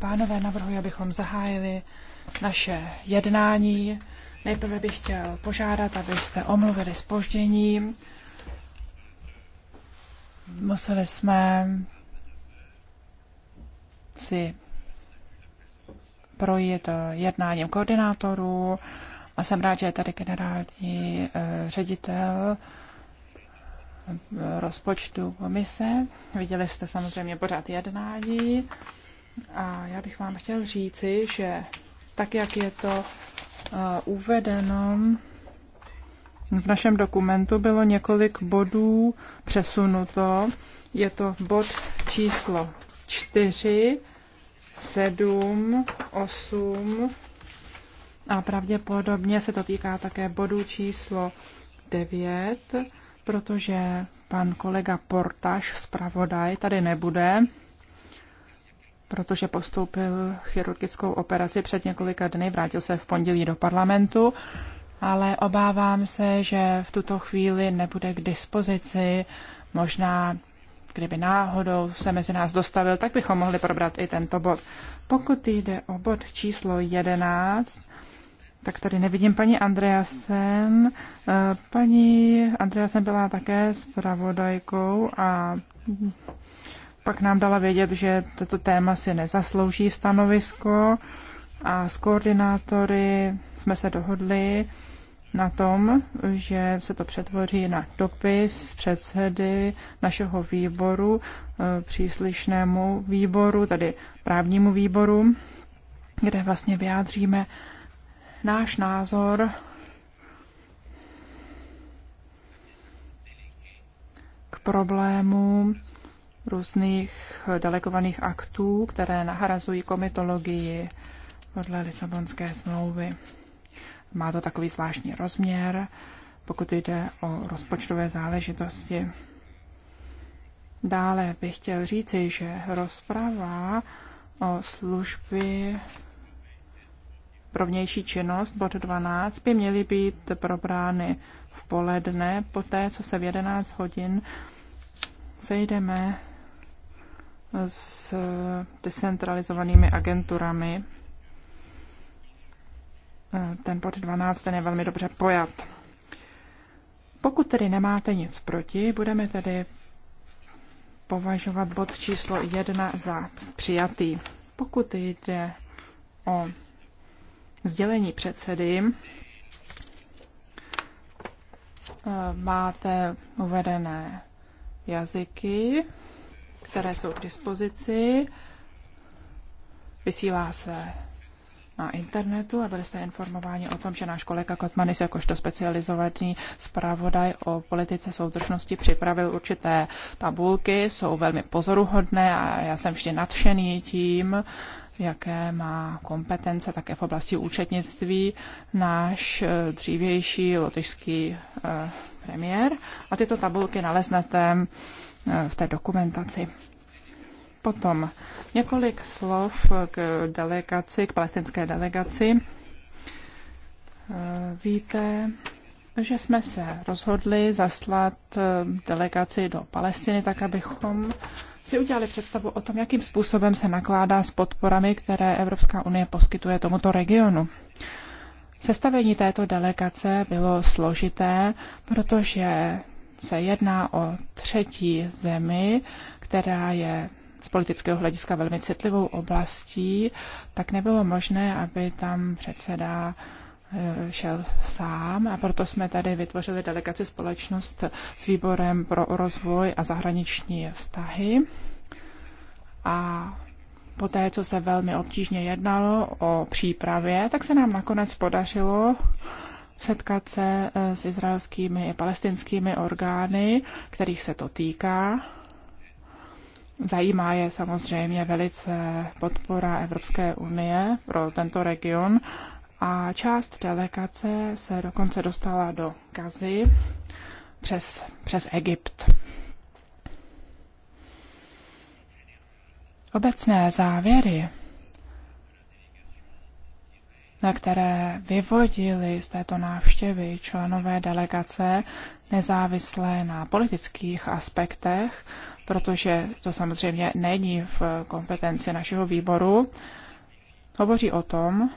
pánové, navrhuji, abychom zahájili naše jednání. Nejprve bych chtěl požádat, abyste omluvili spoždění. Museli jsme si projít jednáním koordinátorů a jsem rád, že je tady generální eh, ředitel eh, rozpočtu komise. Viděli jste samozřejmě pořád jednání. A já bych vám chtěl říci, že tak, jak je to uh, uvedeno v našem dokumentu, bylo několik bodů přesunuto. Je to bod číslo 4, 7, 8 a pravděpodobně se to týká také bodu číslo 9, protože pan kolega Portaž, zpravodaj, tady nebude, protože postoupil chirurgickou operaci před několika dny, vrátil se v pondělí do parlamentu, ale obávám se, že v tuto chvíli nebude k dispozici. Možná, kdyby náhodou se mezi nás dostavil, tak bychom mohli probrat i tento bod. Pokud jde o bod číslo 11, tak tady nevidím paní Andreasen. Eh, paní Andreasen byla také zpravodajkou a pak nám dala vědět, že toto téma si nezaslouží stanovisko a s koordinátory jsme se dohodli na tom, že se to přetvoří na dopis předsedy našeho výboru, eh, příslišnému výboru, tedy právnímu výboru, kde vlastně vyjádříme náš názor k problému různých delegovaných aktů, které nahrazují komitologii podle Lisabonské smlouvy. Má to takový zvláštní rozměr, pokud jde o rozpočtové záležitosti. Dále bych chtěl říci, že rozprava o služby pro vnější činnost, bod 12, by měly být probrány v poledne, poté co se v 11 hodin sejdeme s decentralizovanými agenturami. Ten bod 12 ten je velmi dobře pojat. Pokud tedy nemáte nic proti, budeme tedy považovat bod číslo 1 za přijatý. Pokud jde o sdělení předsedy, eh, máte uvedené jazyky které jsou k dispozici. Vysílá se na internetu a byli jste informováni o tom, že náš kolega Kotmanis jakožto specializovaný zpravodaj o politice soudržnosti připravil určité tabulky, jsou velmi pozoruhodné a já jsem vždy nadšený tím, jaké má kompetence také v oblasti účetnictví náš eh, dřívější lotyšský eh, premiér. A tyto tabulky naleznete Eh, v té dokumentaci. Potom několik slov k delegaci, k palestinské delegaci. Eh, víte, že jsme se rozhodli zaslat eh, delegaci do Palestiny, tak abychom si udělali představu o tom, jakým způsobem se nakládá s podporami, které Evropská unie poskytuje tomuto regionu. Sestavení této delegace bylo složité, protože se jedná o třetí zemi, která je z politického hlediska velmi citlivou oblastí, tak nebylo možné, aby tam předseda eh, šel sám a proto jsme tady vytvořili delegaci společnost s výborem pro rozvoj a zahraniční vztahy. A po té, co se velmi obtížně jednalo o přípravě, tak se nám nakonec podařilo setkat se eh, s izraelskými i palestinskými orgány, kterých se to týká. Zajímá je samozřejmě velice podpora Evropské unie pro tento region a část delegace se dokonce dostala do Gazy přes, přes Egypt. Obecné závěry na které vyvodili z této návštěvy členové delegace nezávislé na politických aspektech, protože to samozřejmě není v kompetenci našeho výboru, hovoří o tom,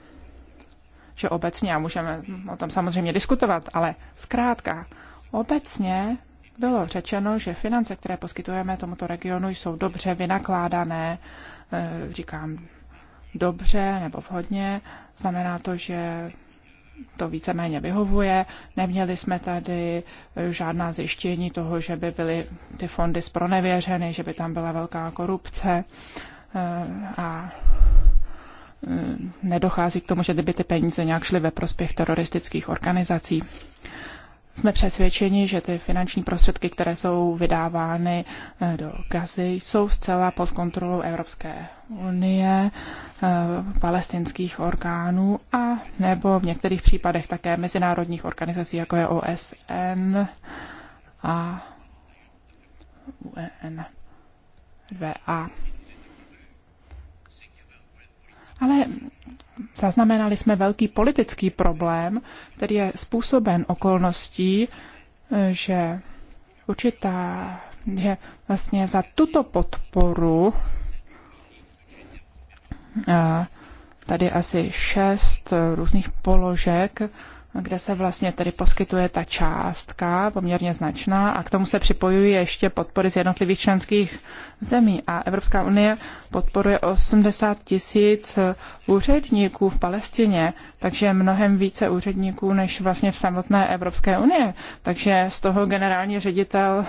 že obecně, a můžeme o tom samozřejmě diskutovat, ale zkrátka, obecně bylo řečeno, že finance, které poskytujeme tomuto regionu, jsou dobře vynakládané, e, říkám dobře nebo vhodně. Znamená to, že to víceméně vyhovuje. Neměli jsme tady eh, žádná zjištění toho, že by byly ty fondy spronevěřeny, že by tam byla velká korupce eh, a eh, nedochází k tomu, že kdyby ty peníze nějak šly ve prospěch teroristických organizací jsme přesvědčeni, že ty finanční prostředky, které jsou vydávány eh, do Gazy, jsou zcela pod kontrolou Evropské unie, eh, palestinských orgánů a nebo v některých případech také mezinárodních organizací, jako je OSN a UNVA. E Ale zaznamenali jsme velký politický problém, který je způsoben okolností, že určitá, že vlastně za tuto podporu eh, tady asi šest různých položek kde se vlastně tedy poskytuje ta částka poměrně značná a k tomu se připojují ještě podpory z jednotlivých členských zemí. A Evropská unie podporuje 80 tisíc úředníků v Palestině, takže mnohem více úředníků než vlastně v samotné Evropské unie. Takže z toho generální ředitel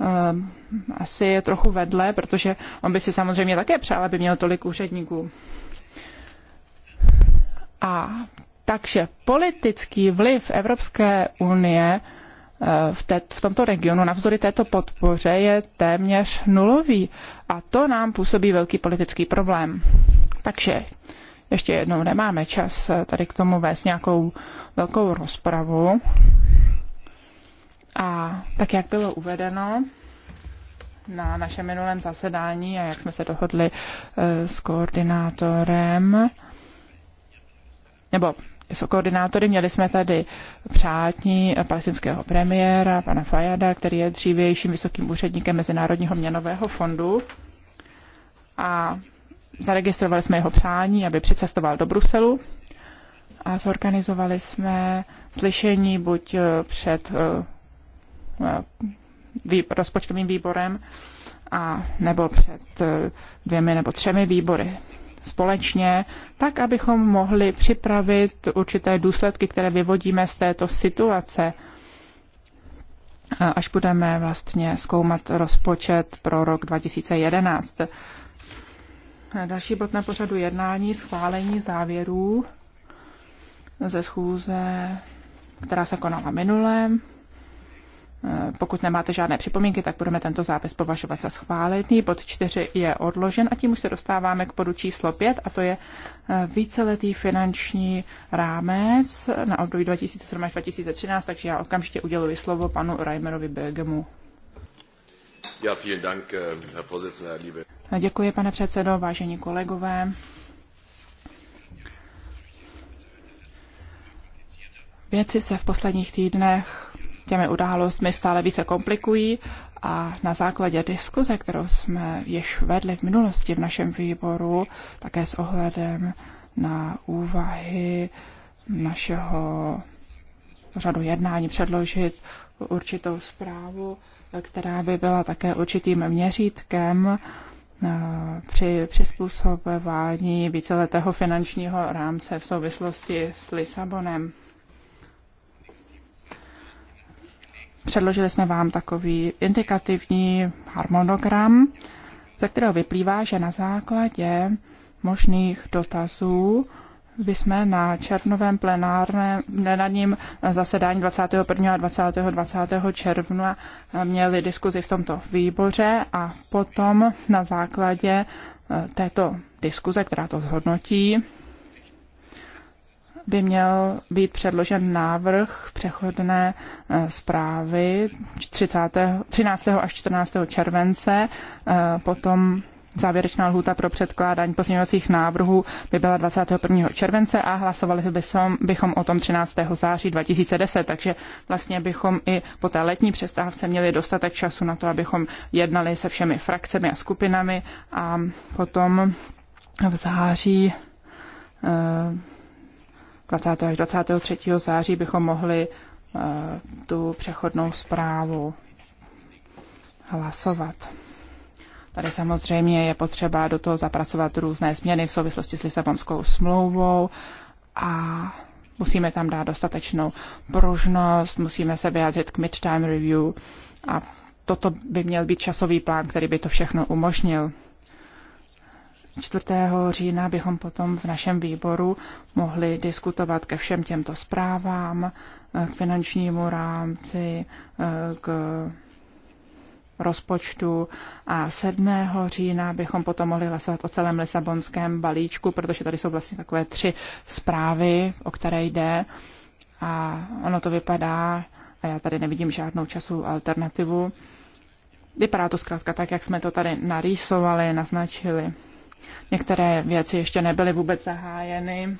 ehm, asi je trochu vedle, protože on by si samozřejmě také přál, aby měl tolik úředníků. A takže politický vliv Evropské unie eh, v, te, v tomto regionu navzdory této podpoře je téměř nulový a to nám působí velký politický problém. Takže ještě jednou nemáme čas eh, tady k tomu vést nějakou velkou rozpravu. A tak, jak bylo uvedeno na našem minulém zasedání a jak jsme se dohodli eh, s koordinátorem, nebo s koordinátory. Měli jsme tady přátní palestinského premiéra, pana Fajada, který je dřívějším vysokým úředníkem Mezinárodního měnového fondu. A zaregistrovali jsme jeho přání, aby přicestoval do Bruselu. A zorganizovali jsme slyšení buď eh, před eh, eh, rozpočtovým výborem, a nebo před dvěmi nebo třemi výbory společně, tak abychom mohli připravit určité důsledky, které vyvodíme z této situace, až budeme vlastně zkoumat rozpočet pro rok 2011. Další bod na pořadu jednání, schválení závěrů ze schůze, která se konala minulém. Pokud nemáte žádné připomínky, tak budeme tento zápis považovat za schválený. Bod 4 je odložen a tím už se dostáváme k bodu číslo 5 a to je eh, víceletý finanční rámec na období 2007 až 2013, takže já okamžitě uděluji slovo panu Reimerovi Bergemu. Ja, Dank, eh, liebe. Děkuji, pane předsedo, vážení kolegové. Věci se v posledních týdnech těmi událostmi stále více komplikují a na základě diskuze, kterou jsme již vedli v minulosti v našem výboru, také s ohledem na úvahy našeho řadu jednání předložit určitou zprávu, která by byla také určitým měřítkem eh, při přizpůsobování víceletého finančního rámce v souvislosti s Lisabonem. Předložili jsme vám takový indikativní harmonogram, ze kterého vyplývá, že na základě možných dotazů jsme na červnovém plenárném, plenárním zasedání 21. a 20. 20. června měli diskuzi v tomto výboře a potom na základě eh, této diskuze, která to zhodnotí, by měl být předložen návrh přechodné e, zprávy 30, 13. až 14. července, e, potom Závěrečná lhůta pro předkládání pozměňovacích návrhů by byla 21. července a hlasovali bychom, bychom o tom 13. září 2010, takže vlastně bychom i po té letní přestávce měli dostatek času na to, abychom jednali se všemi frakcemi a skupinami a potom v září e, 20. až 23. září bychom mohli eh, tu přechodnou zprávu hlasovat. Tady samozřejmě je potřeba do toho zapracovat různé změny v souvislosti s Lisabonskou smlouvou a musíme tam dát dostatečnou pružnost, musíme se vyjádřit k midtime review a toto by měl být časový plán, který by to všechno umožnil. 4. října bychom potom v našem výboru mohli diskutovat ke všem těmto zprávám, eh, k finančnímu rámci, eh, k rozpočtu a 7. října bychom potom mohli hlasovat o celém Lisabonském balíčku, protože tady jsou vlastně takové tři zprávy, o které jde a ono to vypadá a já tady nevidím žádnou časovou alternativu. Vypadá to zkrátka tak, jak jsme to tady narýsovali, naznačili. Některé věci ještě nebyly vůbec zahájeny,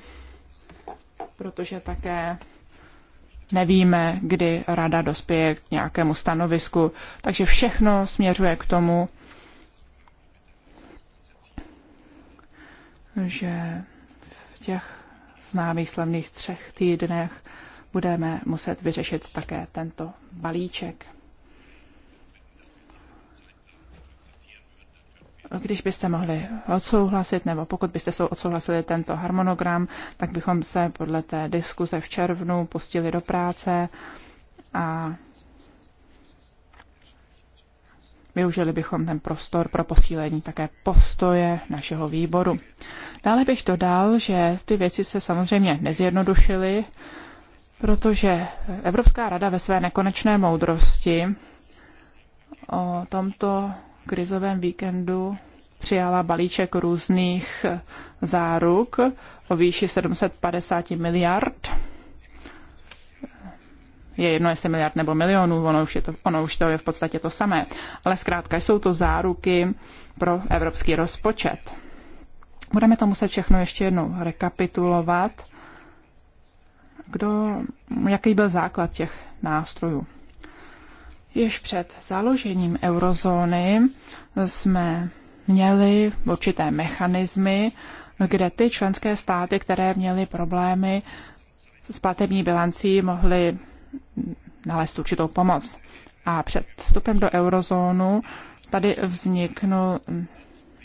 protože také nevíme, kdy rada dospěje k nějakému stanovisku. Takže všechno směřuje k tomu, že v těch známých slavných třech týdnech budeme muset vyřešit také tento balíček. Když byste mohli odsouhlasit, nebo pokud byste se odsouhlasili tento harmonogram, tak bychom se podle té diskuze v červnu pustili do práce a Využili bychom ten prostor pro posílení také postoje našeho výboru. Dále bych dodal, že ty věci se samozřejmě nezjednodušily, protože Evropská rada ve své nekonečné moudrosti o tomto krizovém víkendu přijala balíček různých záruk o výši 750 miliard. Je jedno, jestli miliard nebo milionů, ono už, je to, ono už to je v podstatě to samé. Ale zkrátka jsou to záruky pro evropský rozpočet. Budeme to muset všechno ještě jednou rekapitulovat. Kdo, jaký byl základ těch nástrojů? Již před založením eurozóny jsme měli určité mechanismy, kde ty členské státy, které měly problémy s platební bilancí, mohly nalézt určitou pomoc. A před vstupem do eurozónu tady vzniknul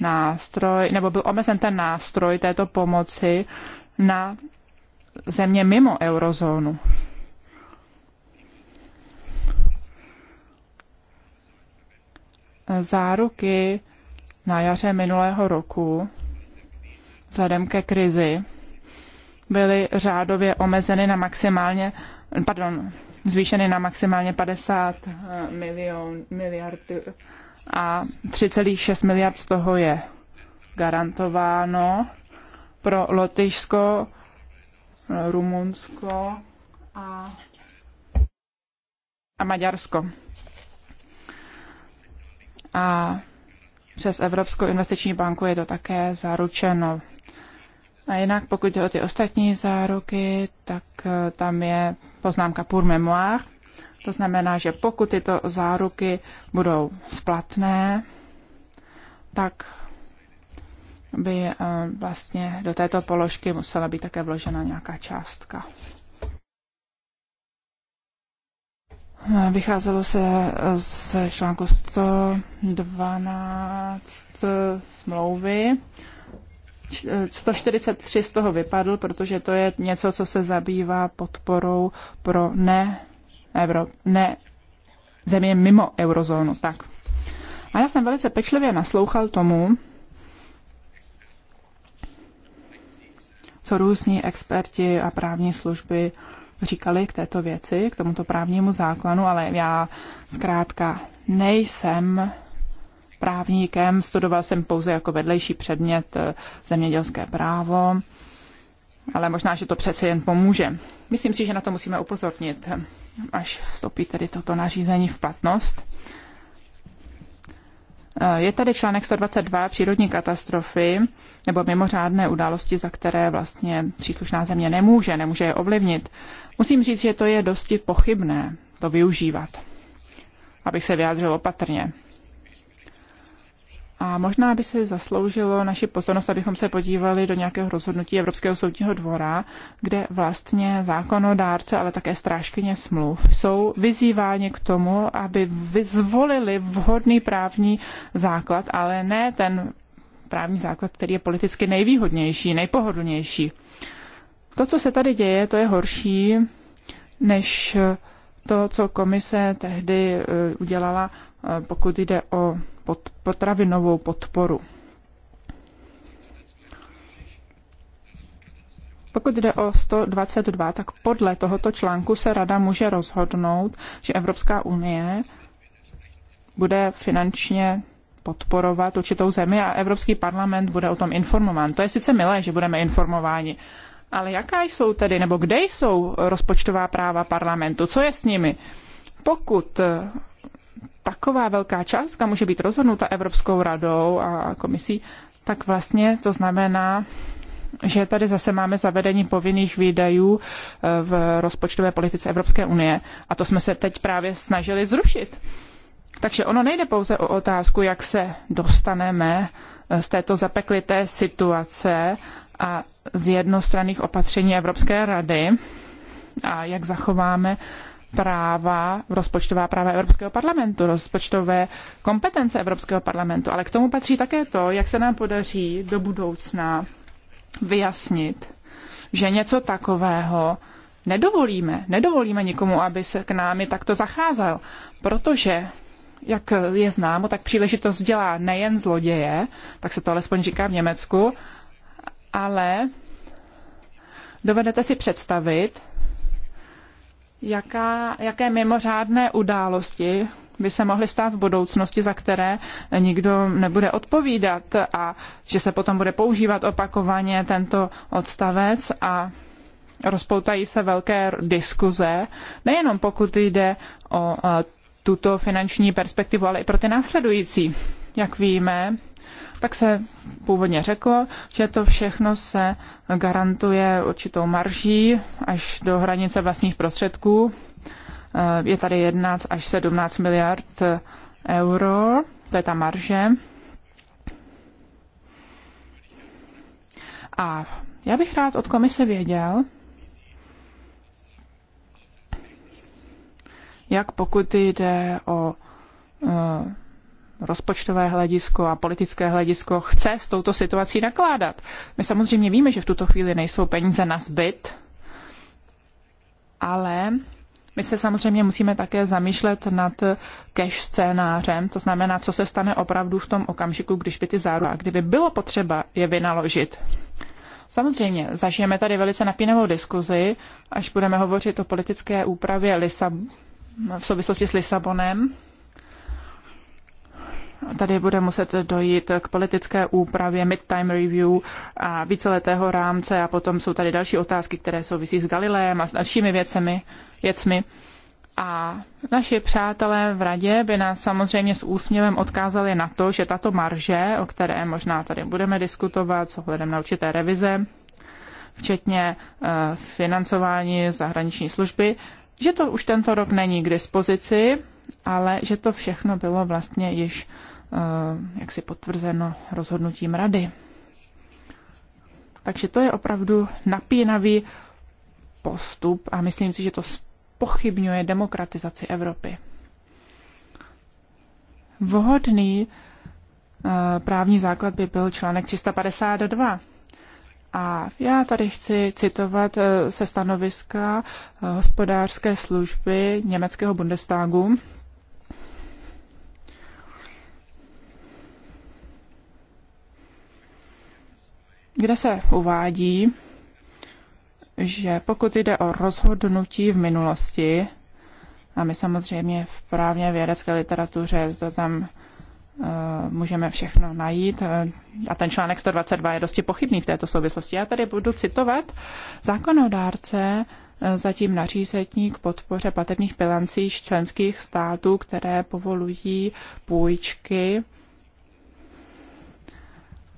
nástroj, nebo byl omezen ten nástroj této pomoci na země mimo eurozónu. záruky na jaře minulého roku vzhledem ke krizi byly řádově omezeny na maximálně, pardon, zvýšeny na maximálně 50 eh, milion, miliard a 3,6 miliard z toho je garantováno pro Lotyšsko, eh, Rumunsko a, a Maďarsko a přes Evropskou investiční banku je to také zaručeno. A jinak, pokud jde o ty ostatní záruky, tak e, tam je poznámka pour memoir. To znamená, že pokud tyto záruky budou splatné, tak by e, vlastně do této položky musela být také vložena nějaká částka. Vycházelo se eh, z článku 112 eh, smlouvy. 143 eh, z toho vypadl, protože to je něco, co se zabývá podporou pro ne, Evro, ne země mimo eurozónu. Tak. A já jsem velice pečlivě naslouchal tomu, co různí experti a právní služby říkali k této věci, k tomuto právnímu základu, ale já zkrátka nejsem právníkem, studoval jsem pouze jako vedlejší předmět eh, zemědělské právo, ale možná, že to přece jen pomůže. Myslím si, že na to musíme upozornit, až vstoupí tedy toto nařízení v platnost. Eh, je tady článek 122 přírodní katastrofy nebo mimořádné události, za které vlastně příslušná země nemůže, nemůže je ovlivnit. Musím říct, že to je dosti pochybné to využívat, abych se vyjádřil opatrně. A možná by se zasloužilo naši pozornost, abychom se podívali do nějakého rozhodnutí Evropského soudního dvora, kde vlastně zákonodárce, ale také strážkyně smluv jsou vyzýváni k tomu, aby vyzvolili vhodný právní základ, ale ne ten právní základ, který je politicky nejvýhodnější, nejpohodlnější. To, co se tady děje, to je horší než to, co komise tehdy eh, udělala, eh, pokud jde o potravinovou podporu. Pokud jde o 122, tak podle tohoto článku se Rada může rozhodnout, že Evropská unie bude finančně podporovat určitou zemi a Evropský parlament bude o tom informován. To je sice milé, že budeme informováni, ale jaká jsou tedy, nebo kde jsou rozpočtová práva parlamentu? Co je s nimi? Pokud eh, taková velká částka může být rozhodnuta Evropskou radou a komisí, tak vlastně to znamená, že tady zase máme zavedení povinných výdajů eh, v rozpočtové politice Evropské unie a to jsme se teď právě snažili zrušit. Takže ono nejde pouze o otázku, jak se dostaneme eh, z této zapeklité situace a z jednostranných opatření Evropské rady a jak zachováme práva, rozpočtová práva Evropského parlamentu, rozpočtové kompetence Evropského parlamentu. Ale k tomu patří také to, jak se nám podaří do budoucna vyjasnit, že něco takového nedovolíme. Nedovolíme nikomu, aby se k námi takto zacházel, protože jak je známo, tak příležitost dělá nejen zloděje, tak se to alespoň říká v Německu, ale dovedete si představit, jaká, jaké mimořádné události by se mohly stát v budoucnosti, za které nikdo nebude odpovídat a že se potom bude používat opakovaně tento odstavec a rozpoutají se velké diskuze, nejenom pokud jde o e, tuto finanční perspektivu, ale i pro ty následující. Jak víme, tak se původně řeklo, že to všechno se garantuje určitou marží až do hranice vlastních prostředků. Eh, je tady 11 až 17 miliard euro, to je ta marže. A já bych rád od komise věděl, jak pokud jde o eh, rozpočtové hledisko a politické hledisko chce s touto situací nakládat. My samozřejmě víme, že v tuto chvíli nejsou peníze na zbyt, ale my se samozřejmě musíme také zamýšlet nad cash scénářem, to znamená, co se stane opravdu v tom okamžiku, když by ty záruky, kdyby bylo potřeba je vynaložit. Samozřejmě, zažijeme tady velice napínavou diskuzi, až budeme hovořit o politické úpravě Lisab- v souvislosti s Lisabonem, tady bude muset dojít k politické úpravě mid-time review a víceletého rámce a potom jsou tady další otázky, které souvisí s Galileem a s dalšími věcemi, věcmi. A naši přátelé v radě by nás samozřejmě s úsměvem odkázali na to, že tato marže, o které možná tady budeme diskutovat s ohledem na určité revize, včetně eh, financování zahraniční služby, že to už tento rok není k dispozici, ale že to všechno bylo vlastně již eh, jaksi potvrzeno rozhodnutím rady. Takže to je opravdu napínavý postup a myslím si, že to pochybňuje demokratizaci Evropy. Vhodný eh, právní základ by byl článek 352 a já tady chci citovat eh, se stanoviska eh, hospodářské služby německého Bundestagu. kde se uvádí, že pokud jde o rozhodnutí v minulosti, a my samozřejmě v právně vědecké literatuře to tam Eh, můžeme všechno najít. Eh, a ten článek 122 je dosti pochybný v této souvislosti. Já tady budu citovat zákonodárce eh, zatím nařízení k podpoře platebních bilancí členských států, které povolují půjčky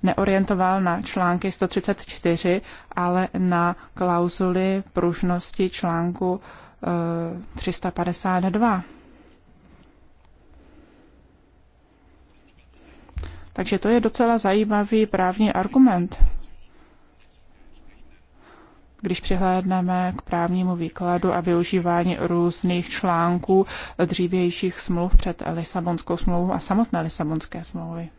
neorientoval na články 134, ale na klauzuly pružnosti článku 352. Takže to je docela zajímavý právní argument, když přihlédneme k právnímu výkladu a využívání různých článků dřívějších smluv před Lisabonskou smlouvou a samotné Lisabonské smlouvy.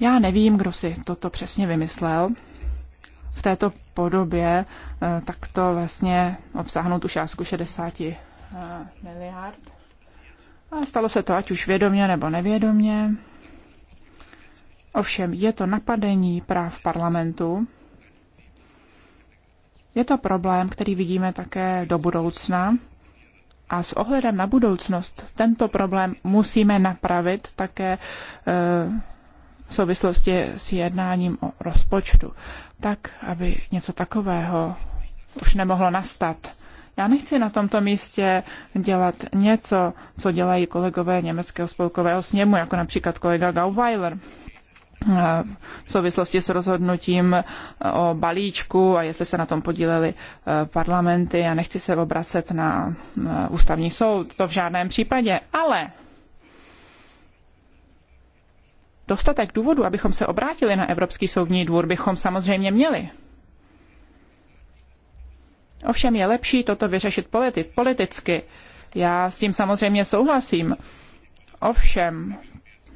Já nevím, kdo si toto přesně vymyslel. V této podobě eh, takto vlastně obsáhnout tu částku 60 eh, miliard. A stalo se to ať už vědomě nebo nevědomě. Ovšem, je to napadení práv parlamentu. Je to problém, který vidíme také do budoucna. A s ohledem na budoucnost tento problém musíme napravit také eh, v souvislosti s jednáním o rozpočtu, tak, aby něco takového už nemohlo nastat. Já nechci na tomto místě dělat něco, co dělají kolegové Německého spolkového sněmu, jako například kolega Gauweiler eh, v souvislosti s rozhodnutím eh, o balíčku a jestli se na tom podíleli eh, parlamenty. Já nechci se obracet na ústavní soud, to v žádném případě, ale dostatek důvodu, abychom se obrátili na Evropský soudní dvůr, bychom samozřejmě měli. Ovšem je lepší toto vyřešit politi- politicky. Já s tím samozřejmě souhlasím. Ovšem,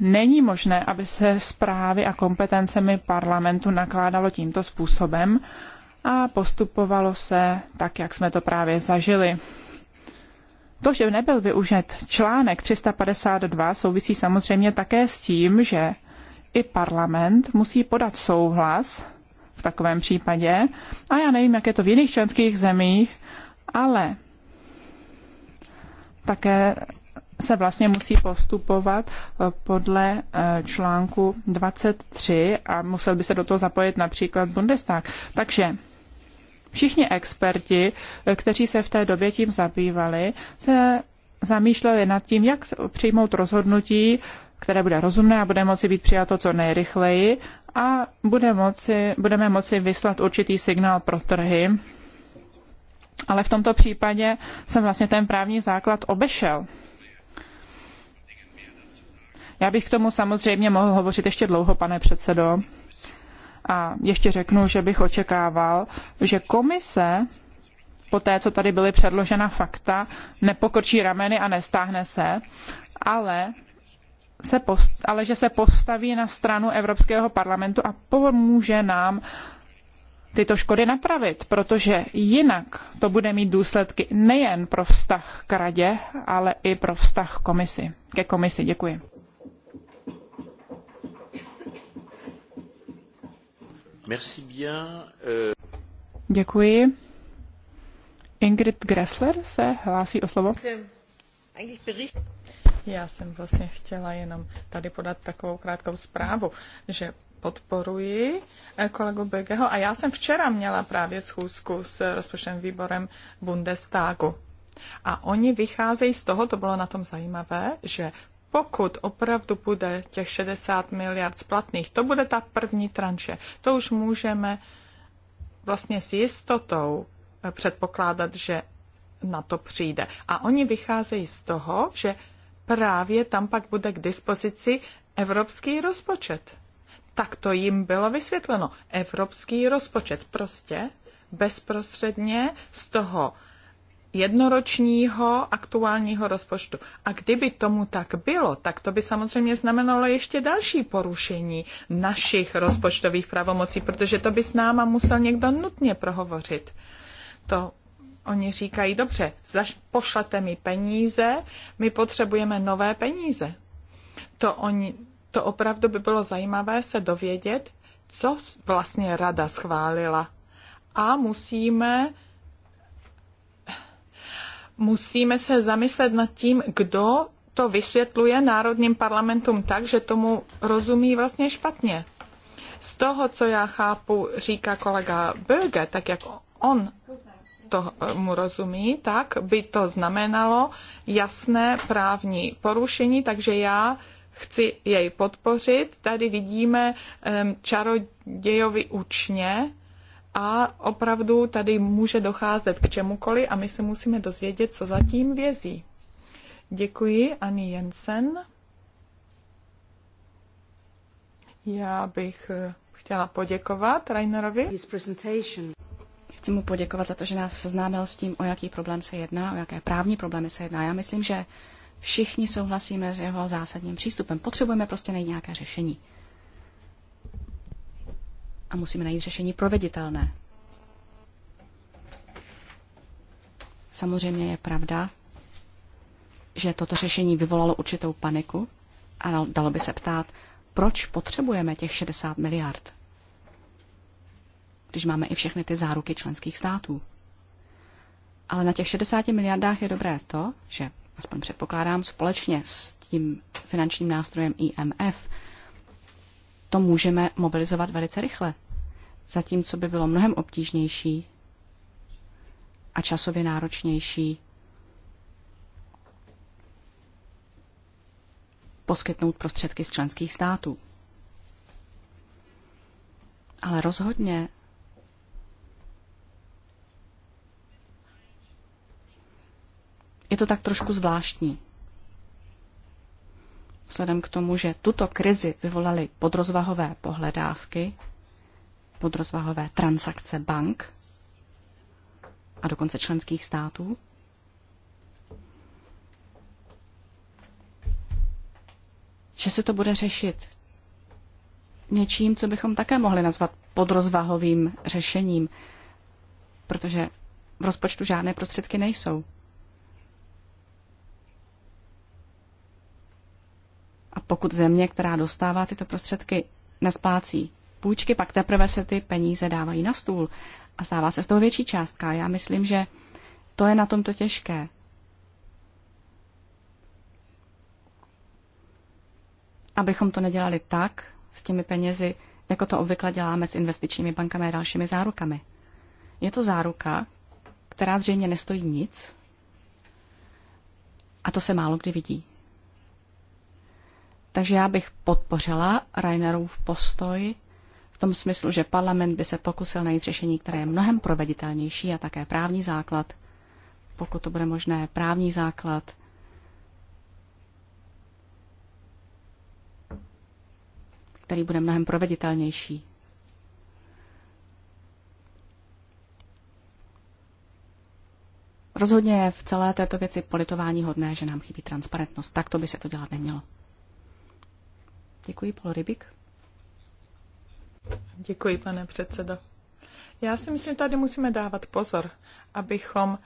není možné, aby se zprávy a kompetencemi parlamentu nakládalo tímto způsobem a postupovalo se tak, jak jsme to právě zažili. To, že nebyl využit článek 352, souvisí samozřejmě také s tím, že i parlament musí podat souhlas v takovém případě. A já nevím, jak je to v jiných členských zemích, ale také se vlastně musí postupovat eh, podle eh, článku 23 a musel by se do toho zapojit například Bundestag. Takže všichni experti, eh, kteří se v té době tím zabývali, se zamýšleli nad tím, jak přijmout rozhodnutí, které bude rozumné a bude moci být přijato co nejrychleji a bude moci, budeme moci vyslat určitý signál pro trhy. Ale v tomto případě jsem vlastně ten právní základ obešel. Já bych k tomu samozřejmě mohl hovořit ještě dlouho, pane předsedo. A ještě řeknu, že bych očekával, že komise po té, co tady byly předložena fakta, nepokočí rameny a nestáhne se, ale se post, ale že se postaví na stranu Evropského parlamentu a pomůže nám tyto škody napravit, protože jinak to bude mít důsledky nejen pro vztah k radě, ale i pro vztah komisi. Ke komisi děkuji. Merci bien. Euh, děkuji. Ingrid Gressler se hlásí o slovo. Já jsem vlastně chtěla jenom tady podat takovou krátkou zprávu, že podporuji eh, kolegu Begeho a já jsem včera měla právě schůzku s rozpočtovým výborem Bundestagu. A oni vycházejí z toho, to bylo na tom zajímavé, že pokud opravdu bude těch 60 miliard splatných, to bude ta první tranše. To už můžeme vlastně s jistotou eh, předpokládat, že na to přijde. A oni vycházejí z toho, že právě tam pak bude k dispozici evropský rozpočet. Tak to jim bylo vysvětleno. Evropský rozpočet prostě bezprostředně z toho jednoročního aktuálního rozpočtu. A kdyby tomu tak bylo, tak to by samozřejmě znamenalo ještě další porušení našich rozpočtových pravomocí, protože to by s náma musel někdo nutně prohovořit. To Oni říkají, dobře, zaš pošlete mi peníze, my potřebujeme nové peníze. To, oni, to opravdu by bylo zajímavé se dovědět, co vlastně rada schválila. A musíme musíme se zamyslet nad tím, kdo to vysvětluje národním parlamentům tak, že tomu rozumí vlastně špatně. Z toho, co já chápu, říká kolega Böge, tak jak on tomu eh, rozumí, tak by to znamenalo jasné právní porušení, takže já chci jej podpořit. Tady vidíme čarodějovi učně a opravdu tady může docházet k čemukoliv a my se musíme dozvědět, co zatím vězí. Děkuji, Ani Jensen. Já bych eh, chtěla poděkovat Rainerovi Chci mu poděkovat za to, že nás seznámil s tím, o jaký problém se jedná, o jaké právní problémy se jedná. Já myslím, že všichni souhlasíme s jeho zásadním přístupem. Potřebujeme prostě najít nějaké řešení. A musíme najít řešení proveditelné. Samozřejmě je pravda, že toto řešení vyvolalo určitou paniku a dalo by se ptát, proč potřebujeme těch 60 miliard když máme i všechny ty záruky členských států. Ale na těch 60 miliardách je dobré to, že, aspoň předpokládám, společně s tím finančním nástrojem IMF, to můžeme mobilizovat velice rychle. Zatímco by bylo mnohem obtížnější a časově náročnější poskytnout prostředky z členských států. Ale rozhodně je to tak trošku zvláštní. Vzhledem k tomu, že tuto krizi vyvolaly podrozvahové pohledávky, podrozvahové transakce bank a dokonce členských států, že se to bude řešit něčím, co bychom také mohli nazvat podrozvahovým řešením, protože v rozpočtu žádné prostředky nejsou. A pokud země, která dostává tyto prostředky, nesplácí půjčky, pak teprve se ty peníze dávají na stůl a stává se z toho větší částka. Já myslím, že to je na tomto těžké. Abychom to nedělali tak s těmi penězi, jako to obvykle děláme s investičními bankami a dalšími zárukami. Je to záruka, která zřejmě nestojí nic a to se málo kdy vidí. Takže já bych podpořila Rainerův postoj v tom smyslu, že parlament by se pokusil najít řešení, které je mnohem proveditelnější a také právní základ, pokud to bude možné, právní základ, který bude mnohem proveditelnější. Rozhodně je v celé této věci politování hodné, že nám chybí transparentnost. Tak to by se to dělat nemělo. Děkuji, Paul Rybik. Děkuji, pane předsedo. Já si myslím, že tady musíme dávat pozor, abychom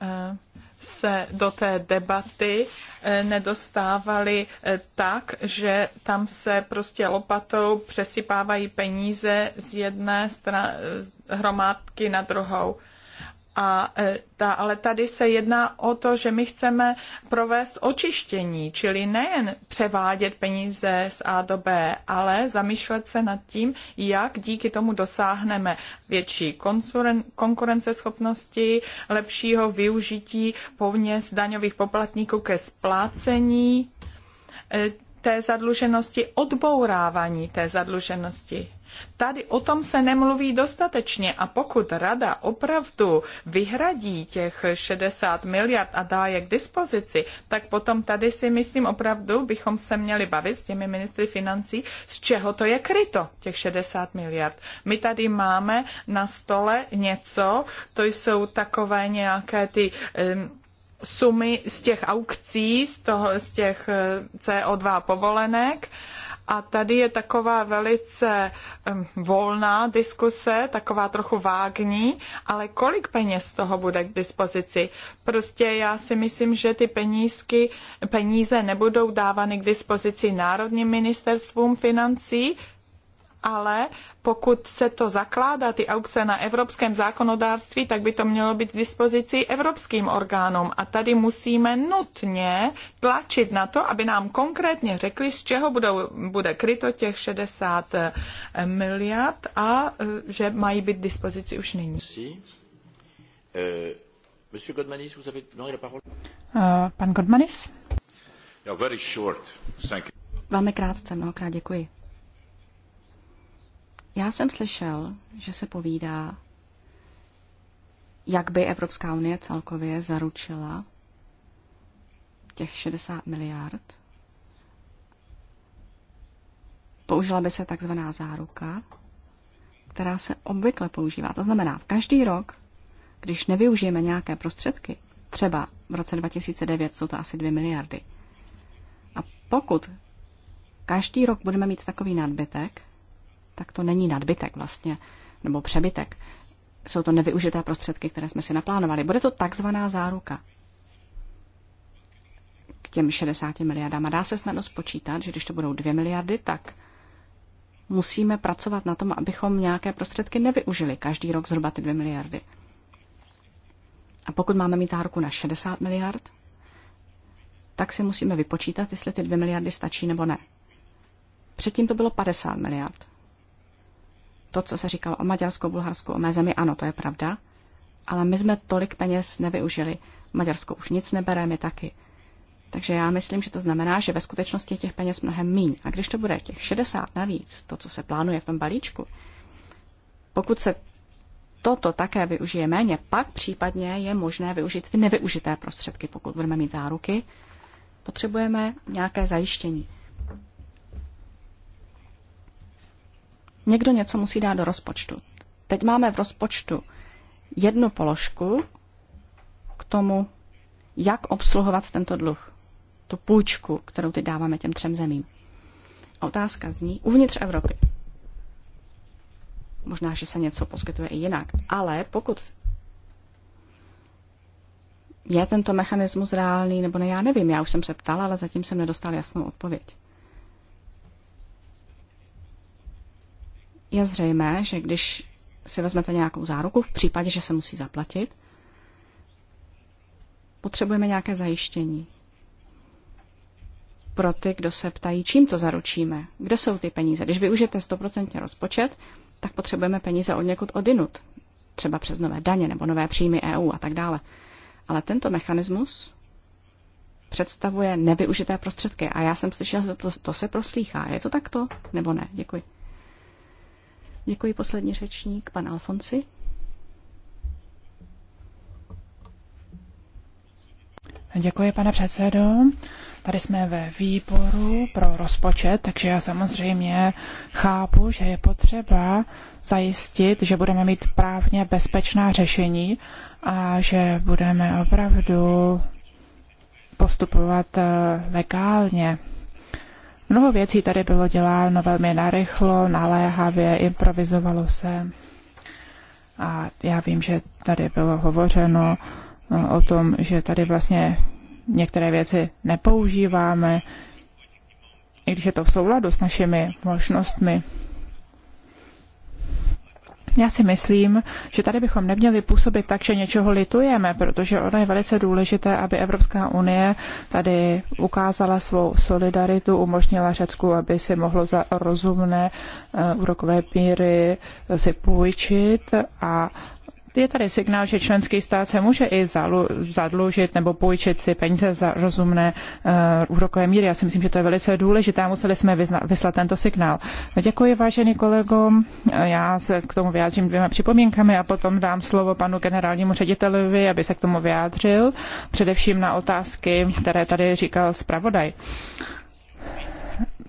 eh, se do té debaty eh, nedostávali eh, tak, že tam se prostě lopatou přesypávají peníze z jedné strany, hromádky na druhou. A e, ta, ale tady se jedná o to, že my chceme provést očištění, čili nejen převádět peníze z A do B, ale zamýšlet se nad tím, jak díky tomu dosáhneme větší konkurenceschopnosti, lepšího využití poměst daňových poplatníků ke splácení e, té zadluženosti, odbourávání té zadluženosti. Tady o tom se nemluví dostatečně a pokud rada opravdu vyhradí těch 60 miliard a dá je k dispozici, tak potom tady si myslím opravdu bychom se měli bavit s těmi ministry financí, z čeho to je kryto, těch 60 miliard. My tady máme na stole něco, to jsou takové nějaké ty um, sumy z těch aukcí, z, toho, z těch eh, CO2 povolenek, a tady je taková velice um, volná diskuse, taková trochu vágní, ale kolik peněz z toho bude k dispozici? Prostě já si myslím, že ty penízky, peníze nebudou dávány k dispozici národním ministerstvům financí, ale pokud se to zakládá, ty aukce na evropském zákonodárství, tak by to mělo být k dispozici evropským orgánům. A tady musíme nutně tlačit na to, aby nám konkrétně řekli, z čeho budou, bude kryto těch 60 eh, miliard a eh, že mají být k dispozici už nyní. Eh, pan Godmanis? very short. Thank you. Velmi krátce, mnohokrát děkuji. Já jsem slyšel, že se povídá, jak by Evropská unie celkově zaručila těch 60 miliard. Použila by se takzvaná záruka, která se obvykle používá. To znamená, v každý rok, když nevyužijeme nějaké prostředky, třeba v roce 2009 jsou to asi 2 miliardy, a pokud každý rok budeme mít takový nadbytek, tak to není nadbytek vlastně, nebo přebytek. Jsou to nevyužité prostředky, které jsme si naplánovali. Bude to takzvaná záruka k těm 60 miliardám. A dá se snadno spočítat, že když to budou 2 miliardy, tak musíme pracovat na tom, abychom nějaké prostředky nevyužili. Každý rok zhruba ty 2 miliardy. A pokud máme mít záruku na 60 miliard, tak si musíme vypočítat, jestli ty 2 miliardy stačí nebo ne. Předtím to bylo 50 miliard. To, co se říkalo o Maďarsku, Bulharsku, o mé zemi, ano, to je pravda. Ale my jsme tolik peněz nevyužili. Maďarsko už nic nebere, my taky. Takže já myslím, že to znamená, že ve skutečnosti je těch peněz mnohem míň. A když to bude těch 60 navíc, to, co se plánuje v tom balíčku, pokud se toto také využije méně, pak případně je možné využít ty nevyužité prostředky, pokud budeme mít záruky. Potřebujeme nějaké zajištění. Někdo něco musí dát do rozpočtu. Teď máme v rozpočtu jednu položku k tomu, jak obsluhovat tento dluh, tu půjčku, kterou teď dáváme těm třem zemím. A otázka zní uvnitř Evropy. Možná, že se něco poskytuje i jinak, ale pokud je tento mechanismus reálný, nebo ne, já nevím, já už jsem se ptala, ale zatím jsem nedostal jasnou odpověď. je zřejmé, že když si vezmete nějakou záruku v případě, že se musí zaplatit, potřebujeme nějaké zajištění. Pro ty, kdo se ptají, čím to zaručíme, kde jsou ty peníze. Když využijete 100% rozpočet, tak potřebujeme peníze od někud odinut, třeba přes nové daně nebo nové příjmy EU a tak dále. Ale tento mechanismus představuje nevyužité prostředky. A já jsem slyšela, že to, to se proslýchá. Je to takto? Nebo ne? Děkuji. Děkuji poslední řečník, pan Alfonsi. Děkuji, pane předsedo. Tady jsme ve výboru pro rozpočet, takže já samozřejmě chápu, že je potřeba zajistit, že budeme mít právně bezpečná řešení a že budeme opravdu postupovat eh, legálně. Mnoho věcí tady bylo děláno velmi narychlo, naléhavě, improvizovalo se. A já vím, že tady bylo hovořeno eh, o tom, že tady vlastně některé věci nepoužíváme, i když je to v souladu s našimi možnostmi já si myslím, že tady bychom neměli působit tak, že něčeho litujeme, protože ono je velice důležité, aby Evropská unie tady ukázala svou solidaritu, umožnila Řecku, aby si mohlo za rozumné eh, úrokové píry eh, si půjčit a je tady signál, že členský stát se může i zadlužit nebo půjčit si peníze za rozumné uh, úrokové míry. Já si myslím, že to je velice důležité. A Museli jsme vyzna- vyslat tento signál. Děkuji, vážený kolego. Já se k tomu vyjádřím dvěma připomínkami a potom dám slovo panu generálnímu ředitelovi, aby se k tomu vyjádřil, především na otázky, které tady říkal zpravodaj.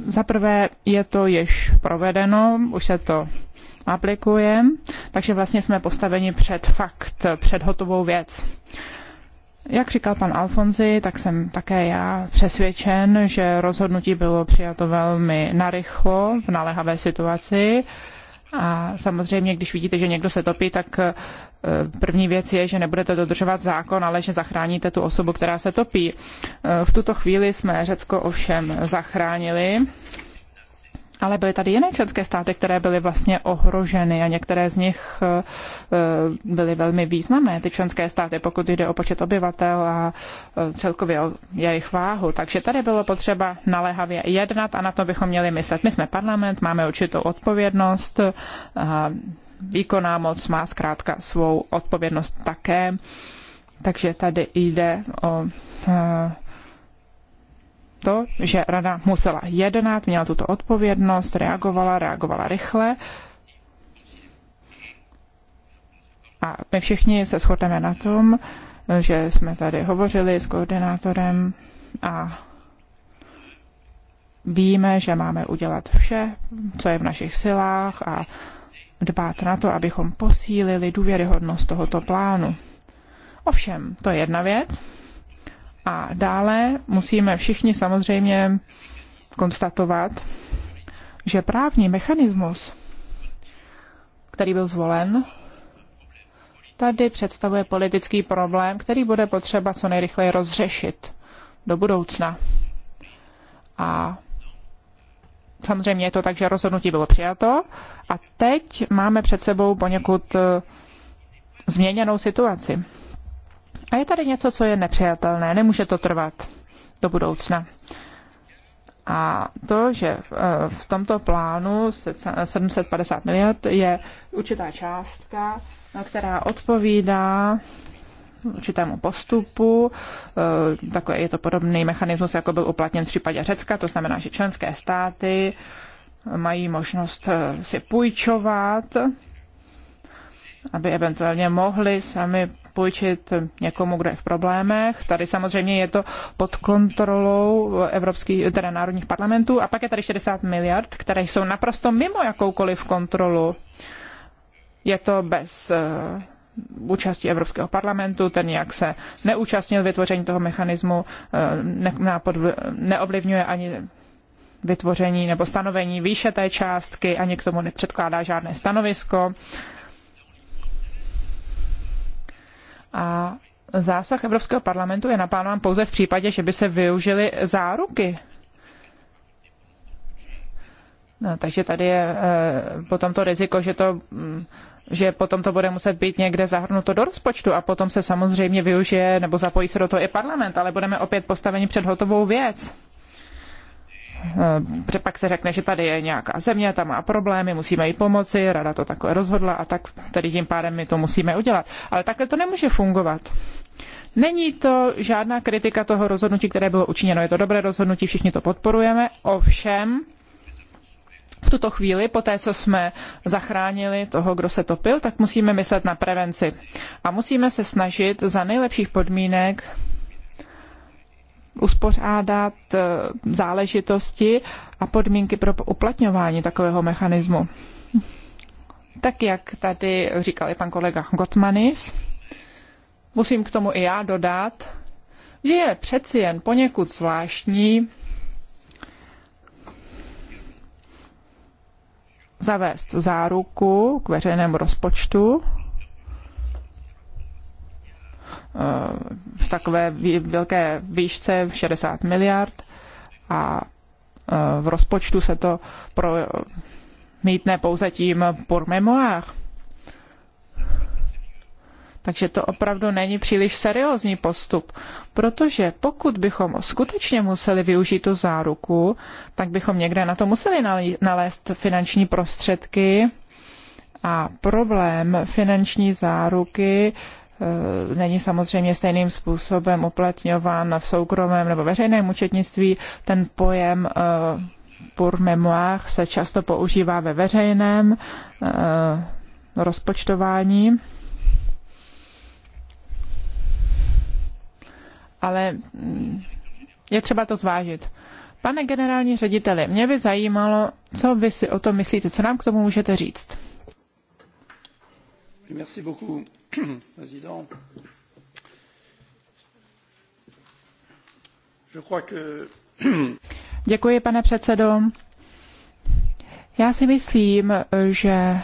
Za prvé je to již provedeno, už se to aplikuje, takže vlastně jsme postaveni před fakt, před hotovou věc. Jak říkal pan Alfonzi, tak jsem také já přesvědčen, že rozhodnutí bylo přijato velmi narychlo v naléhavé situaci. A samozřejmě, když vidíte, že někdo se topí, tak eh, první věc je, že nebudete dodržovat zákon, ale že zachráníte tu osobu, která se topí. Eh, v tuto chvíli jsme Řecko ovšem zachránili ale byly tady jiné členské státy, které byly vlastně ohroženy a některé z nich eh, eh, byly velmi významné, ty členské státy, pokud jde o počet obyvatel a eh, celkově o jejich váhu. Takže tady bylo potřeba naléhavě jednat a na to bychom měli myslet. My jsme parlament, máme určitou odpovědnost. A výkonná moc má zkrátka svou odpovědnost také. Takže tady jde o to, že rada musela jednat, měla tuto odpovědnost, reagovala, reagovala rychle. A my všichni se shodneme na tom, že jsme tady hovořili s koordinátorem a víme, že máme udělat vše, co je v našich silách a dbát na to, abychom posílili důvěryhodnost tohoto plánu. Ovšem, to je jedna věc. A dále musíme všichni samozřejmě konstatovat, že právní mechanismus, který byl zvolen, tady představuje politický problém, který bude potřeba co nejrychleji rozřešit do budoucna. A samozřejmě je to tak, že rozhodnutí bylo přijato a teď máme před sebou poněkud eh, změněnou situaci. A je tady něco, co je nepřijatelné. Nemůže to trvat do budoucna. A to, že eh, v tomto plánu 750 miliard je určitá částka, která odpovídá určitému postupu. Eh, takové je to podobný mechanismus, jako byl uplatněn v případě Řecka, to znamená, že členské státy mají možnost eh, si půjčovat, aby eventuálně mohli sami půjčit někomu, kdo je v problémech. Tady samozřejmě je to pod kontrolou evropských, teda národních parlamentů. A pak je tady 60 miliard, které jsou naprosto mimo jakoukoliv kontrolu. Je to bez eh, účasti Evropského parlamentu, ten jak se neúčastnil vytvoření toho mechanismu, eh, ne, neovlivňuje ani vytvoření nebo stanovení výše té částky, ani k tomu nepředkládá žádné stanovisko. A zásah Evropského parlamentu je naplánován pouze v případě, že by se využily záruky. No, takže tady je e, potom to riziko, že to mm, že potom to bude muset být někde zahrnuto do rozpočtu a potom se samozřejmě využije nebo zapojí se do toho i parlament, ale budeme opět postaveni před hotovou věc že eh, pak se řekne, že tady je nějaká země, tam má problémy, musíme jí pomoci, rada to takhle rozhodla a tak tady tím pádem my to musíme udělat. Ale takhle to nemůže fungovat. Není to žádná kritika toho rozhodnutí, které bylo učiněno. Je to dobré rozhodnutí, všichni to podporujeme, ovšem v tuto chvíli, po té, co jsme zachránili toho, kdo se topil, tak musíme myslet na prevenci. A musíme se snažit za nejlepších podmínek uspořádat eh, záležitosti a podmínky pro uplatňování takového mechanismu. Tak jak tady říkal i pan kolega Gottmanis, musím k tomu i já dodat, že je přeci jen poněkud zvláštní zavést záruku k veřejnému rozpočtu v takové velké výšce 60 miliard a e, v rozpočtu se to pro, mítne pouze tím por memoách. Takže to opravdu není příliš seriózní postup, protože pokud bychom skutečně museli využít tu záruku, tak bychom někde na to museli nalézt finanční prostředky a problém finanční záruky Eh, není samozřejmě stejným způsobem uplatňován v soukromém nebo veřejném účetnictví. Ten pojem eh, pour mémoire se často používá ve veřejném eh, rozpočtování. Ale mm, je třeba to zvážit. Pane generální řediteli, mě by zajímalo, co vy si o tom myslíte, co nám k tomu můžete říct. Merci beaucoup. Président. Děkuji, pane Já si myslím, že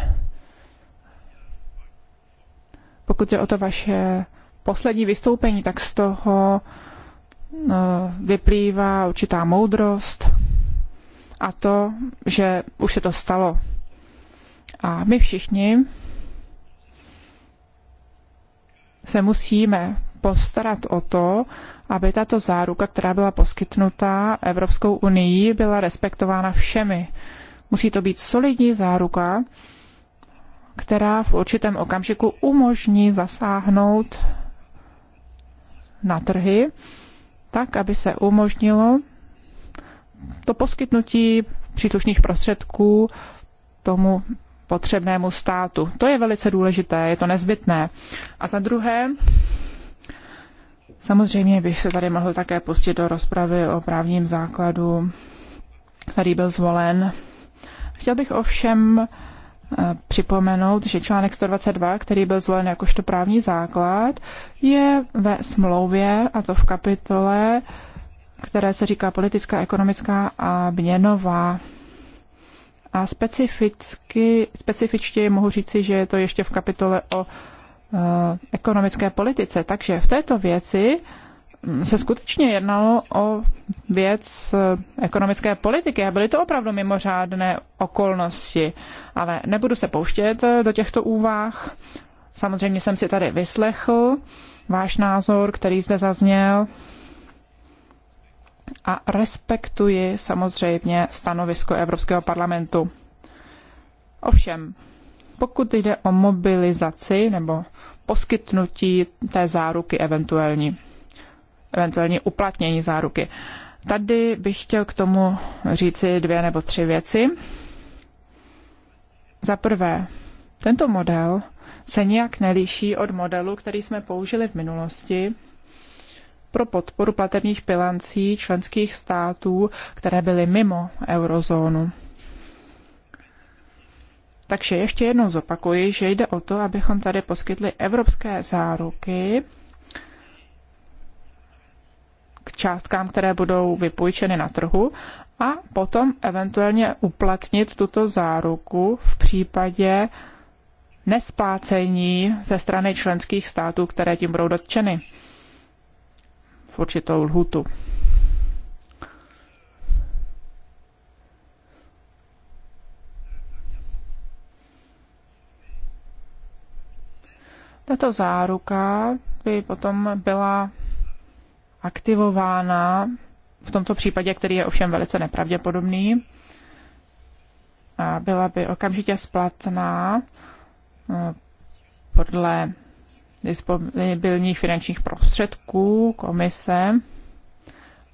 pokud je o to vaše poslední vystoupení, tak z toho no, vyplývá určitá moudrost a to, že už se to stalo. A my všichni se musíme postarat o to, aby tato záruka, která byla poskytnutá Evropskou unii, byla respektována všemi. Musí to být solidní záruka, která v určitém okamžiku umožní zasáhnout na trhy, tak, aby se umožnilo to poskytnutí příslušných prostředků tomu potřebnému státu. To je velice důležité, je to nezbytné. A za druhé, samozřejmě bych se tady mohl také pustit do rozpravy o právním základu, který byl zvolen. Chtěl bych ovšem eh, připomenout, že článek 122, který byl zvolen jakožto právní základ, je ve smlouvě, a to v kapitole, které se říká politická, ekonomická a měnová a specificky, specifičtěji mohu říci, že je to ještě v kapitole o eh, ekonomické politice. Takže v této věci hm, se skutečně jednalo o věc eh, ekonomické politiky a byly to opravdu mimořádné okolnosti. Ale nebudu se pouštět eh, do těchto úvah. Samozřejmě jsem si tady vyslechl váš názor, který zde zazněl a respektuji samozřejmě stanovisko Evropského parlamentu. Ovšem, pokud jde o mobilizaci nebo poskytnutí té záruky eventuální, eventuální uplatnění záruky, tady bych chtěl k tomu říci dvě nebo tři věci. Za prvé, tento model se nijak nelíší od modelu, který jsme použili v minulosti pro podporu platebních bilancí členských států, které byly mimo eurozónu. Takže ještě jednou zopakuji, že jde o to, abychom tady poskytli evropské záruky k částkám, které budou vypůjčeny na trhu a potom eventuálně uplatnit tuto záruku v případě nesplácení ze strany členských států, které tím budou dotčeny v určitou lhutu. Tato záruka by potom byla aktivována v tomto případě, který je ovšem velice nepravděpodobný, a byla by okamžitě splatná eh, podle disponibilních finančních prostředků komise.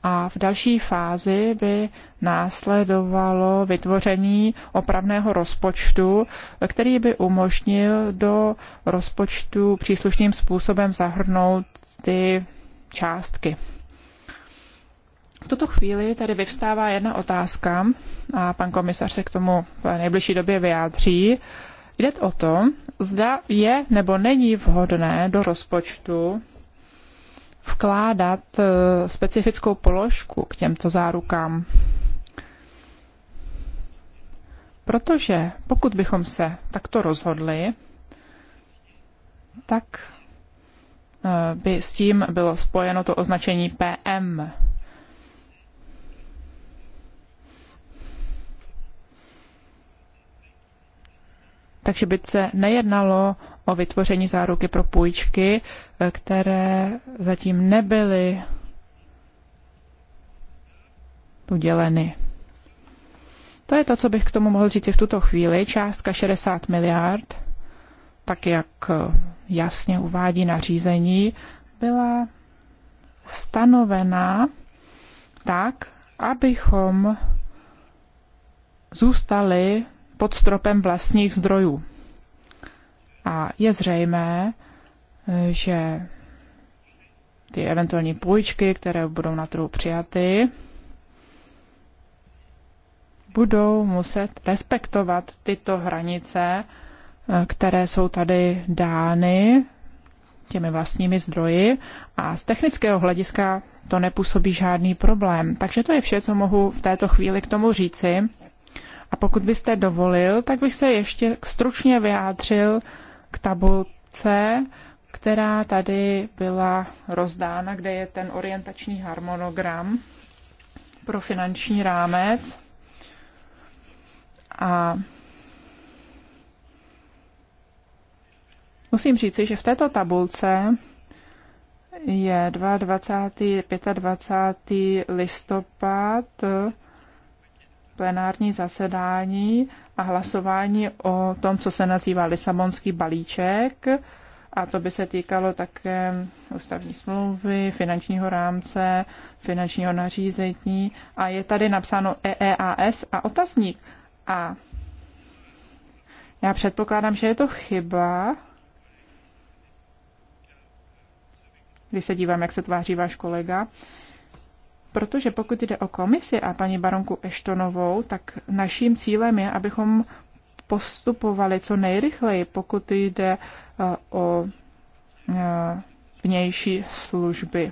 A v další fázi by následovalo vytvoření opravného rozpočtu, který by umožnil do rozpočtu příslušným způsobem zahrnout ty částky. V tuto chvíli tady vyvstává jedna otázka a pan komisař se k tomu v nejbližší době vyjádří. Jde o to, zda je nebo není vhodné do rozpočtu vkládat e, specifickou položku k těmto zárukám. Protože pokud bychom se takto rozhodli, tak e, by s tím bylo spojeno to označení PM, takže by se nejednalo o vytvoření záruky pro půjčky, eh, které zatím nebyly uděleny. To je to, co bych k tomu mohl říct v tuto chvíli. Částka 60 miliard, tak jak eh, jasně uvádí nařízení, byla stanovená tak, abychom zůstali pod stropem vlastních zdrojů. A je zřejmé, že ty eventuální půjčky, které budou na trhu přijaty, budou muset respektovat tyto hranice, které jsou tady dány těmi vlastními zdroji a z technického hlediska to nepůsobí žádný problém. Takže to je vše, co mohu v této chvíli k tomu říci. A pokud byste dovolil, tak bych se ještě stručně vyjádřil k tabulce, která tady byla rozdána, kde je ten orientační harmonogram pro finanční rámec. A musím říci, že v této tabulce je 22. 25. listopad plenární zasedání a hlasování o tom, co se nazývá Lisabonský balíček. A to by se týkalo také ústavní smlouvy, finančního rámce, finančního nařízení. A je tady napsáno EEAS a otazník. A já předpokládám, že je to chyba, když se dívám, jak se tváří váš kolega, protože pokud jde o komisi a paní baronku Eštonovou, tak naším cílem je, abychom postupovali co nejrychleji, pokud jde e, o e, vnější služby.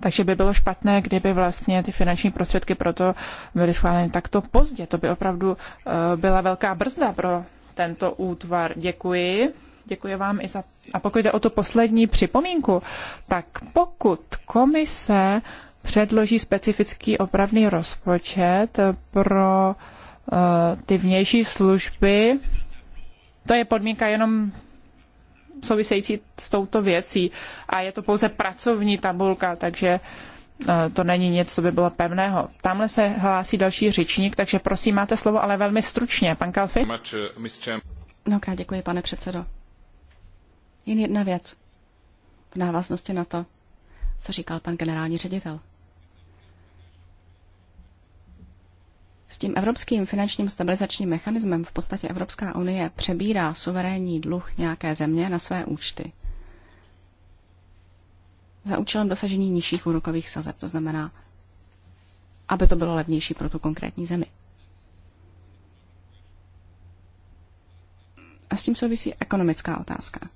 Takže by bylo špatné, kdyby vlastně ty finanční prostředky proto byly schváleny takto pozdě. To by opravdu e, byla velká brzda pro tento útvar. Děkuji. Děkuji vám i za... A pokud jde o tu poslední připomínku, tak pokud komise předloží specifický opravný rozpočet pro uh, ty vnější služby, to je podmínka jenom související s touto věcí a je to pouze pracovní tabulka, takže eh, to není nic, co by bylo pevného. Tamhle se hlásí další řečník, takže prosím, máte slovo, ale velmi stručně. Pan Kalfi? Eh, Mnohokrát děkuji, pane předsedo. Jen jedna věc. V návaznosti na to, co říkal pan generální ředitel. S tím evropským finančním stabilizačním mechanismem v podstatě Evropská unie přebírá suverénní dluh nějaké země na své účty. Za účelem dosažení nižších úrokových sazeb, to znamená, aby to bylo levnější pro tu konkrétní zemi. A s tím souvisí ekonomická otázka.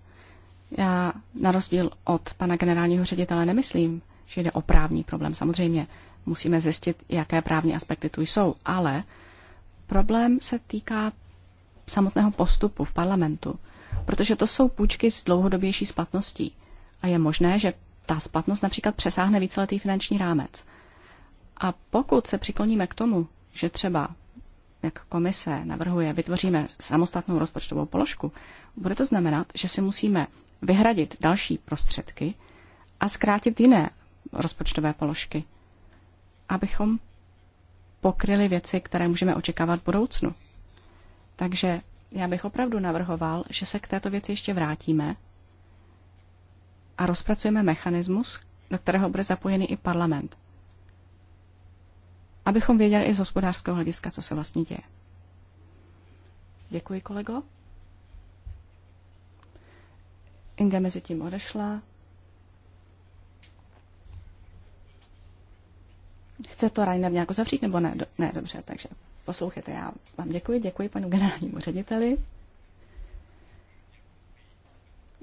Já na rozdíl od pana generálního ředitele nemyslím, že jde o právní problém. Samozřejmě musíme zjistit, jaké právní aspekty tu jsou, ale problém se týká samotného postupu v parlamentu, protože to jsou půjčky s dlouhodobější splatností a je možné, že ta splatnost například přesáhne víceletý finanční rámec. A pokud se přikloníme k tomu, že třeba, jak komise navrhuje, vytvoříme samostatnou rozpočtovou položku, bude to znamenat, že si musíme vyhradit další prostředky a zkrátit jiné rozpočtové položky, abychom pokryli věci, které můžeme očekávat v budoucnu. Takže já bych opravdu navrhoval, že se k této věci ještě vrátíme a rozpracujeme mechanismus, do kterého bude zapojený i parlament. Abychom věděli i z hospodářského hlediska, co se vlastně děje. Děkuji, kolego. Inge mezi tím odešla. Chce to Rainer nějak zavřít, nebo ne? Ne, dobře, takže poslouchejte, já vám děkuji, děkuji panu generálnímu řediteli.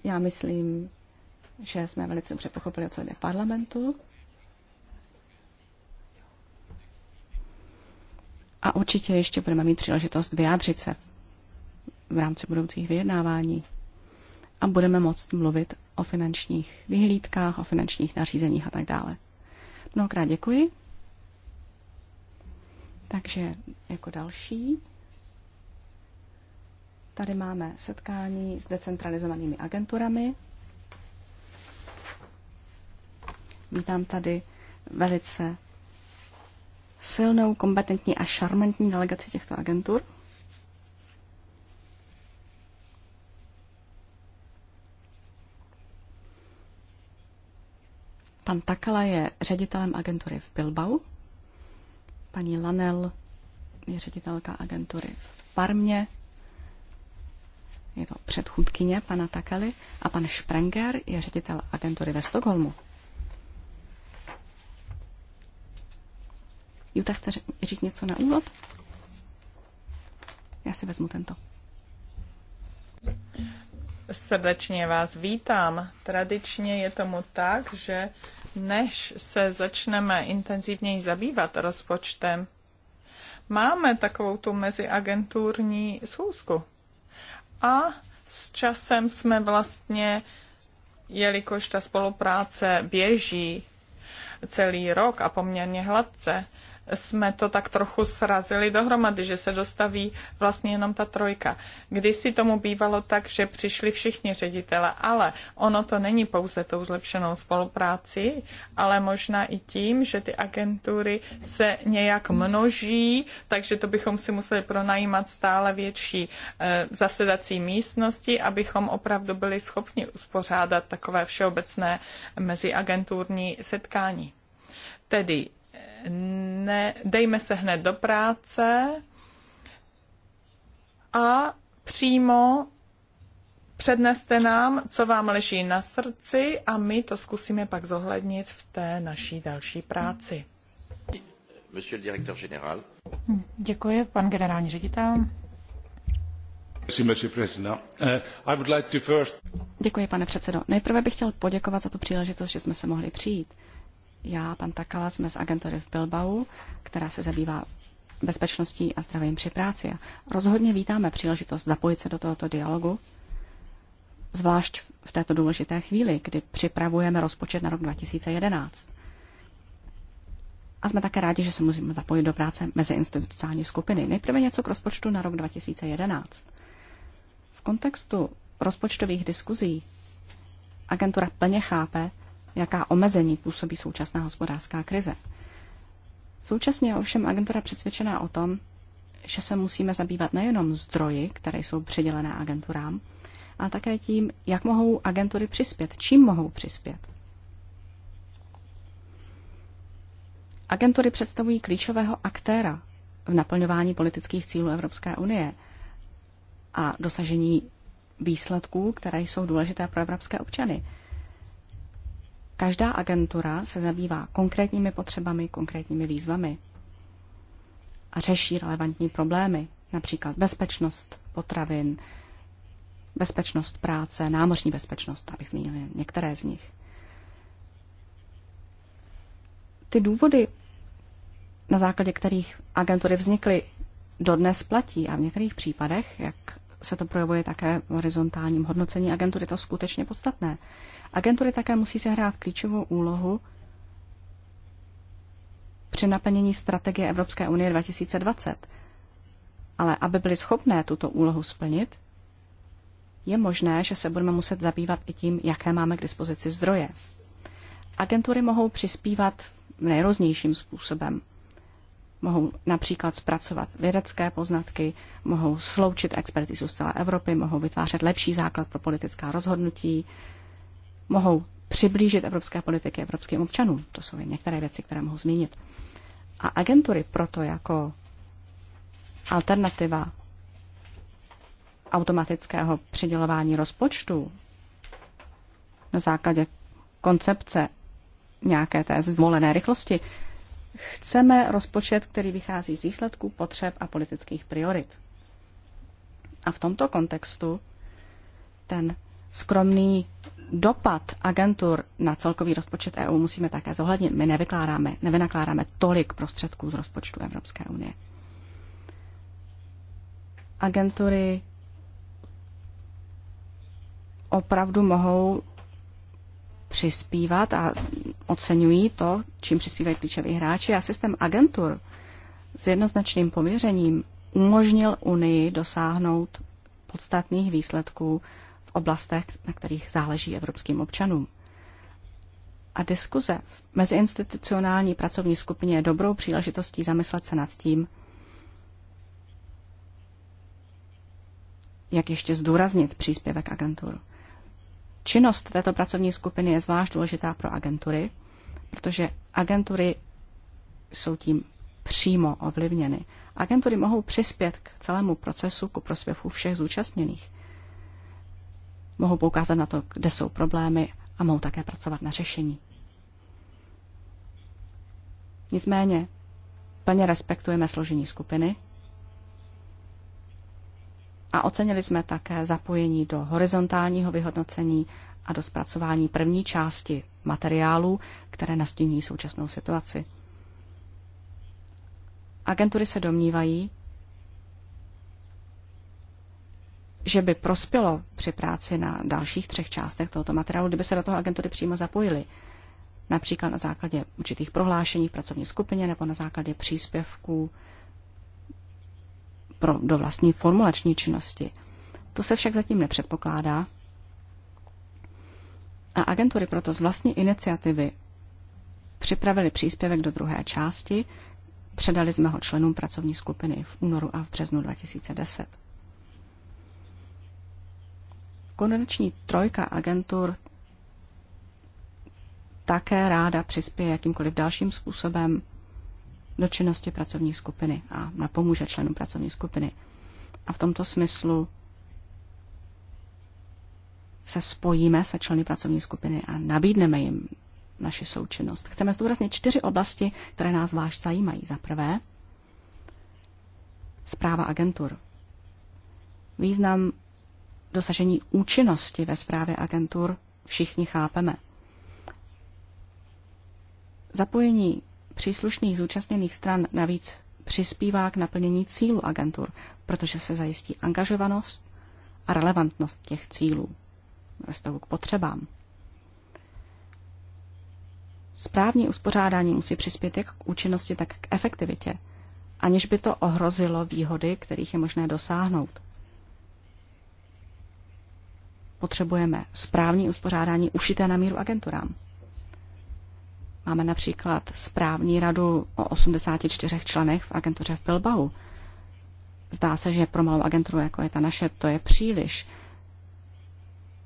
Já myslím, že jsme velice dobře pochopili, co jde parlamentu. A určitě ještě budeme mít příležitost vyjádřit se v rámci budoucích vyjednávání a budeme moct mluvit o finančních vyhlídkách, o finančních nařízeních a tak dále. Mnohokrát děkuji. Takže jako další tady máme setkání s decentralizovanými agenturami. Vítám tady velice silnou, kompetentní a šarmantní delegaci těchto agentur – Pan Takala je ředitelem agentury v Bilbao, paní Lanel je ředitelka agentury v Parmě, je to předchůdkyně pana Takely, a pan Sprenger je ředitel agentury ve Stockholmu. Juta chce říct něco na úvod? Já si vezmu tento. Srdečně vás vítám. Tradičně je tomu tak, že než se začneme intenzivněji zabývat rozpočtem, máme takovou tu meziagenturní schůzku. A s časem jsme vlastně, jelikož ta spolupráce běží celý rok a poměrně hladce, jsme to tak trochu srazili dohromady, že se dostaví vlastně jenom ta trojka. Když si tomu bývalo tak, že přišli všichni ředitele, ale ono to není pouze tou zlepšenou spolupráci, ale možná i tím, že ty agentury se nějak množí, takže to bychom si museli pronajímat stále větší eh, zasedací místnosti, abychom opravdu byli schopni uspořádat takové všeobecné meziagenturní setkání. Tedy ne, dejme se hned do práce a přímo předneste nám, co vám leží na srdci a my to zkusíme pak zohlednit v té naší další práci. Monsieur le directeur général. Děkuji, pan generální ředitel. Eh, Děkuji, pane předsedo. Nejprve bych chtěl poděkovat za tu příležitost, že jsme se mohli přijít. Já, pan Takala, jsme z agentury v Bilbao, která se zabývá bezpečností a zdravím při práci. Rozhodně vítáme příležitost zapojit se do tohoto dialogu, zvlášť v této důležité chvíli, kdy připravujeme rozpočet na rok 2011. A jsme také rádi, že se můžeme zapojit do práce mezi institucionální skupiny. Nejprve něco k rozpočtu na rok 2011. V kontextu rozpočtových diskuzí agentura plně chápe, jaká omezení působí současná hospodářská krize. Současně je ovšem agentura přesvědčená o tom, že se musíme zabývat nejenom zdroji, které jsou přidělené agenturám, ale také tím, jak mohou agentury přispět, čím mohou přispět. Agentury představují klíčového aktéra v naplňování politických cílů Evropské unie a dosažení výsledků, které jsou důležité pro evropské občany. Každá agentura se zabývá konkrétními potřebami, konkrétními výzvami a řeší relevantní problémy, například bezpečnost potravin, bezpečnost práce, námořní bezpečnost, abych zmínil některé z nich. Ty důvody, na základě kterých agentury vznikly, dodnes platí a v některých případech, jak se to projevuje také v horizontálním hodnocení agentury, to skutečně podstatné. Agentury také musí sehrát klíčovou úlohu při naplnění strategie Evropské unie 2020. Ale aby byly schopné tuto úlohu splnit, je možné, že se budeme muset zabývat i tím, jaké máme k dispozici zdroje. Agentury mohou přispívat nejrůznějším způsobem. Mohou například zpracovat vědecké poznatky, mohou sloučit expertizu z celé Evropy, mohou vytvářet lepší základ pro politická rozhodnutí, mohou přiblížit evropské politiky evropským občanům. To jsou některé věci, které mohu zmínit. A agentury proto jako alternativa automatického přidělování rozpočtu na základě koncepce nějaké té zvolené rychlosti, chceme rozpočet, který vychází z výsledků, potřeb a politických priorit. A v tomto kontextu ten skromný dopad agentur na celkový rozpočet EU musíme také zohlednit. My nevykládáme, nevynakládáme tolik prostředků z rozpočtu Evropské unie. Agentury opravdu mohou přispívat a oceňují to, čím přispívají klíčoví hráči a systém agentur s jednoznačným pověřením umožnil Unii dosáhnout podstatných výsledků oblastech, na kterých záleží evropským občanům. A diskuze v meziinstitucionální pracovní skupině je dobrou příležitostí zamyslet se nad tím, jak ještě zdůraznit příspěvek agentur. Činnost této pracovní skupiny je zvlášť důležitá pro agentury, protože agentury jsou tím přímo ovlivněny. Agentury mohou přispět k celému procesu ku prospěchu všech zúčastněných mohou poukázat na to, kde jsou problémy a mohou také pracovat na řešení. Nicméně plně respektujeme složení skupiny a ocenili jsme také zapojení do horizontálního vyhodnocení a do zpracování první části materiálů, které nastíní současnou situaci. Agentury se domnívají, že by prospělo při práci na dalších třech částech tohoto materiálu, kdyby se do toho agentury přímo zapojily. Například na základě určitých prohlášení v pracovní skupině nebo na základě příspěvků pro, do vlastní formulační činnosti. To se však zatím nepředpokládá. A agentury proto z vlastní iniciativy připravili příspěvek do druhé části, předali jsme ho členům pracovní skupiny v únoru a v březnu 2010. Konvenční trojka agentur také ráda přispěje jakýmkoliv dalším způsobem do činnosti pracovní skupiny a napomůže členům pracovní skupiny. A v tomto smyslu se spojíme se členy pracovní skupiny a nabídneme jim naši součinnost. Chceme zdůraznit čtyři oblasti, které nás váš zajímají. Za prvé, zpráva agentur. Význam dosažení účinnosti ve zprávě agentur všichni chápeme. Zapojení příslušných zúčastněných stran navíc přispívá k naplnění cílu agentur, protože se zajistí angažovanost a relevantnost těch cílů ve vztahu k potřebám. Správní uspořádání musí přispět jak k účinnosti, tak k efektivitě, aniž by to ohrozilo výhody, kterých je možné dosáhnout. Potřebujeme správní uspořádání ušité na míru agenturám. Máme například správní radu o 84 členech v agentuře v Bilbao. Zdá se, že pro malou agenturu, jako je ta naše, to je příliš.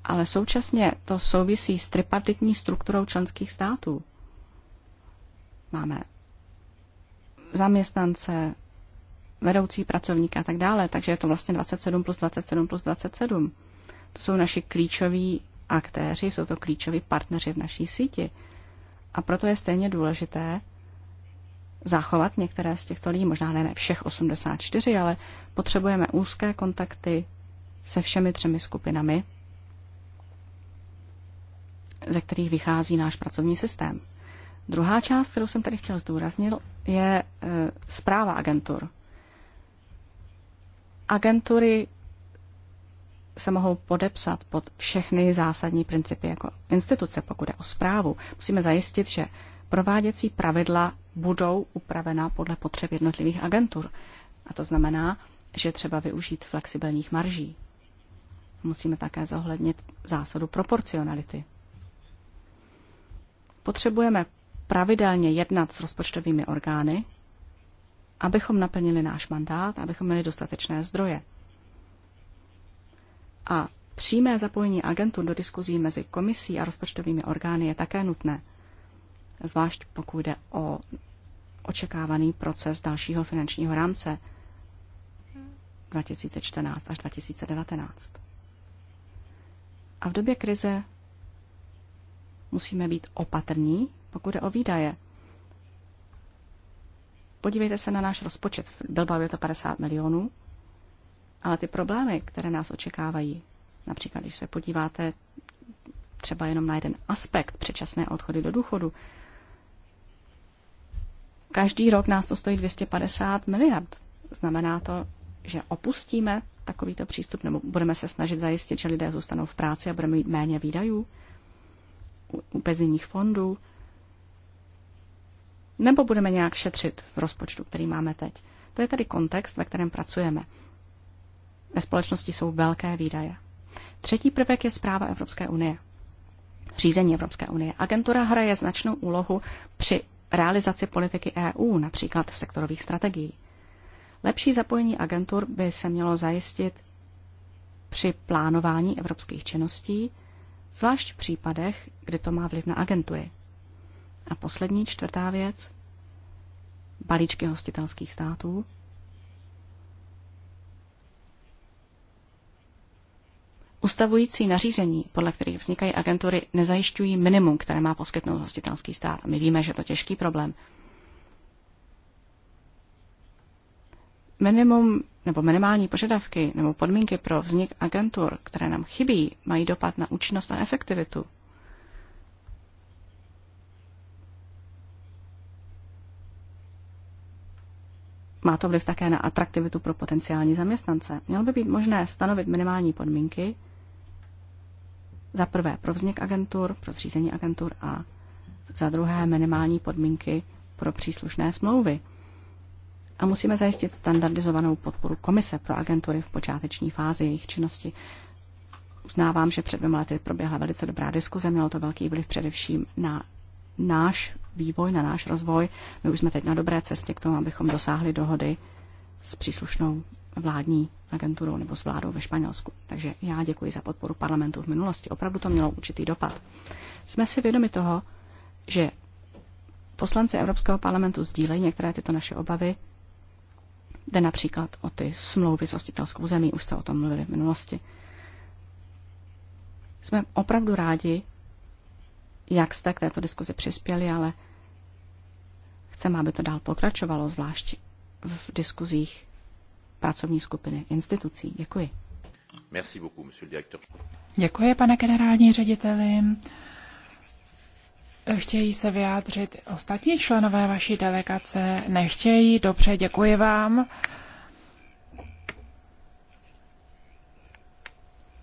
Ale současně to souvisí s tripartitní strukturou členských států. Máme zaměstnance, vedoucí pracovníka a tak dále, takže je to vlastně 27 plus 27 plus 27. To jsou naši klíčoví aktéři, jsou to klíčoví partneři v naší síti. A proto je stejně důležité zachovat některé z těchto lidí, možná ne, ne všech 84, ale potřebujeme úzké kontakty se všemi třemi skupinami, ze kterých vychází náš pracovní systém. Druhá část, kterou jsem tady chtěl zdůraznit, je e, zpráva agentur. Agentury se mohou podepsat pod všechny zásadní principy jako instituce, pokud je o zprávu. Musíme zajistit, že prováděcí pravidla budou upravená podle potřeb jednotlivých agentur. A to znamená, že třeba využít flexibilních marží. Musíme také zohlednit zásadu proporcionality. Potřebujeme pravidelně jednat s rozpočtovými orgány, abychom naplnili náš mandát, abychom měli dostatečné zdroje. A přímé zapojení agentů do diskuzí mezi komisí a rozpočtovými orgány je také nutné, zvlášť pokud jde o očekávaný proces dalšího finančního rámce 2014 až 2019. A v době krize musíme být opatrní, pokud jde o výdaje. Podívejte se na náš rozpočet. V Bilbao je to 50 milionů ale ty problémy, které nás očekávají, například když se podíváte třeba jenom na jeden aspekt předčasné odchody do důchodu, každý rok nás to stojí 250 miliard. Znamená to, že opustíme takovýto přístup, nebo budeme se snažit zajistit, že lidé zůstanou v práci a budeme mít méně výdajů u penzijních fondů, nebo budeme nějak šetřit v rozpočtu, který máme teď. To je tedy kontext, ve kterém pracujeme ve společnosti jsou velké výdaje. Třetí prvek je zpráva Evropské unie. Řízení Evropské unie. Agentura hraje značnou úlohu při realizaci politiky EU, například sektorových strategií. Lepší zapojení agentur by se mělo zajistit při plánování evropských činností, zvlášť v případech, kdy to má vliv na agentury. A poslední čtvrtá věc balíčky hostitelských států, Ustavující nařízení, podle kterých vznikají agentury, nezajišťují minimum, které má poskytnout hostitelský stát. A my víme, že to je těžký problém. Minimum nebo minimální požadavky nebo podmínky pro vznik agentur, které nám chybí, mají dopad na účinnost a efektivitu. Má to vliv také na atraktivitu pro potenciální zaměstnance. Mělo by být možné stanovit minimální podmínky, za prvé pro vznik agentur, pro zřízení agentur a za druhé minimální podmínky pro příslušné smlouvy. A musíme zajistit standardizovanou podporu komise pro agentury v počáteční fázi jejich činnosti. Uznávám, že před dvěma lety proběhla velice dobrá diskuze, mělo to velký vliv především na náš vývoj, na náš rozvoj. My už jsme teď na dobré cestě k tomu, abychom dosáhli dohody s příslušnou vládní agenturou nebo s vládou ve Španělsku. Takže já děkuji za podporu parlamentu v minulosti. Opravdu to mělo určitý dopad. Jsme si vědomi toho, že poslanci Evropského parlamentu sdílejí některé tyto naše obavy. Jde například o ty smlouvy s hostitelskou zemí, už jste o tom mluvili v minulosti. Jsme opravdu rádi, jak jste k této diskuzi přispěli, ale chceme, aby to dál pokračovalo, zvlášť v diskuzích pracovní skupiny institucí. Děkuji. Merci beaucoup, monsieur le directeur. Děkuji, pane generální řediteli. Chtějí se vyjádřit ostatní členové vaší delegace? Nechtějí? Dobře, děkuji vám.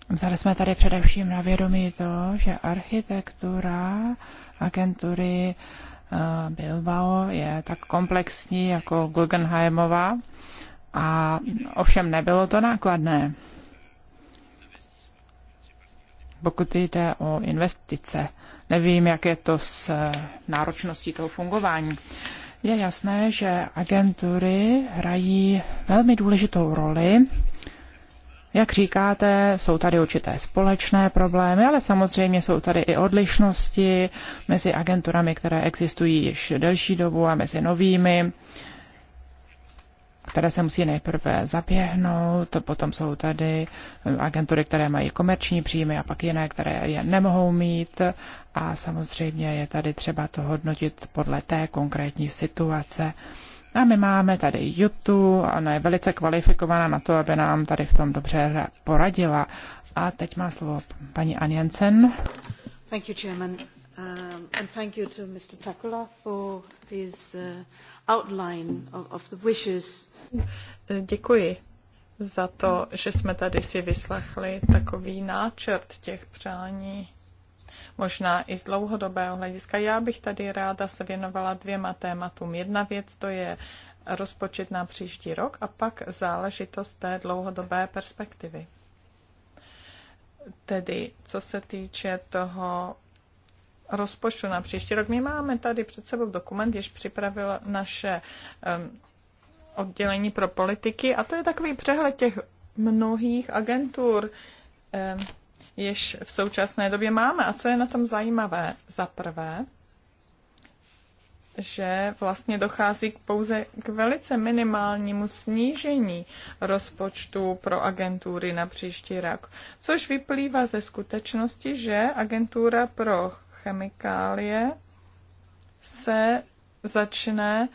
Vzali jsme tady především na vědomí to, že architektura agentury eh, Bilbao je tak komplexní jako Guggenheimova a ovšem nebylo to nákladné. Pokud jde o investice, nevím, jak je to s náročností toho fungování. Je jasné, že agentury hrají velmi důležitou roli. Jak říkáte, jsou tady určité společné problémy, ale samozřejmě jsou tady i odlišnosti mezi agenturami, které existují již delší dobu a mezi novými. Uh, které se musí nejprve zaběhnout, potom jsou tady eh, agentury, které mají komerční příjmy a pak jiné, které je nemohou mít a samozřejmě je tady třeba to hodnotit podle té konkrétní situace. A my máme tady Jutu, ona je velice kvalifikovaná na to, aby nám tady v tom dobře poradila. A teď má slovo paní Anjensen. Thank you, Chairman. Um, and thank you to Mr. Takula for his uh, outline of, of the wishes. Děkuji za to, že jsme tady si vyslechli takový náčrt těch přání, možná i z dlouhodobého hlediska. Já bych tady ráda se věnovala dvěma tématům. Jedna věc to je rozpočet na příští rok a pak záležitost té dlouhodobé perspektivy. Tedy, co se týče toho rozpočtu na příští rok. My máme tady před sebou dokument, jež připravil naše um, oddělení pro politiky a to je takový přehled těch mnohých agentur, um, jež v současné době máme. A co je na tom zajímavé? Za prvé, že vlastně dochází k pouze k velice minimálnímu snížení rozpočtu pro agentury na příští rok, což vyplývá ze skutečnosti, že agentura pro chemikálie se začne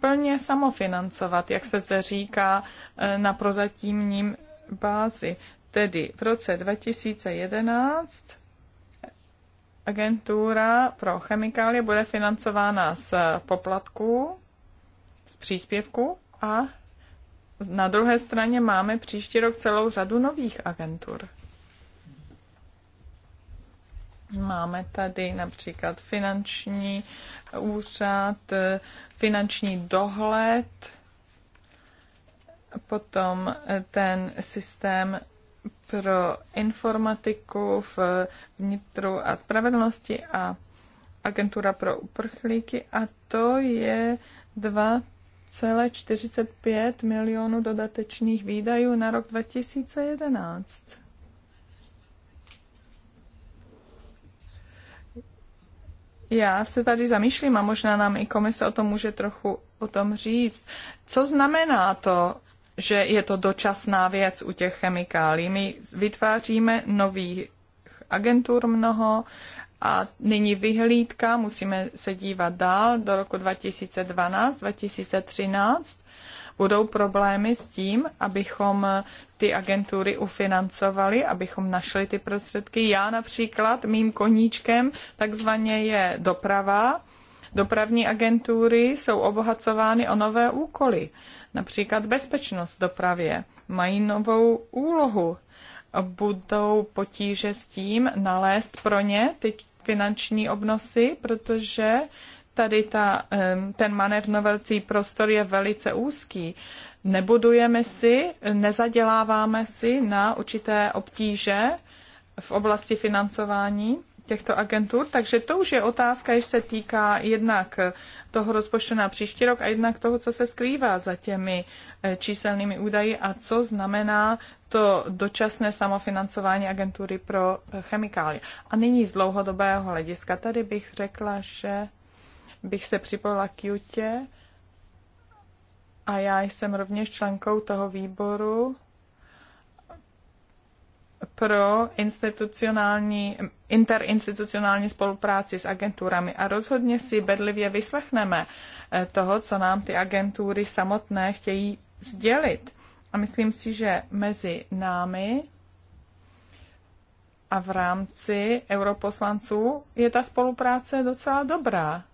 plně samofinancovat, jak se zde říká, e, na prozatímním bázi. Tedy v roce 2011 agentura pro chemikálie bude financována z poplatků, z příspěvku a na druhé straně máme příští rok celou řadu nových agentur. Máme tady například finanční úřad, finanční dohled, potom ten systém pro informatiku v vnitru a spravedlnosti a agentura pro uprchlíky a to je 2,45 milionů dodatečných výdajů na rok 2011. Já se tady zamýšlím a možná nám i komise o tom může trochu o tom říct. Co znamená to, že je to dočasná věc u těch chemikálí? My vytváříme nových agentur mnoho a nyní vyhlídka, musíme se dívat dál do roku 2012, 2013 budou problémy s tím, abychom ty agentury ufinancovali, abychom našli ty prostředky. Já například mým koníčkem takzvaně je doprava. Dopravní agentury jsou obohacovány o nové úkoly, například bezpečnost dopravě. Mají novou úlohu. Budou potíže s tím nalézt pro ně ty finanční obnosy, protože tady ta, ten manévrovací prostor je velice úzký. Nebudujeme si, nezaděláváme si na určité obtíže v oblasti financování těchto agentur, takže to už je otázka, jež se týká jednak toho rozpočtu na příští rok a jednak toho, co se skrývá za těmi e, číselnými údaji a co znamená to dočasné samofinancování agentury pro e, chemikálie. A nyní z dlouhodobého hlediska tady bych řekla, že bych se připojila k Jutě a já jsem rovněž členkou toho výboru pro institucionální, interinstitucionální spolupráci s agenturami a rozhodně si bedlivě vyslechneme eh, toho, co nám ty agentury samotné chtějí sdělit. A myslím si, že mezi námi a v rámci europoslanců je ta spolupráce docela dobrá.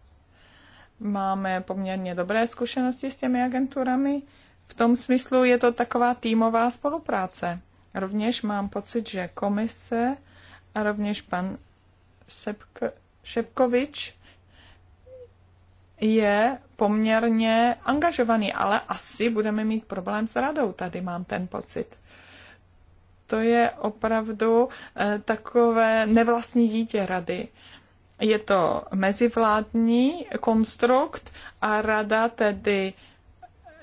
Máme poměrně dobré zkušenosti s těmi agenturami. V tom smyslu je to taková týmová spolupráce. Rovněž mám pocit, že komise a rovněž pan Sepk- Šepkovič je poměrně angažovaný, ale asi budeme mít problém s radou, tady mám ten pocit. To je opravdu eh, takové nevlastní dítě rady. Je to mezivládní konstrukt a rada tedy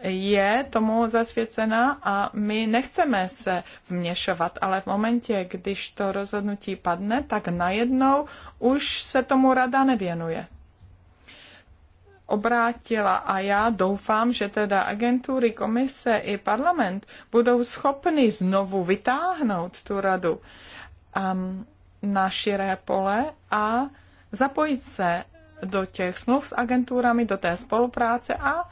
je tomu zasvěcena a my nechceme se vměšovat, ale v momentě, když to rozhodnutí padne, tak najednou už se tomu rada nevěnuje. Obrátila a já doufám, že teda agentury, komise i parlament budou schopni znovu vytáhnout tu radu um, na širé pole a zapojit se do těch smluv s agenturami, do té spolupráce a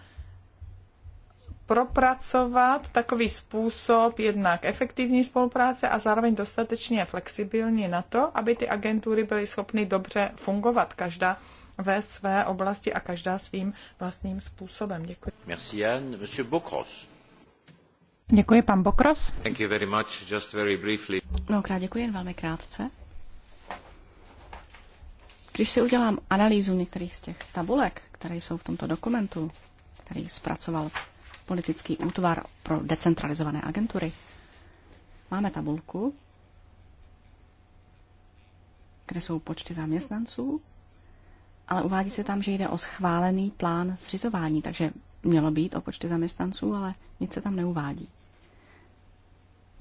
propracovat takový způsob jednak efektivní spolupráce a zároveň dostatečně flexibilní na to, aby ty agentury byly schopny dobře fungovat, každá ve své oblasti a každá svým vlastním způsobem. Děkuji. Merci Anne. Monsieur Bokros. Děkuji, pan Bokros. Thank you very much. Just very briefly. Mnohokrát děkuji, jen velmi krátce. Když si udělám analýzu některých z těch tabulek, které jsou v tomto dokumentu, který zpracoval politický útvar pro decentralizované agentury, máme tabulku, kde jsou počty zaměstnanců, ale uvádí se tam, že jde o schválený plán zřizování, takže mělo být o počty zaměstnanců, ale nic se tam neuvádí.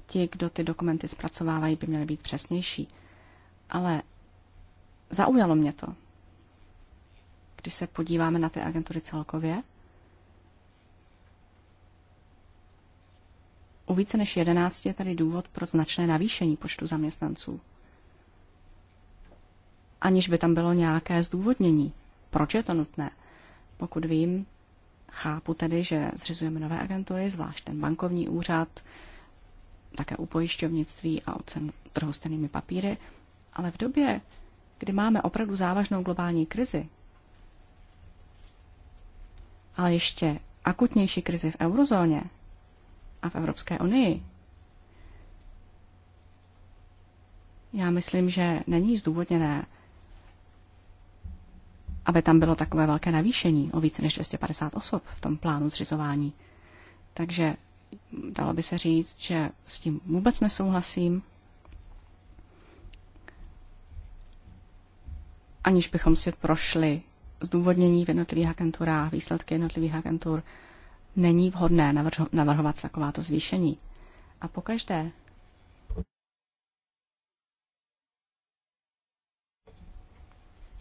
Ti, kdo ty dokumenty zpracovávají, by měly být přesnější. Ale Zaujalo mě to. Když se podíváme na ty agentury celkově, u více než 11 je tady důvod pro značné navýšení počtu zaměstnanců. Aniž by tam bylo nějaké zdůvodnění, proč je to nutné. Pokud vím, chápu tedy, že zřizujeme nové agentury, zvlášť ten bankovní úřad, také u pojišťovnictví a o trhu s papíry, ale v době, kdy máme opravdu závažnou globální krizi, ale ještě akutnější krizi v eurozóně a v Evropské unii, já myslím, že není zdůvodněné, aby tam bylo takové velké navýšení o více než 250 osob v tom plánu zřizování. Takže dalo by se říct, že s tím vůbec nesouhlasím aniž bychom si prošli zdůvodnění v jednotlivých agenturách, výsledky jednotlivých agentur, není vhodné navrho- navrhovat takováto zvýšení. A pokaždé,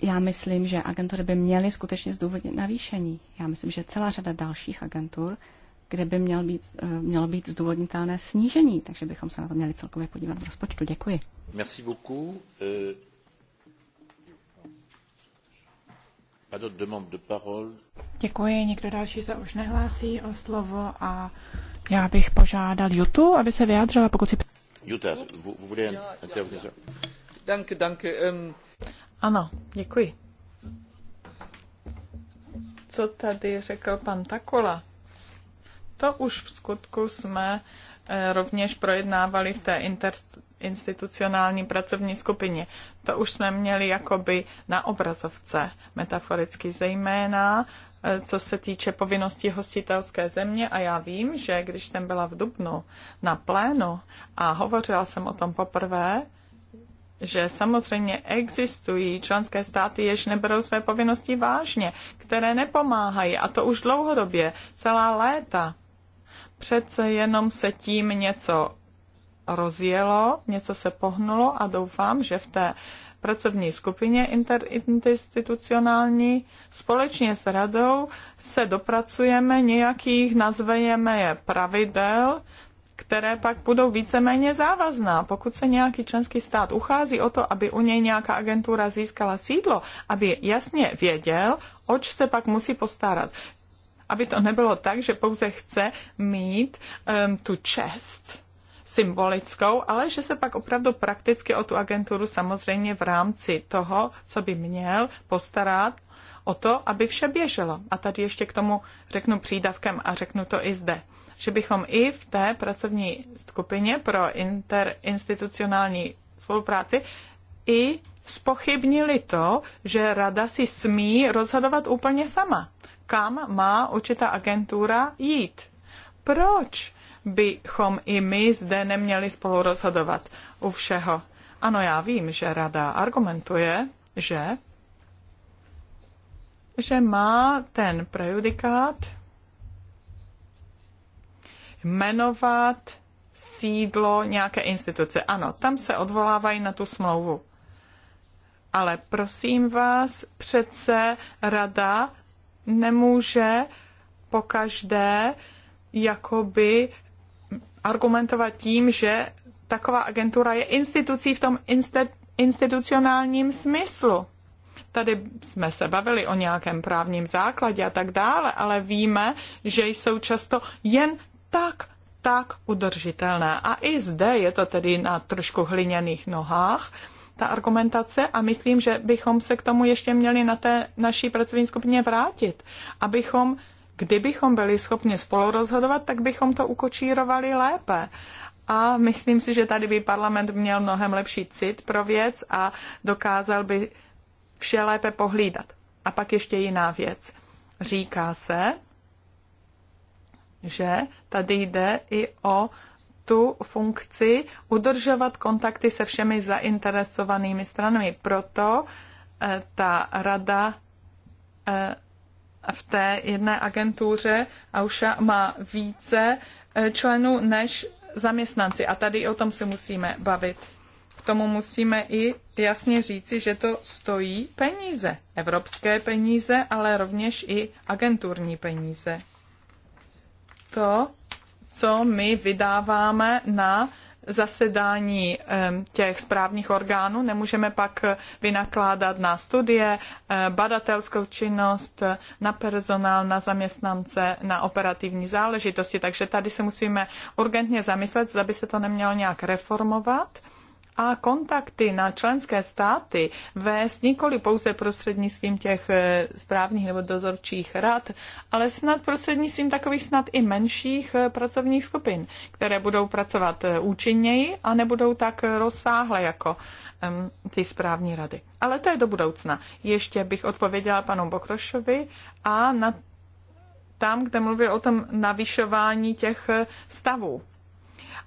já myslím, že agentury by měly skutečně zdůvodnit navýšení. Já myslím, že celá řada dalších agentur, kde by měl být, eh, mělo být zdůvodnitelné snížení, takže bychom se na to měli celkově podívat v rozpočtu. Děkuji. Merci beaucoup. Eh, Děkuji, nikdo další se už nehlásí o slovo a já bych požádal Jutu, aby se vyjádřila, pokud si... Jutta, bude jen... Danke, danke. Um... Ano, děkuji. Co tady řekl pan Takola? To už v skutku jsme eh, rovněž projednávali v té inter institucionální pracovní skupině. To už jsme měli jakoby na obrazovce, metaforicky zejména, eh, co se týče povinnosti hostitelské země a já vím, že když jsem byla v Dubnu na plénu a hovořila jsem o tom poprvé, že samozřejmě existují členské státy, jež neberou své povinnosti vážně, které nepomáhají a to už dlouhodobě, celá léta. Přece jenom se tím něco rozjelo, něco se pohnulo a doufám, že v té pracovní skupině interinstitucionální společně s radou se dopracujeme nějakých, nazvejeme je pravidel, které pak budou víceméně závazná. Pokud se nějaký členský stát uchází o to, aby u něj nějaká agentura získala sídlo, aby jasně věděl, oč se pak musí postarat. Aby to nebylo tak, že pouze chce mít um, tu čest symbolickou, ale že se pak opravdu prakticky o tu agenturu samozřejmě v rámci toho, co by měl postarat o to, aby vše běželo. A tady ještě k tomu řeknu přídavkem a řeknu to i zde že bychom i v té pracovní skupině pro interinstitucionální spolupráci i spochybnili to, že rada si smí rozhodovat úplně sama, kam má určitá agentura jít. Proč bychom i my zde neměli spolu rozhodovat u všeho. Ano, já vím, že rada argumentuje, že že má ten prejudikát jmenovat sídlo nějaké instituce. Ano, tam se odvolávají na tu smlouvu. Ale prosím vás, přece rada nemůže pokaždé jakoby argumentovat tím, že taková agentura je institucí v tom institucionálním smyslu. Tady jsme se bavili o nějakém právním základě a tak dále, ale víme, že jsou často jen tak, tak udržitelné. A i zde je to tedy na trošku hliněných nohách ta argumentace a myslím, že bychom se k tomu ještě měli na té naší pracovní skupině vrátit, abychom Kdybychom byli schopni spolurozhodovat, tak bychom to ukočírovali lépe. A myslím si, že tady by parlament měl mnohem lepší cit pro věc a dokázal by vše lépe pohlídat. A pak ještě jiná věc. Říká se, že tady jde i o tu funkci udržovat kontakty se všemi zainteresovanými stranami. Proto eh, ta rada eh, v té jedné agentuře Auša má více eh, členů než zaměstnanci. A tady o tom se musíme bavit. K tomu musíme i jasně říci, že to stojí peníze. Evropské peníze, ale rovněž i agenturní peníze. To, co my vydáváme na zasedání těch správních orgánů, nemůžeme pak vynakládat na studie, badatelskou činnost, na personál, na zaměstnance, na operativní záležitosti. Takže tady se musíme urgentně zamyslet, zda by se to nemělo nějak reformovat a kontakty na členské státy vést nikoli pouze prostřednictvím těch eh, správních nebo dozorčích rad, ale snad prostřednictvím takových snad i menších eh, pracovních skupin, které budou pracovat eh, účinněji a nebudou tak rozsáhle jako ty správní rady. Ale to je do budoucna. Ještě bych odpověděla panu Bokrošovi a na tam, kde mluvil o tom navyšování těch stavů.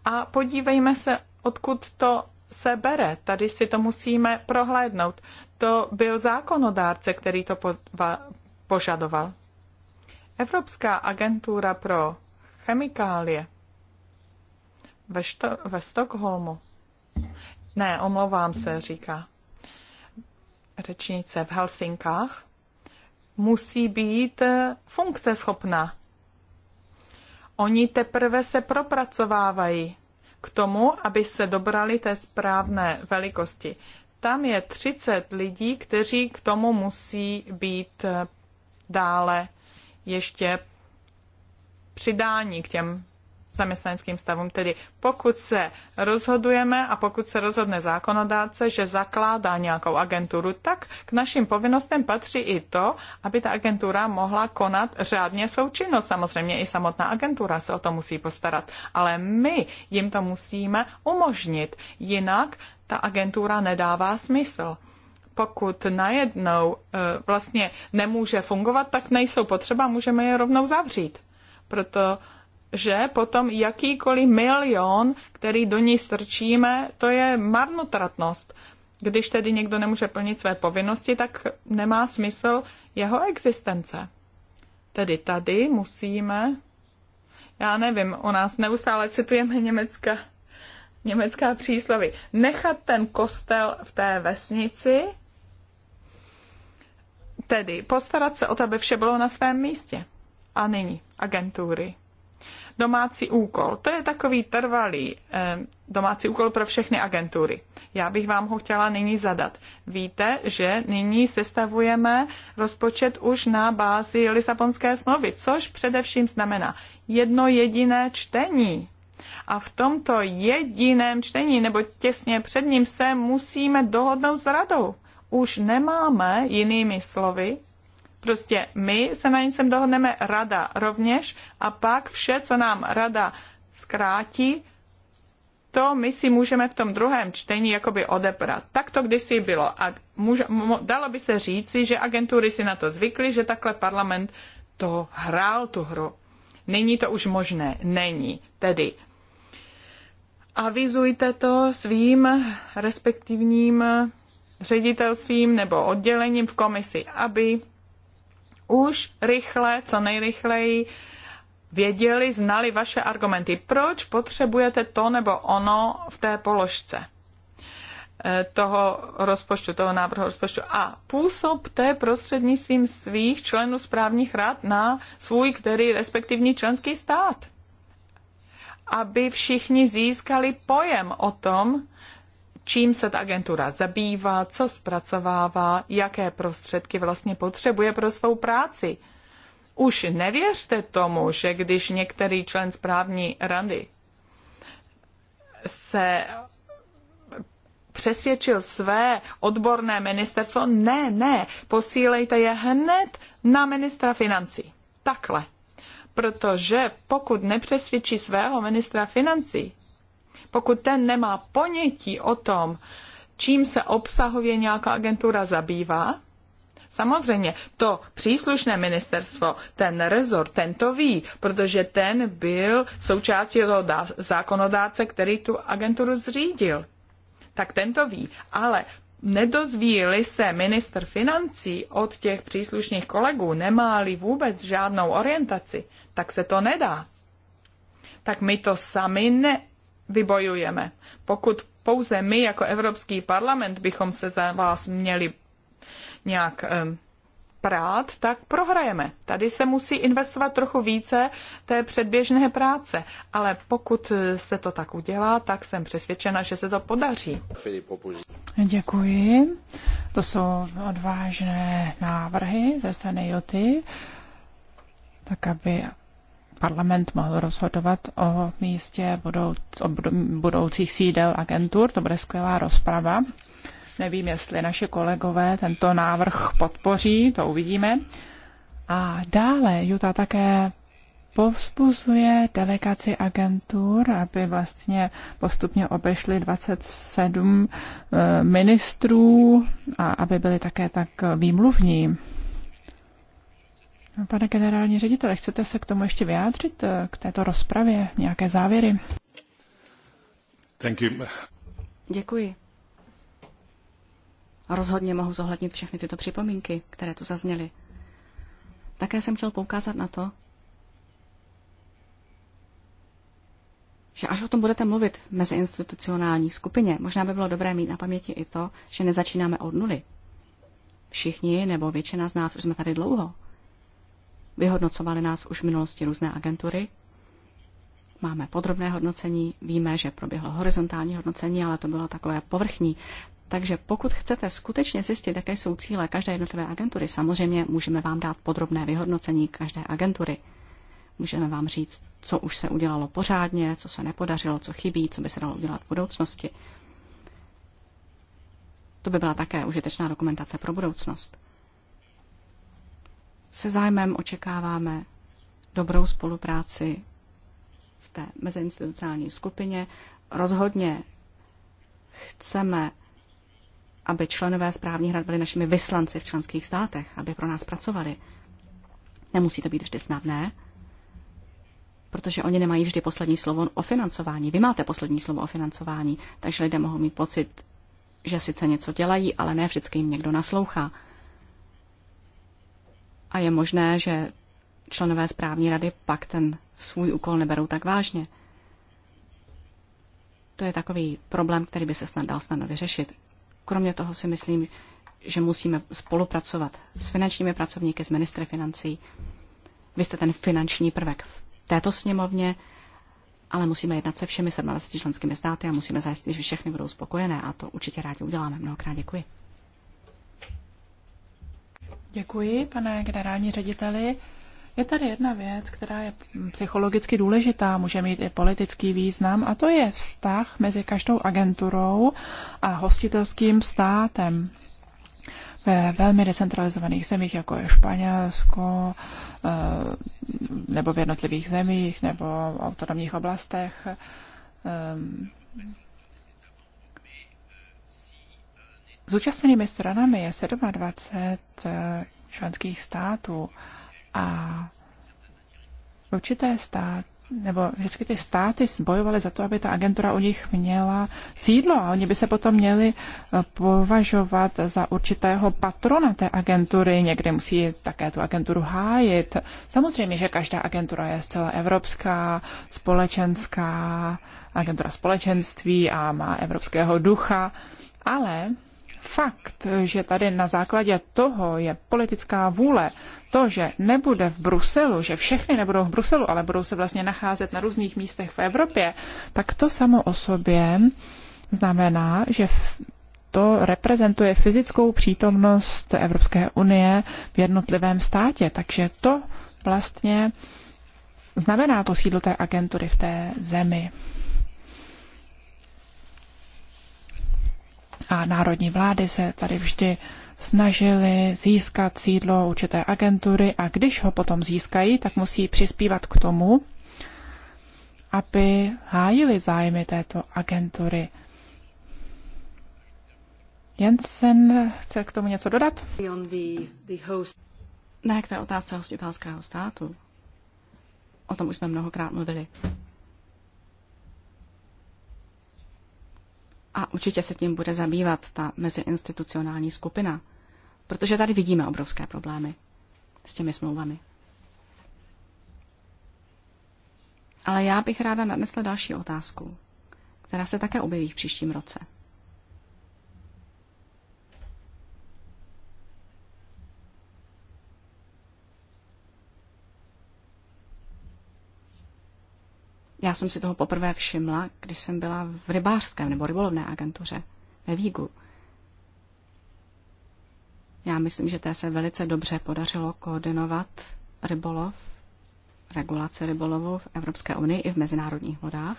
A podívejme se, odkud to se bere. Tady si to musíme prohlédnout. To byl zákonodárce, který to požadoval. Evropská agentura pro chemikálie ve, Što- ve Stockholmu. Ne, omlouvám se, říká řečnice v Helsinkách. Musí být eh, funkce schopná. Oni teprve se propracovávají k tomu, aby se dobrali té správné velikosti. Tam je 30 lidí, kteří k tomu musí být eh, dále ještě přidání k těm zaměstnaneckým stavům. Tedy pokud se rozhodujeme a pokud se rozhodne zákonodáce, že zakládá nějakou agenturu, tak k našim povinnostem patří i to, aby ta agentura mohla konat řádně součinnost. Samozřejmě i samotná agentura se o to musí postarat, ale my jim to musíme umožnit, jinak ta agentura nedává smysl pokud najednou eh, vlastně nemůže fungovat, tak nejsou potřeba, můžeme je rovnou zavřít. Proto že potom jakýkoliv milion, který do ní strčíme, to je marnotratnost. Když tedy někdo nemůže plnit své povinnosti, tak nemá smysl jeho existence. Tedy tady musíme, já nevím, o nás neustále citujeme německá, německá příslovy, nechat ten kostel v té vesnici, tedy postarat se o to, aby vše bylo na svém místě. A nyní agentury domácí úkol. To je takový trvalý eh, domácí úkol pro všechny agentury. Já bych vám ho chtěla nyní zadat. Víte, že nyní sestavujeme rozpočet už na bázi Lisabonské smlouvy, což především znamená jedno jediné čtení. A v tomto jediném čtení, nebo těsně před ním, se musíme dohodnout s radou. Už nemáme, jinými slovy, Prostě my se na něčem dohodneme, rada rovněž, a pak vše, co nám rada zkrátí, to my si můžeme v tom druhém čtení jakoby odebrat. Tak to kdysi bylo. A můž, mo, dalo by se říci, že agentury si na to zvykly, že takhle parlament to hrál tu hru. Není to už možné. Není. Tedy avizujte to svým respektivním ředitelstvím nebo oddělením v komisi, aby už rychle, co nejrychleji věděli, znali vaše argumenty. Proč potřebujete to nebo ono v té položce eh, toho rozpočtu, toho návrhu rozpočtu. A působte prostřednictvím svých členů správních rad na svůj, který respektivní členský stát. Aby všichni získali pojem o tom, čím se ta agentura zabývá, co zpracovává, jaké prostředky vlastně potřebuje pro svou práci. Už nevěřte tomu, že když některý člen správní rady se přesvědčil své odborné ministerstvo, ne, ne, posílejte je hned na ministra financí. Takhle. Protože pokud nepřesvědčí svého ministra financí, pokud ten nemá ponětí o tom, čím se obsahově nějaká agentura zabývá, Samozřejmě, to příslušné ministerstvo, ten rezort, ten to ví, protože ten byl součástí toho zákonodáce, který tu agenturu zřídil. Tak ten to ví. Ale nedozvíli se minister financí od těch příslušných kolegů, nemá-li vůbec žádnou orientaci, tak se to nedá. Tak my to sami ne, vybojujeme. Pokud pouze my jako Evropský parlament bychom se za vás měli nějak prát, tak prohrajeme. Tady se musí investovat trochu více té předběžné práce, ale pokud eh, se to tak udělá, tak jsem přesvědčena, že se to podaří. Děkuji. To jsou odvážné návrhy ze strany Joty, tak aby parlament mohl rozhodovat o místě budouc, o budoucích sídel agentur. To bude skvělá rozprava. Nevím, jestli naše kolegové tento návrh podpoří, to uvidíme. A dále Juta také povzbuzuje delegaci agentur, aby vlastně postupně obešly 27 eh, ministrů a aby byli také tak výmluvní. Pane generální ředitele, chcete se k tomu ještě vyjádřit, eh, k této rozpravě, nějaké závěry? Thank you. Děkuji. Rozhodně mohu zohlednit všechny tyto připomínky, které tu zazněly. Také jsem chtěl poukázat na to, že až o tom budete mluvit v meziinstitucionální skupině, možná by bylo dobré mít na paměti i to, že nezačínáme od nuly. Všichni nebo většina z nás už jsme tady dlouho. Vyhodnocovaly nás už v minulosti různé agentury. Máme podrobné hodnocení, víme, že proběhlo horizontální hodnocení, ale to bylo takové povrchní. Takže pokud chcete skutečně zjistit, jaké jsou cíle každé jednotlivé agentury, samozřejmě můžeme vám dát podrobné vyhodnocení každé agentury. Můžeme vám říct, co už se udělalo pořádně, co se nepodařilo, co chybí, co by se dalo udělat v budoucnosti. To by byla také užitečná dokumentace pro budoucnost se zájmem očekáváme dobrou spolupráci v té meziinstitucionální skupině. Rozhodně chceme, aby členové správních rad byli našimi vyslanci v členských státech, aby pro nás pracovali. Nemusí to být vždy snadné, protože oni nemají vždy poslední slovo o financování. Vy máte poslední slovo o financování, takže lidé mohou mít pocit, že sice něco dělají, ale ne vždycky jim někdo naslouchá. A je možné, že členové správní rady pak ten svůj úkol neberou tak vážně. To je takový problém, který by se snad dal snadno vyřešit. Kromě toho si myslím, že musíme spolupracovat s finančními pracovníky, s ministry financí. Vy jste ten finanční prvek v této sněmovně, ale musíme jednat se všemi 17 členskými státy a musíme zajistit, že všechny budou spokojené a to určitě rádi uděláme. Mnohokrát děkuji. Děkuji, pane generální řediteli. Je tady jedna věc, která je psychologicky důležitá, může mít i politický význam, a to je vztah mezi každou agenturou a hostitelským státem. Ve velmi decentralizovaných zemích, jako je Španělsko, eh, nebo v jednotlivých zemích, nebo v autonomních oblastech, eh, Zúčastněnými stranami je 27 eh, členských států a určité stát, nebo vždycky ty státy bojovaly za to, aby ta agentura u nich měla sídlo a oni by se potom měli eh, považovat za určitého patrona té agentury. Někde musí také tu agenturu hájit. Samozřejmě, že každá agentura je zcela evropská, společenská, agentura společenství a má evropského ducha, ale Fakt, že tady na základě toho je politická vůle, to, že nebude v Bruselu, že všechny nebudou v Bruselu, ale budou se vlastně nacházet na různých místech v Evropě, tak to samo o sobě znamená, že to reprezentuje fyzickou přítomnost Evropské unie v jednotlivém státě. Takže to vlastně znamená to sídlo té agentury v té zemi. a národní vlády se tady vždy snažili získat sídlo určité agentury a když ho potom získají, tak musí přispívat k tomu, aby hájili zájmy této agentury. Jensen chce k tomu něco dodat? Ne, k té otázce hostitelského státu. O tom už jsme mnohokrát mluvili. A určitě se tím bude zabývat ta meziinstitucionální skupina, protože tady vidíme obrovské problémy s těmi smlouvami. Ale já bych ráda nadnesla další otázku, která se také objeví v příštím roce – Já jsem si toho poprvé všimla, když jsem byla v rybářském nebo rybolovné agentuře ve Vígu. Já myslím, že té se velice dobře podařilo koordinovat rybolov, regulace rybolovu v Evropské unii i v mezinárodních vodách.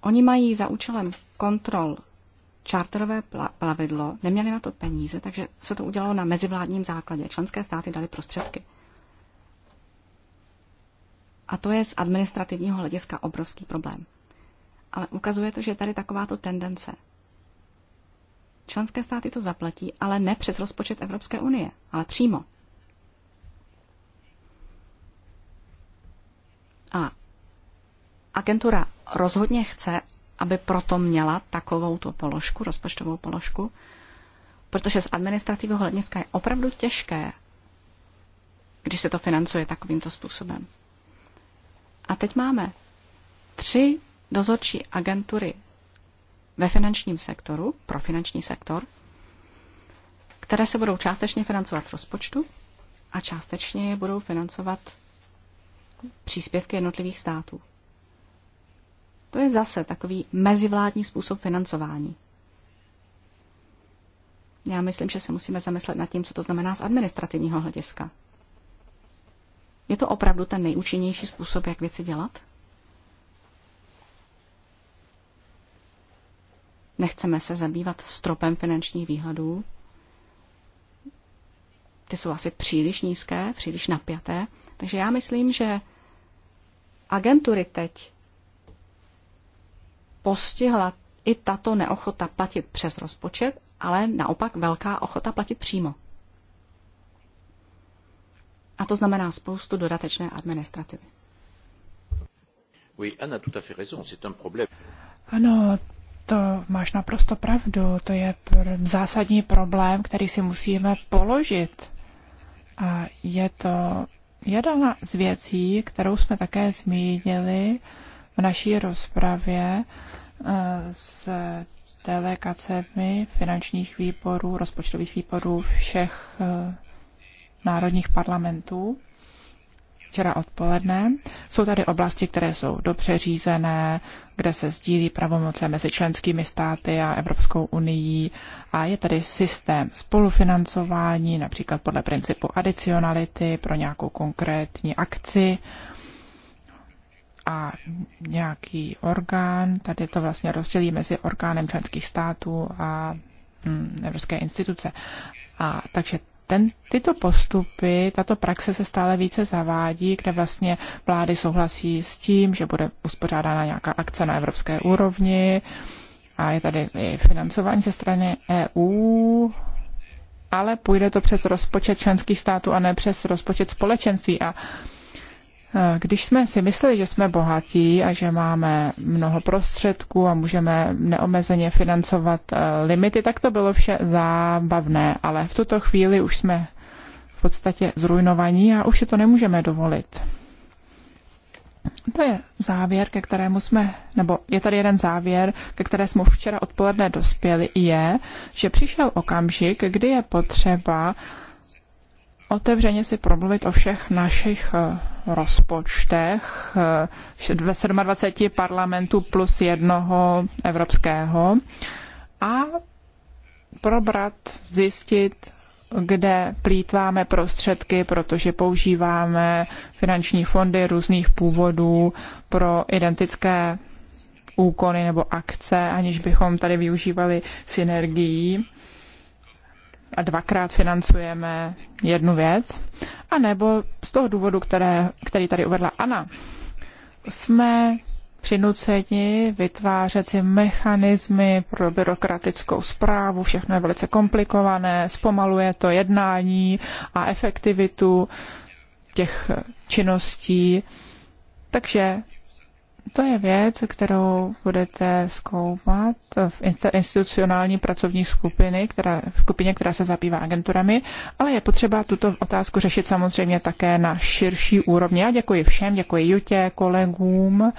Oni mají za účelem kontrol čárterové plavidlo, neměli na to peníze, takže se to udělalo na mezivládním základě. Členské státy dali prostředky. A to je z administrativního hlediska obrovský problém. Ale ukazuje to, že je tady takováto tendence. Členské státy to zaplatí, ale ne přes rozpočet Evropské unie, ale přímo. A agentura rozhodně chce, aby proto měla takovou tu položku, rozpočtovou položku, protože z administrativního hlediska je opravdu těžké, když se to financuje takovýmto způsobem. A teď máme tři dozorčí agentury ve finančním sektoru, pro finanční sektor, které se budou částečně financovat z rozpočtu a částečně je budou financovat příspěvky jednotlivých států. To je zase takový mezivládní způsob financování. Já myslím, že se musíme zamyslet nad tím, co to znamená z administrativního hlediska. Je to opravdu ten nejúčinnější způsob, jak věci dělat? Nechceme se zabývat stropem finančních výhledů. Ty jsou asi příliš nízké, příliš napjaté. Takže já myslím, že agentury teď postihla i tato neochota platit přes rozpočet, ale naopak velká ochota platit přímo. A to znamená spoustu dodatečné administrativy. Ano, to máš naprosto pravdu. To je pr- zásadní problém, který si musíme položit. A je to jedna z věcí, kterou jsme také zmínili v naší rozpravě eh, s delegacemi finančních výborů, rozpočtových výborů všech eh, národních parlamentů včera odpoledne. Jsou tady oblasti, které jsou dobře řízené, kde se sdílí pravomoce mezi členskými státy a Evropskou unii a je tady systém spolufinancování, například podle principu adicionality pro nějakou konkrétní akci a nějaký orgán. Tady to vlastně rozdělí mezi orgánem členských států a hm, Evropské instituce. A takže ten, tyto postupy, tato praxe se stále více zavádí, kde vlastně vlády souhlasí s tím, že bude uspořádána nějaká akce na evropské úrovni a je tady i financování ze strany EU, ale půjde to přes rozpočet členských států a ne přes rozpočet společenství. A Eh, když jsme si mysleli, že jsme bohatí a že máme mnoho prostředků a můžeme neomezeně financovat eh, limity, tak to bylo vše zábavné, ale v tuto chvíli už jsme v podstatě zrujnovaní a už si to nemůžeme dovolit. To je závěr, ke kterému jsme, nebo je tady jeden závěr, ke které jsme včera odpoledne dospěli, je, že přišel okamžik, kdy je potřeba uh, otevřeně si promluvit o všech našich eh, rozpočtech eh, ve 27 parlamentu plus jednoho evropského a probrat, zjistit, kde plítváme prostředky, protože používáme finanční fondy různých původů pro identické úkony nebo akce, aniž bychom tady využívali synergii a dvakrát financujeme jednu věc, anebo z toho důvodu, které, který tady uvedla Ana, jsme přinuceni vytvářet si mechanismy pro byrokratickou zprávu, všechno je velice komplikované, zpomaluje to jednání a efektivitu těch činností. Takže to je věc, kterou budete zkoumat v institucionální pracovní skupiny, která, skupině, která se zabývá agenturami, ale je potřeba tuto otázku řešit samozřejmě také na širší úrovni. Já děkuji všem, děkuji Jutě, kolegům,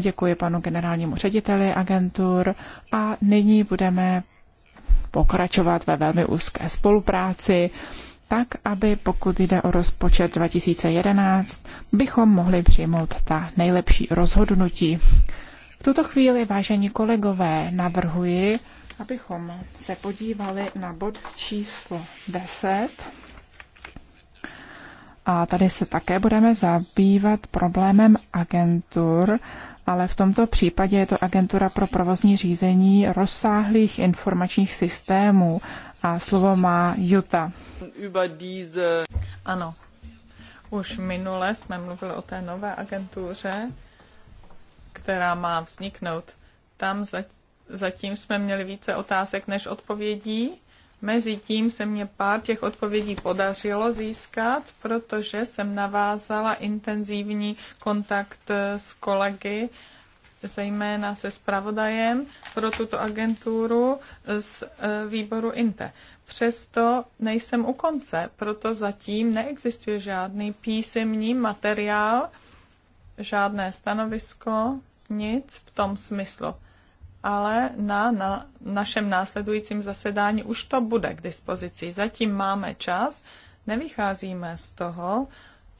děkuji panu generálnímu řediteli agentur a nyní budeme pokračovat ve velmi úzké spolupráci tak, aby pokud jde o rozpočet 2011, bychom mohli přijmout ta nejlepší rozhodnutí. V tuto chvíli, vážení kolegové, navrhuji, abychom se podívali na bod číslo 10. A tady se také budeme zabývat problémem agentur ale v tomto případě je to agentura pro provozní řízení rozsáhlých informačních systémů a slovo má Juta. Ano, už minule jsme mluvili o té nové agentuře, která má vzniknout. Tam zatím jsme měli více otázek než odpovědí Mezitím se mě pár těch odpovědí podařilo získat, protože jsem navázala intenzivní kontakt eh, s kolegy, zejména se spravodajem pro tuto agenturu eh, z eh, výboru INTE. Přesto nejsem u konce, proto zatím neexistuje žádný písemný materiál, žádné stanovisko, nic v tom smyslu ale na, na našem následujícím zasedání už to bude k dispozici. Zatím máme čas, nevycházíme z toho,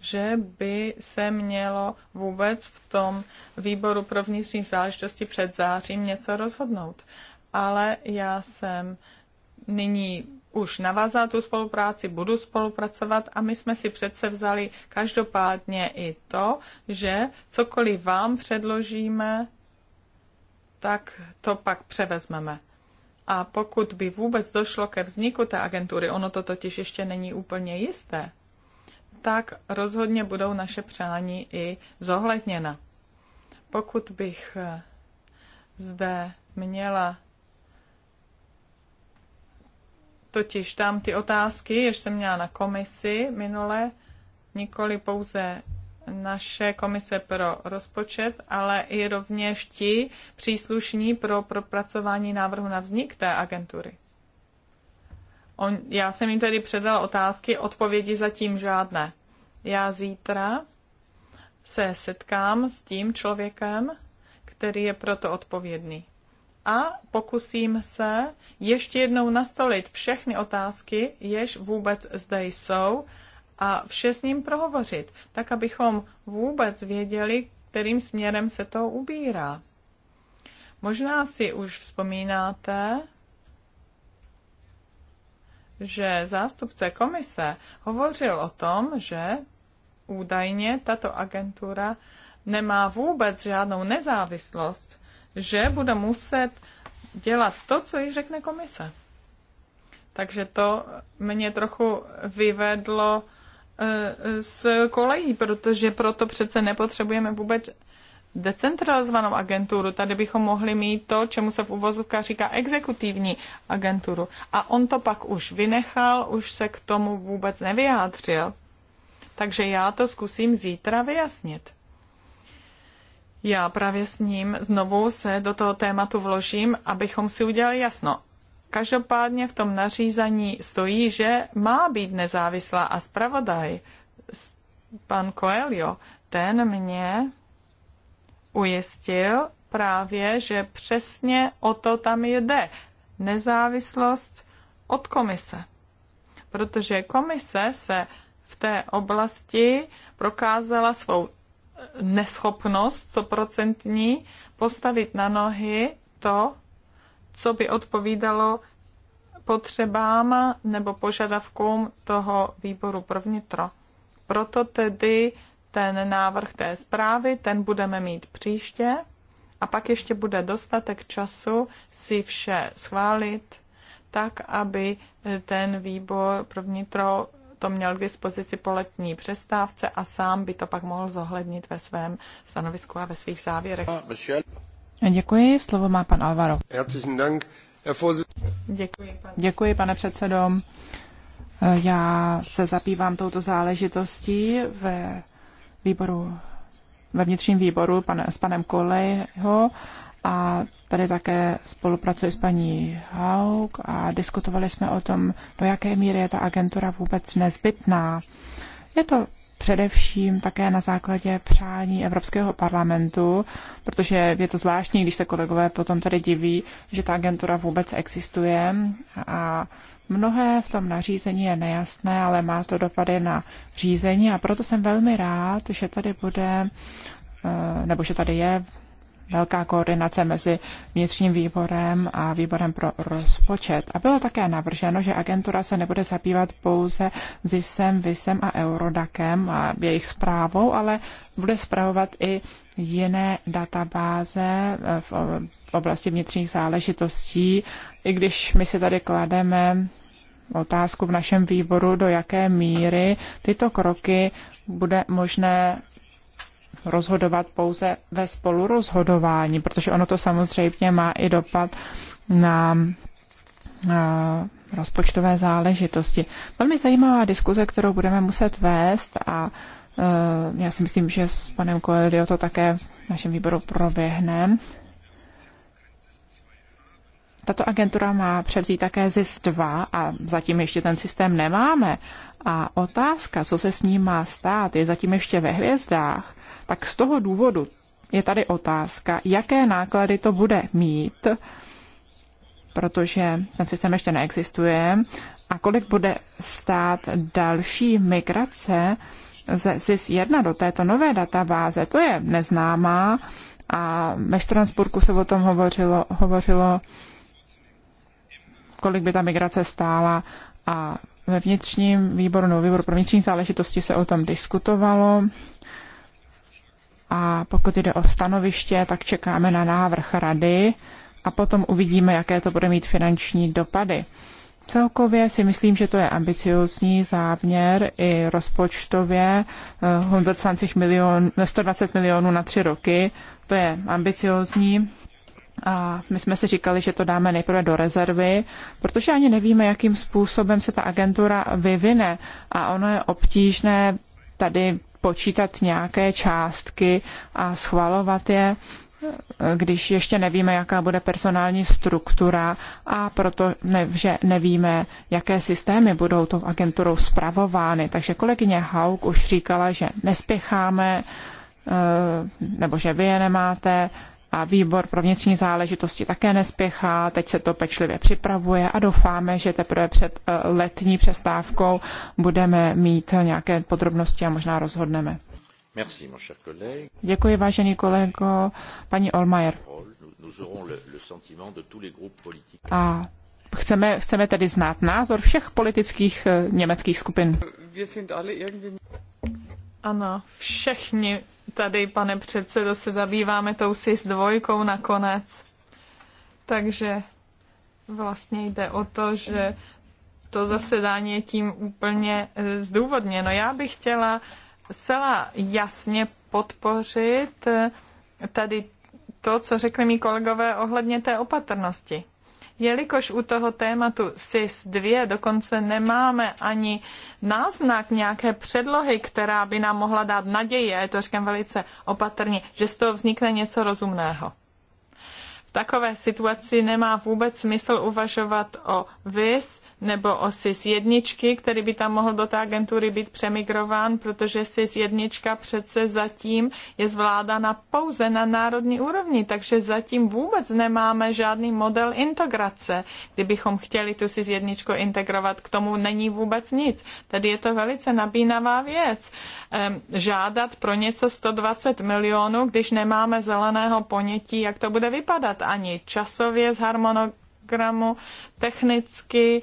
že by se mělo vůbec v tom výboru pro vnitřní záležitosti před zářím něco rozhodnout. Ale já jsem nyní už navázala tu spolupráci, budu spolupracovat a my jsme si přece vzali každopádně i to, že cokoliv vám předložíme, tak to pak převezmeme. A pokud by vůbec došlo ke vzniku té agentury, ono to totiž ještě není úplně jisté, tak rozhodně budou naše přání i zohledněna. Pokud bych eh, zde měla totiž tam ty otázky, jež jsem měla na komisi minule, nikoli pouze naše komise pro rozpočet, ale i rovněž ti příslušní pro propracování návrhu na vznik té agentury. On, já jsem jim tedy předala otázky, odpovědi zatím žádné. Já zítra se setkám s tím člověkem, který je proto odpovědný. A pokusím se ještě jednou nastolit všechny otázky, jež vůbec zde jsou, a vše s ním prohovořit, tak abychom vůbec věděli, kterým směrem se to ubírá. Možná si už vzpomínáte, že zástupce komise hovořil o tom, že údajně tato agentura nemá vůbec žádnou nezávislost, že bude muset dělat to, co jí řekne komise. Takže to mě trochu vyvedlo E, s kolejí, protože proto přece nepotřebujeme vůbec decentralizovanou agenturu. Tady bychom mohli mít to, čemu se v uvozovkách říká exekutivní agenturu. A on to pak už vynechal, už se k tomu vůbec nevyjádřil. Takže já to zkusím zítra vyjasnit. Já právě s ním znovu se do toho tématu vložím, abychom si udělali jasno. Každopádně v tom nařízení stojí, že má být nezávislá a zpravodaj, pan Coelho, ten mě ujistil právě, že přesně o to tam jde. Nezávislost od komise. Protože komise se v té oblasti prokázala svou neschopnost stoprocentní postavit na nohy to, co by odpovídalo potřebám nebo požadavkům toho výboru pro vnitro. Proto tedy ten návrh té zprávy, ten budeme mít příště a pak ještě bude dostatek času si vše schválit, tak aby ten výbor pro vnitro to měl k dispozici po letní přestávce a sám by to pak mohl zohlednit ve svém stanovisku a ve svých závěrech. Děkuji, slovo má pan Alvaro. Děkuji, Děkuji pane předsedo. Já se zabývám touto záležitostí ve výboru, ve vnitřním výboru pan, s panem Kolejho a tady také spolupracuji s paní Haug a diskutovali jsme o tom, do jaké míry je ta agentura vůbec nezbytná. Je to především také na základě přání Evropského parlamentu, protože je to zvláštní, když se kolegové potom tady diví, že ta agentura vůbec existuje a mnohé v tom nařízení je nejasné, ale má to dopady na řízení a proto jsem velmi rád, že tady bude eh, nebo že tady je velká koordinace mezi vnitřním výborem a výborem pro rozpočet. A bylo také navrženo, že agentura se nebude zabývat pouze ZISem, VISem a Eurodakem a jejich zprávou, ale bude zpravovat i jiné databáze eh, v oblasti vnitřních záležitostí, i když my si tady klademe otázku v našem výboru, do jaké míry tyto kroky bude možné rozhodovat pouze ve spolurozhodování, protože ono to samozřejmě má i dopad na, na rozpočtové záležitosti. Velmi zajímavá diskuze, kterou budeme muset vést a eh, já si myslím, že s panem Koelio to také v našem výboru proběhne. Tato agentura má převzít také ZIS 2 a zatím ještě ten systém nemáme. A otázka, co se s ním má stát, je zatím ještě ve hvězdách tak z toho důvodu je tady otázka, jaké náklady to bude mít, protože ten systém ještě neexistuje, a kolik bude stát další migrace ze SIS-1 do této nové databáze, to je neznámá a ve Štransburku se o tom hovořilo, hovořilo kolik by ta migrace stála a ve vnitřním výboru, no výboru pro vnitřní záležitosti se o tom diskutovalo a pokud jde o stanoviště, tak čekáme na návrh rady a potom uvidíme, jaké to bude mít finanční dopady. Celkově si myslím, že to je ambiciózní záměr i rozpočtově 120 eh, milion, 120 milionů na tři roky. To je ambiciózní. A my jsme si říkali, že to dáme nejprve do rezervy, protože ani nevíme, jakým způsobem se ta agentura vyvine. A ono je obtížné tady počítat nějaké částky a schvalovat je, když ještě nevíme, jaká bude personální struktura a proto ne, že nevíme, jaké systémy budou tou agenturou zpravovány. Takže kolegyně Hauk už říkala, že nespěcháme, eh, nebo že vy je nemáte, a výbor pro vnitřní záležitosti také nespěchá, teď se to pečlivě připravuje a doufáme, že teprve před eh, letní přestávkou budeme mít nějaké podrobnosti a možná rozhodneme. Merci, mon cher Děkuji, vážený kolego, paní Olmayer. A chceme, chceme tedy znát názor všech politických eh, německých skupin. Ano, všichni tady, pane předsedo, se zabýváme tou si s dvojkou nakonec. Takže vlastně jde o to, že to zasedání je tím úplně eh, zdůvodněno. Já bych chtěla zcela jasně podpořit eh, tady to, co řekli mý kolegové ohledně té opatrnosti. Jelikož u toho tématu SIS-2 dokonce nemáme ani náznak nějaké předlohy, která by nám mohla dát naději, a je to říkám velice opatrně, že z toho vznikne něco rozumného. V takové situaci nemá vůbec smysl uvažovat o VIS nebo o SIS jedničky, který by tam mohl do té agentury být přemigrován, protože SIS jednička přece zatím je zvládána pouze na národní úrovni, takže zatím vůbec nemáme žádný model integrace. Kdybychom chtěli tu SIS jedničku integrovat, k tomu není vůbec nic. Tady je to velice nabínavá věc. Ehm, žádat pro něco 120 milionů, když nemáme zeleného ponětí, jak to bude vypadat ani časově z harmonogramu, technicky,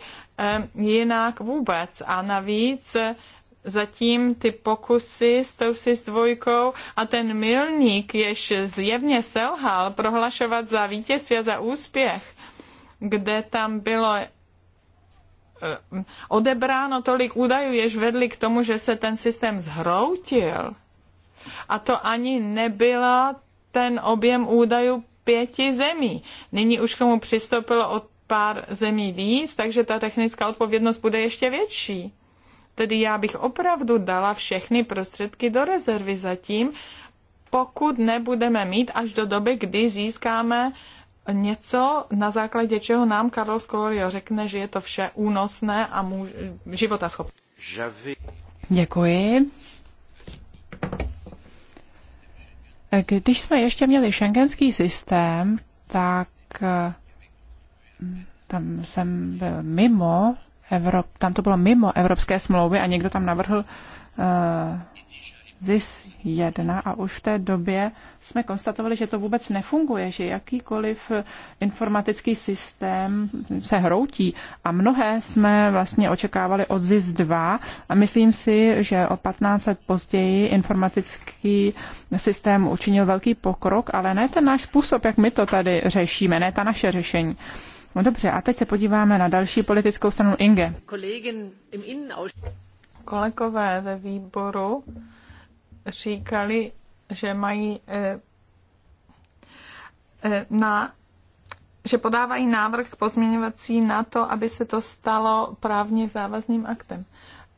jinak vůbec. A navíc eh, zatím ty pokusy s tou s dvojkou a ten milník, jež zjevně selhal prohlašovat za vítězství a za úspěch, kde tam bylo odebráno tolik údajů, jež vedli k tomu, že se ten systém zhroutil. A to ani nebyla ten objem údajů pěti zemí. Nyní už k tomu přistoupilo od pár zemí víc, takže ta technická odpovědnost bude ještě větší. Tedy já bych opravdu dala všechny prostředky do rezervy zatím, pokud nebudeme mít až do doby, kdy získáme něco, na základě čeho nám Carlos Colorio řekne, že je to vše únosné a života schopné. Děkuji. Když jsme ještě měli šengenský systém, tak eh, tam jsem byl mimo Evrop, tam to bylo mimo evropské smlouvy a někdo tam navrhl uh, ZIS 1 a už v té době jsme konstatovali, že to vůbec nefunguje, že jakýkoliv informatický systém se hroutí a mnohé jsme vlastně očekávali od ZIS 2 a myslím si, že o 15 let později informatický systém učinil velký pokrok, ale ne ten náš způsob, jak my to tady řešíme, ne ta naše řešení. No dobře, a teď se podíváme na další politickou stranu Inge. Kolegové ve výboru říkali, že mají eh, eh, na že podávají návrh pozměňovací na to, aby se to stalo právně závazným aktem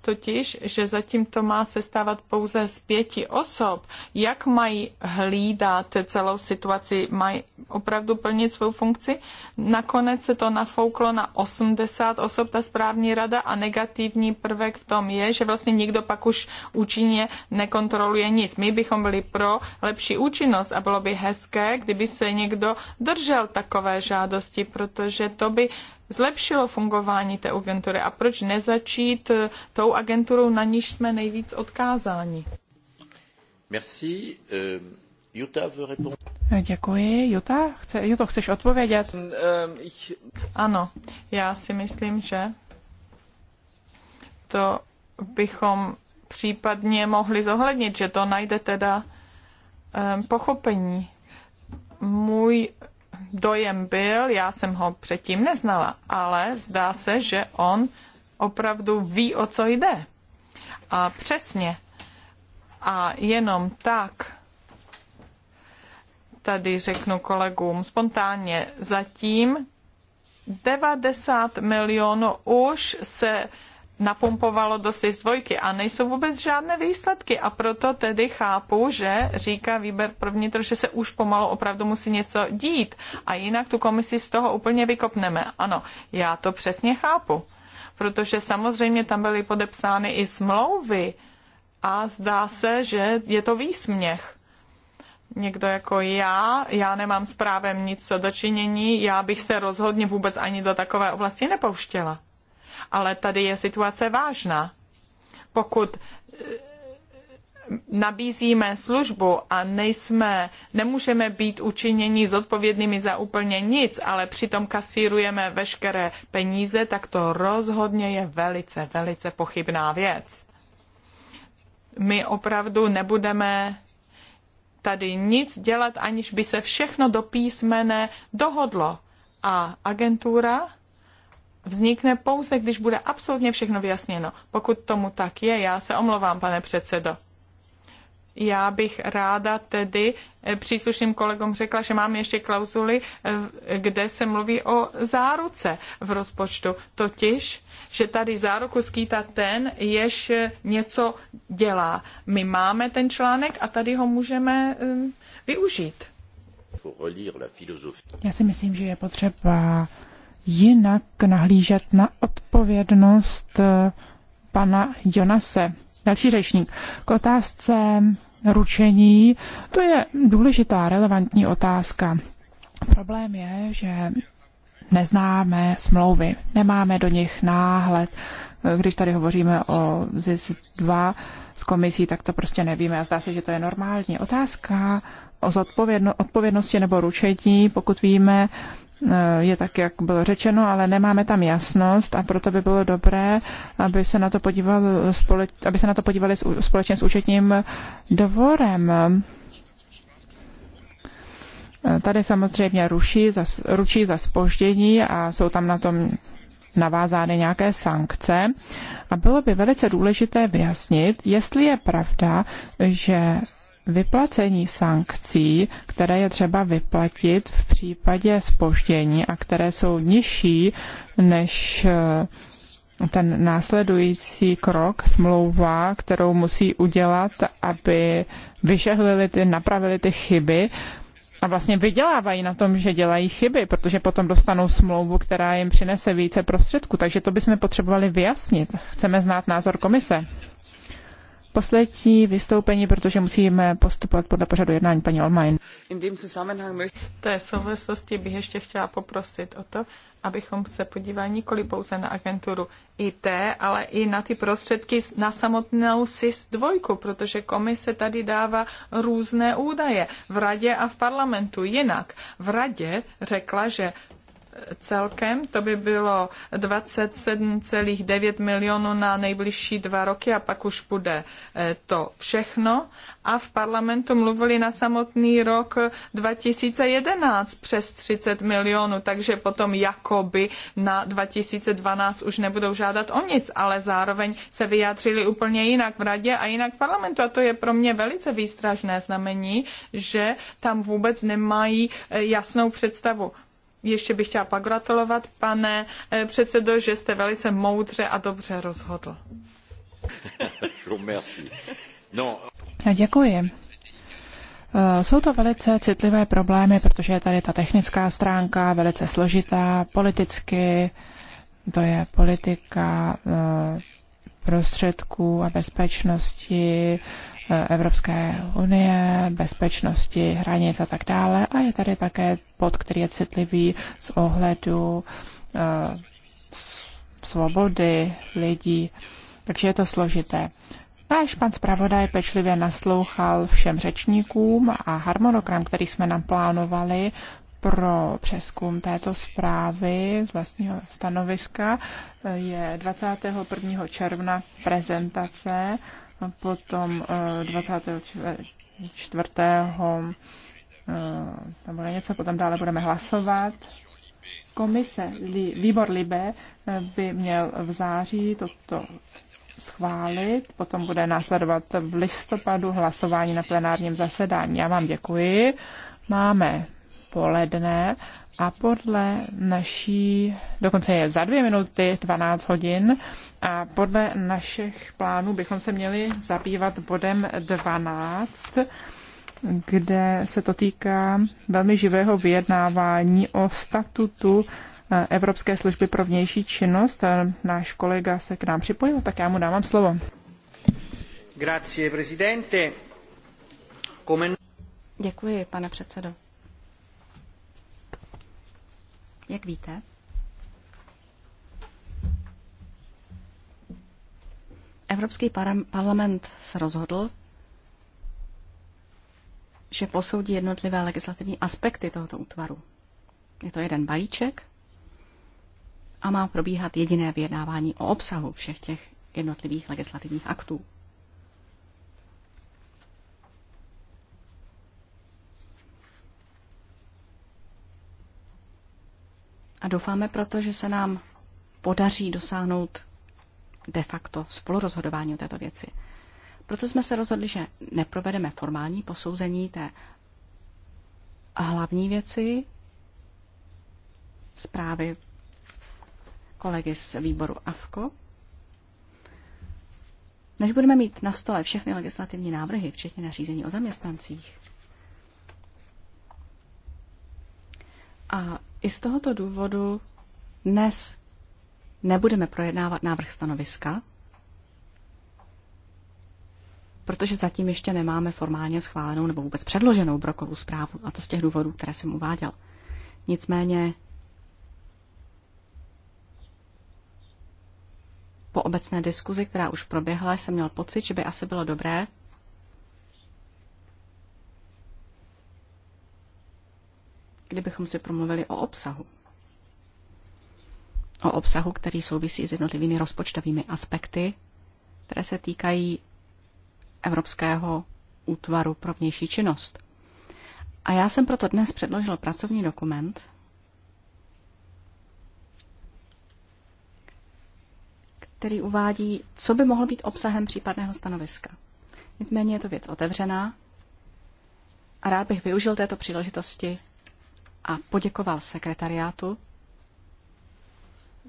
totiž, že zatím to má se stávat pouze z pěti osob. Jak mají hlídat celou situaci? Mají opravdu plnit svou funkci? Nakonec se to nafouklo na 80 osob, ta správní rada a negativní prvek v tom je, že vlastně nikdo pak už účinně nekontroluje nic. My bychom byli pro lepší účinnost a bylo by hezké, kdyby se někdo držel takové žádosti, protože to by zlepšilo fungování té agentury a proč nezačít eh, tou agenturou, na níž jsme nejvíc odkázáni? Merci. Eh, Jutta veut eh, Děkuji. Jutta, chce, Juto, chceš odpovědět? Ano, já si myslím, že to bychom případně mohli zohlednit, že to najde teda um, pochopení. Můj dojem byl, já jsem ho předtím neznala, ale zdá se, že on opravdu ví, o co jde. A přesně. A jenom tak tady řeknu kolegům spontánně, zatím 90 milionů už se napumpovalo do dvojky a nejsou vůbec žádné výsledky a proto tedy chápu, že říká výber první, to, že se už pomalu opravdu musí něco dít a jinak tu komisi z toho úplně vykopneme. Ano, já to přesně chápu, protože samozřejmě tam byly podepsány i smlouvy a zdá se, že je to výsměch někdo jako já, já nemám s právem nic co dočinění, já bych se rozhodně vůbec ani do takové oblasti nepouštěla ale tady je situace vážná. Pokud eh, nabízíme službu a nejsme, nemůžeme být učiněni zodpovědnými za úplně nic, ale přitom kasírujeme veškeré peníze, tak to rozhodně je velice, velice pochybná věc. My opravdu nebudeme tady nic dělat, aniž by se všechno do písmene dohodlo. A agentura vznikne pouze, když bude absolutně všechno vyjasněno. Pokud tomu tak je, já se omlouvám, pane předsedo. Já bych ráda tedy eh, příslušným kolegům řekla, že mám ještě klauzuly, eh, kde se mluví o záruce v rozpočtu. Totiž, že tady záruku skýtá ten, jež eh, něco dělá. My máme ten článek a tady ho můžeme využít. Já si myslím, že je potřeba jinak nahlížet na odpovědnost eh, pana Jonase. Další řečník. K otázce ručení, to je důležitá, relevantní otázka. Problém je, že neznáme smlouvy, nemáme do nich náhled. Eh, když tady hovoříme o ZIS 2 s komisí, tak to prostě nevíme a zdá se, že to je normální. Otázka o zodpovědno, odpovědnosti nebo ručení, pokud víme, Eh, je tak, jak bylo řečeno, ale nemáme tam jasnost a proto by bylo dobré, aby se na to, podíval, aby se na to podívali společně s účetním dvorem. Eh, tady samozřejmě ruší za, ručí za spoždění a jsou tam na tom navázány nějaké sankce. A bylo by velice důležité vyjasnit, jestli je pravda, že vyplacení sankcí, které je třeba vyplatit v případě spoždění a které jsou nižší než eh, ten následující krok, smlouva, kterou musí udělat, aby vyžehlili ty, napravili ty chyby, a vlastně vydělávají na tom, že dělají chyby, protože potom dostanou smlouvu, která jim přinese více prostředků. Takže to bychom potřebovali vyjasnit. Chceme znát názor komise poslední vystoupení, protože musíme postupovat podle pořadu jednání paní Olmajn. V té souvislosti bych ještě chtěla poprosit o to, abychom se podívali nikoli pouze na agenturu IT, ale i na ty prostředky na samotnou SIS-2, protože komise tady dává různé údaje v radě a v parlamentu. Jinak v radě řekla, že celkem, to by bylo 27,9 milionů na nejbližší dva roky a pak už bude eh, to všechno. A v parlamentu mluvili na samotný rok 2011 přes 30 milionů, takže potom jakoby na 2012 už nebudou žádat o nic, ale zároveň se vyjádřili úplně jinak v radě a jinak v parlamentu. A to je pro mě velice výstražné znamení, že tam vůbec nemají eh, jasnou představu ještě bych chtěla pogratulovat, pane eh, předsedo, že jste velice moudře a dobře rozhodl. No. Děkuji. Eh, jsou to velice citlivé problémy, protože je tady ta technická stránka velice složitá, politicky, to je politika eh, prostředků a bezpečnosti, Evropské unie, bezpečnosti, hranic a tak dále. A je tady také bod, který je citlivý z ohledu eh, svobody lidí. Takže je to složité. Náš pan zpravodaj pečlivě naslouchal všem řečníkům a harmonogram, který jsme naplánovali pro přeskum této zprávy z vlastního stanoviska, eh, je 21. června prezentace potom 24. Eh, eh, tam bude něco, potom dále budeme hlasovat. Komise, výbor Libe eh, by měl v září toto schválit, potom bude následovat v listopadu hlasování na plenárním zasedání. Já vám děkuji. Máme poledne a podle naší, dokonce je za dvě minuty 12 hodin, a podle našich plánů bychom se měli zabývat bodem 12, kde se to týká velmi živého vyjednávání o statutu eh, Evropské služby pro vnější činnost. Náš kolega se k nám připojil, tak já mu dávám slovo. Grazie, presidente. Děkuji, pane předsedo. Jak víte, Evropský parlament se rozhodl, že posoudí jednotlivé legislativní aspekty tohoto útvaru. Je to jeden balíček a má probíhat jediné vyjednávání o obsahu všech těch jednotlivých legislativních aktů. A doufáme proto, že se nám podaří dosáhnout de facto spolurozhodování o této věci. Proto jsme se rozhodli, že neprovedeme formální posouzení té hlavní věci zprávy kolegy z výboru AFKO. Než budeme mít na stole všechny legislativní návrhy, včetně nařízení o zaměstnancích, a i z tohoto důvodu dnes nebudeme projednávat návrh stanoviska, protože zatím ještě nemáme formálně schválenou nebo vůbec předloženou brokovou zprávu, a to z těch důvodů, které jsem uváděl. Nicméně po obecné diskuzi, která už proběhla, jsem měl pocit, že by asi bylo dobré, kdybychom si promluvili o obsahu. O obsahu, který souvisí s jednotlivými rozpočtovými aspekty, které se týkají Evropského útvaru pro vnější činnost. A já jsem proto dnes předložil pracovní dokument, který uvádí, co by mohlo být obsahem případného stanoviska. Nicméně je to věc otevřená a rád bych využil této příležitosti a poděkoval sekretariátu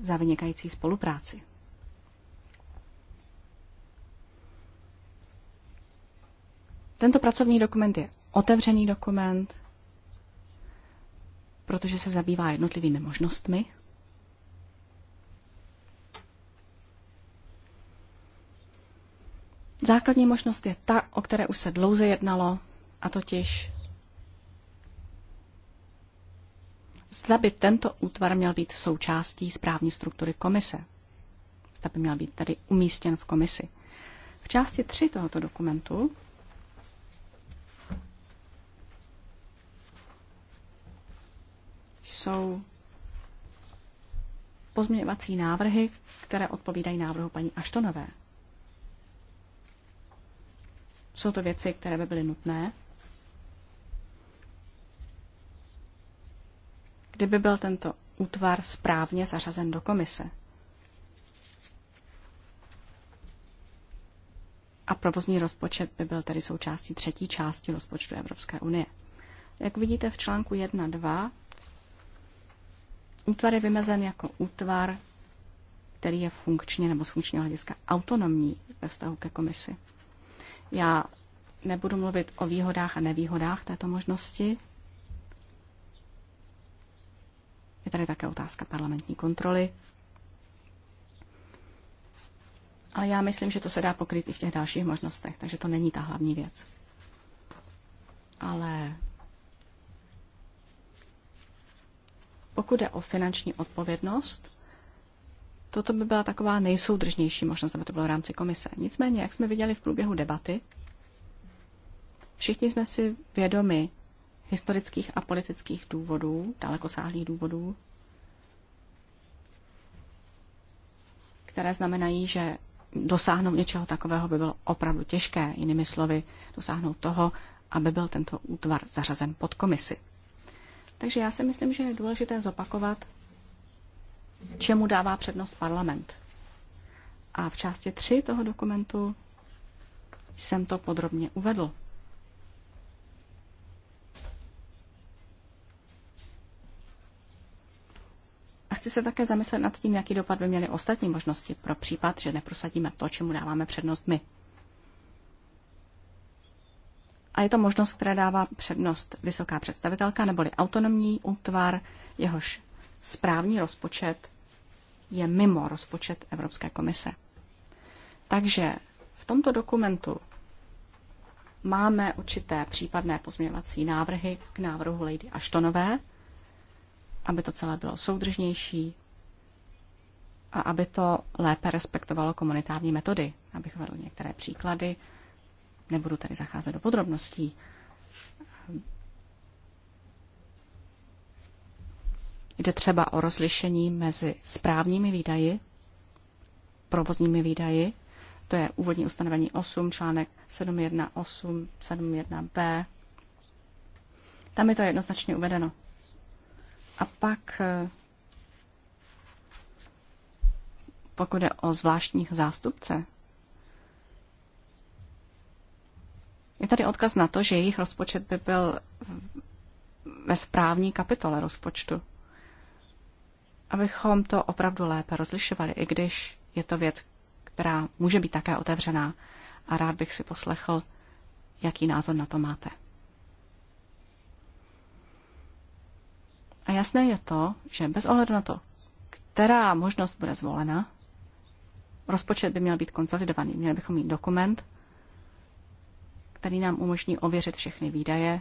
za vynikající spolupráci. Tento pracovní dokument je otevřený dokument, protože se zabývá jednotlivými možnostmi. Základní možnost je ta, o které už se dlouze jednalo, a totiž zda by tento útvar měl být součástí správní struktury komise. Zda by měl být tedy umístěn v komisi. V části 3 tohoto dokumentu jsou pozměňovací návrhy, které odpovídají návrhu paní Aštonové. Jsou to věci, které by byly nutné, kdyby byl tento útvar správně zařazen do komise. A provozní rozpočet by byl tedy součástí třetí části rozpočtu Evropské unie. Jak vidíte v článku 1.2, útvar je vymezen jako útvar, který je funkčně nebo z funkčního hlediska autonomní ve vztahu ke komisi. Já nebudu mluvit o výhodách a nevýhodách této možnosti, Je tady také otázka parlamentní kontroly. Ale já myslím, že to se dá pokryt i v těch dalších možnostech, takže to není ta hlavní věc. Ale pokud jde o finanční odpovědnost, toto by byla taková nejsoudržnější možnost, aby to bylo v rámci komise. Nicméně, jak jsme viděli v průběhu debaty, všichni jsme si vědomi historických a politických důvodů, dalekosáhlých důvodů, které znamenají, že dosáhnout něčeho takového by bylo opravdu těžké. Jinými slovy, dosáhnout toho, aby byl tento útvar zařazen pod komisi. Takže já si myslím, že je důležité zopakovat, čemu dává přednost parlament. A v části 3 toho dokumentu jsem to podrobně uvedl. chci se také zamyslet nad tím, jaký dopad by měly ostatní možnosti pro případ, že neprosadíme to, čemu dáváme přednost my. A je to možnost, která dává přednost vysoká představitelka neboli autonomní útvar, jehož správní rozpočet je mimo rozpočet Evropské komise. Takže v tomto dokumentu máme určité případné pozměňovací návrhy k návrhu Lady Ashtonové, aby to celé bylo soudržnější a aby to lépe respektovalo komunitární metody. Abych vedl některé příklady, nebudu tady zacházet do podrobností. Jde třeba o rozlišení mezi správními výdaji, provozními výdaji, to je úvodní ustanovení 8, článek 718, 71b. Tam je to jednoznačně uvedeno. A pak, eh, pokud jde o zvláštních zástupce, je tady odkaz na to, že jejich rozpočet by byl ve správní kapitole rozpočtu. Abychom to opravdu lépe rozlišovali, i když je to věc, která může být také otevřená. A rád bych si poslechl, jaký názor na to máte. jasné je to, že bez ohledu na to, která možnost bude zvolena, rozpočet by měl být konsolidovaný. Měli bychom mít dokument, který nám umožní ověřit všechny výdaje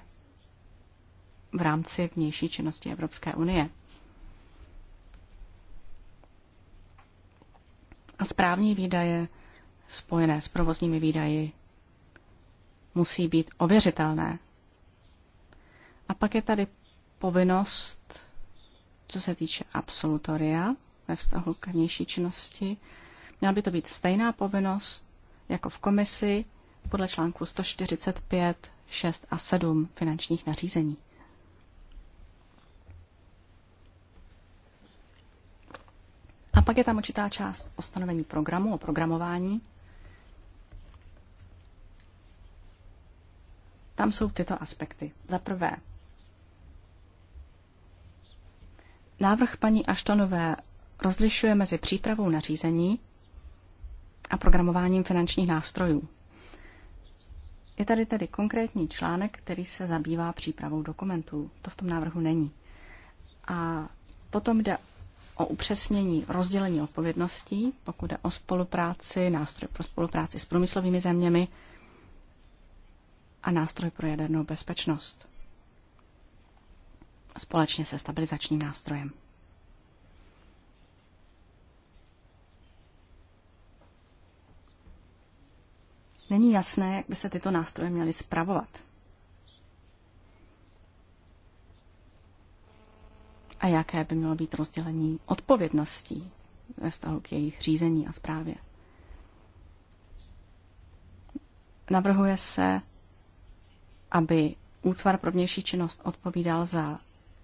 v rámci vnější činnosti Evropské unie. A správní výdaje spojené s provozními výdaji musí být ověřitelné. A pak je tady povinnost, co se týče absolutoria ve vztahu k vnější činnosti. Měla by to být stejná povinnost jako v komisi podle článku 145, 6 a 7 finančních nařízení. A pak je tam určitá část o stanovení programu, o programování. Tam jsou tyto aspekty. Za prvé, Návrh paní Aštonové rozlišuje mezi přípravou nařízení a programováním finančních nástrojů. Je tady tedy konkrétní článek, který se zabývá přípravou dokumentů. To v tom návrhu není. A potom jde o upřesnění rozdělení odpovědností, pokud jde o spolupráci, nástroj pro spolupráci s průmyslovými zeměmi a nástroj pro jadernou bezpečnost společně se stabilizačním nástrojem. Není jasné, jak by se tyto nástroje měly spravovat. A jaké by mělo být rozdělení odpovědností ve vztahu k jejich řízení a zprávě. Navrhuje se, aby útvar pro vnější činnost odpovídal za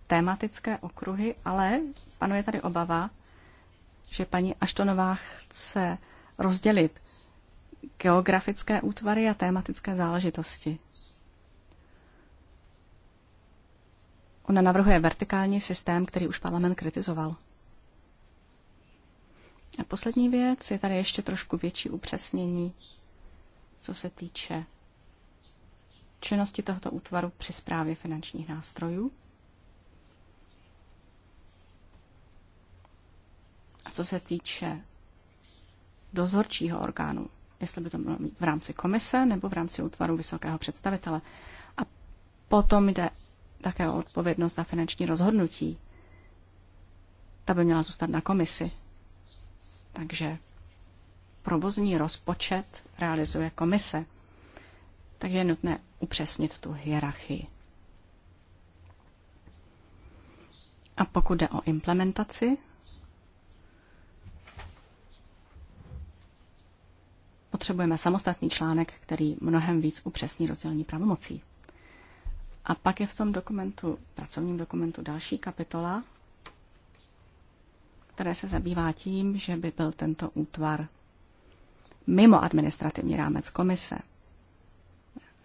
tématické okruhy, ale panuje tady obava, že paní Aštonová chce rozdělit geografické útvary a tématické záležitosti. Ona navrhuje vertikální systém, který už parlament kritizoval. A poslední věc je tady ještě trošku větší upřesnění, co se týče činnosti tohoto útvaru při zprávě finančních nástrojů. co se týče dozorčího orgánu, jestli by to bylo v rámci komise nebo v rámci útvaru vysokého představitele. A potom jde také o odpovědnost za finanční rozhodnutí. Ta by měla zůstat na komisi. Takže provozní rozpočet realizuje komise. Takže je nutné upřesnit tu hierarchii. A pokud jde o implementaci, potřebujeme samostatný článek, který mnohem víc upřesní rozdělení pravomocí. A pak je v tom dokumentu, pracovním dokumentu další kapitola, které se zabývá tím, že by byl tento útvar mimo administrativní rámec komise.